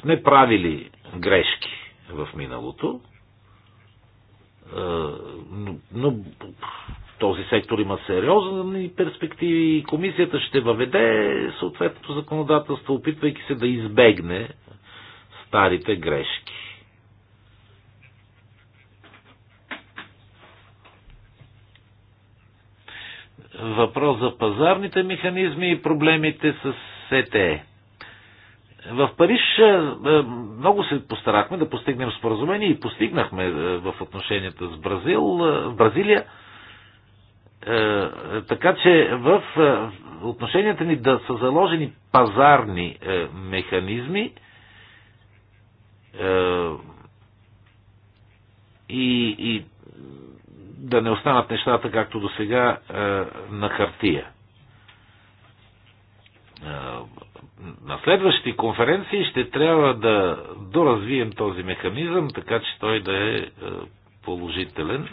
S6: сме правили грешки в миналото, но този сектор има сериозни перспективи и комисията ще въведе съответното законодателство, опитвайки се да избегне старите грешки. въпрос за пазарните механизми и проблемите с СТЕ. В Париж е, е, много се постарахме да постигнем споразумение и постигнахме е, в отношенията с Бразил, в Бразилия. Така че в отношенията ни да са заложени пазарни механизми и, и да не останат нещата както до сега е, на хартия. Е, на следващите конференции ще трябва да доразвием този механизъм, така че той да е, е положителен.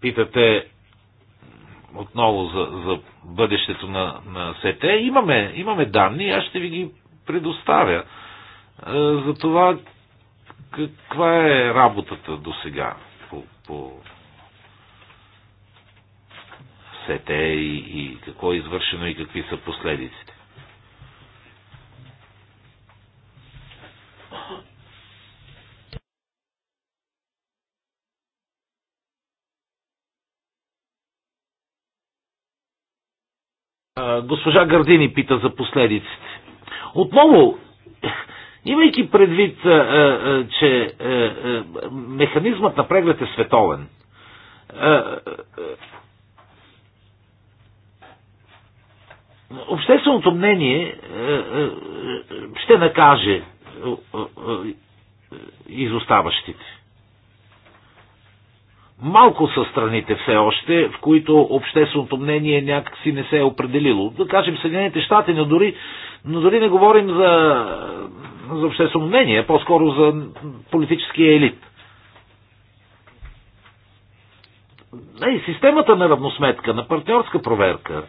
S6: Питате отново за, за бъдещето на, на СЕТЕ. Имаме, имаме данни, аз ще ви ги предоставя е, за това каква е работата до сега по, по СЕТЕ и, и какво е извършено и какви са последиците.
S4: Госпожа Гърдини
S6: пита за последиците. Отново, имайки предвид, че механизмът на преглед е световен, общественото мнение ще накаже изоставащите. Малко са страните все още, в които общественото мнение някакси не се е определило. Да кажем Съединените щати, но дори, но дори не говорим за, за обществено мнение, по-скоро за политическия елит. И системата на равносметка, на партньорска проверка,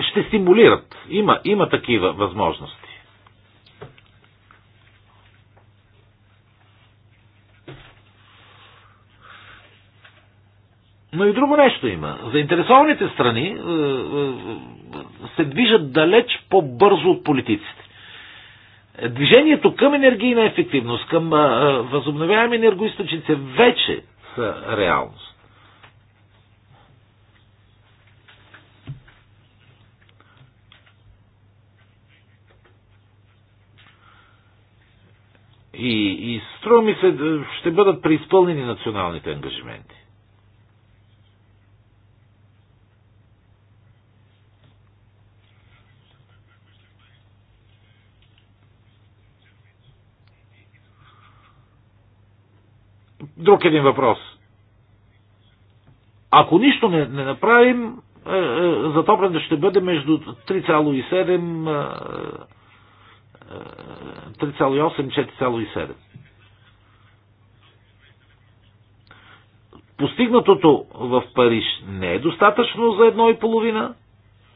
S6: ще стимулират. Има, има такива възможности. Но и друго нещо има. Заинтересованите страни е, е, се движат далеч по-бързо от политиците. Движението към енергийна ефективност, към е, възобновяеми енергоисточници вече са реалност. И, и струва ми се, ще бъдат преизпълнени националните ангажименти. друг един въпрос. Ако нищо не, не направим, е, е, затоплянето ще бъде между 3,7 3,8-4,7. Е, Постигнатото в Париж не е достатъчно за едно и половина.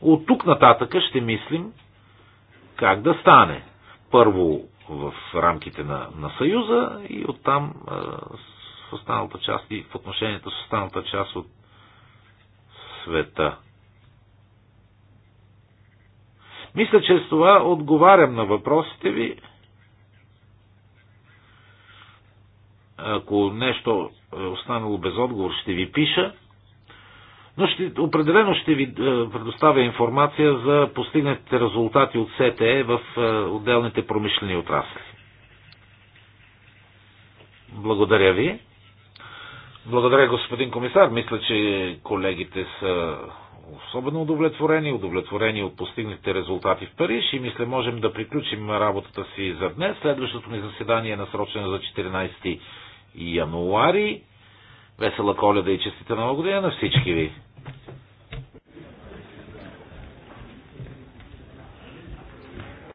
S6: От тук нататъка ще мислим как да стане. Първо в рамките на, на Съюза и оттам с останалата част и в отношенията с останалата част от света. Мисля, че с това отговарям на въпросите ви. Ако нещо е останало без отговор, ще ви пиша. Но ще, определено ще ви е, предоставя информация за постигнатите резултати от СТЕ в е, отделните промишлени отрасли. Благодаря ви. Благодаря, господин комисар. Мисля, че колегите са особено удовлетворени, удовлетворени от постигнатите резултати в Париж и мисля можем да приключим работата си за днес. Следващото ни заседание е насрочено за 14 януари. Весела коледа и честита нова година на всички ви!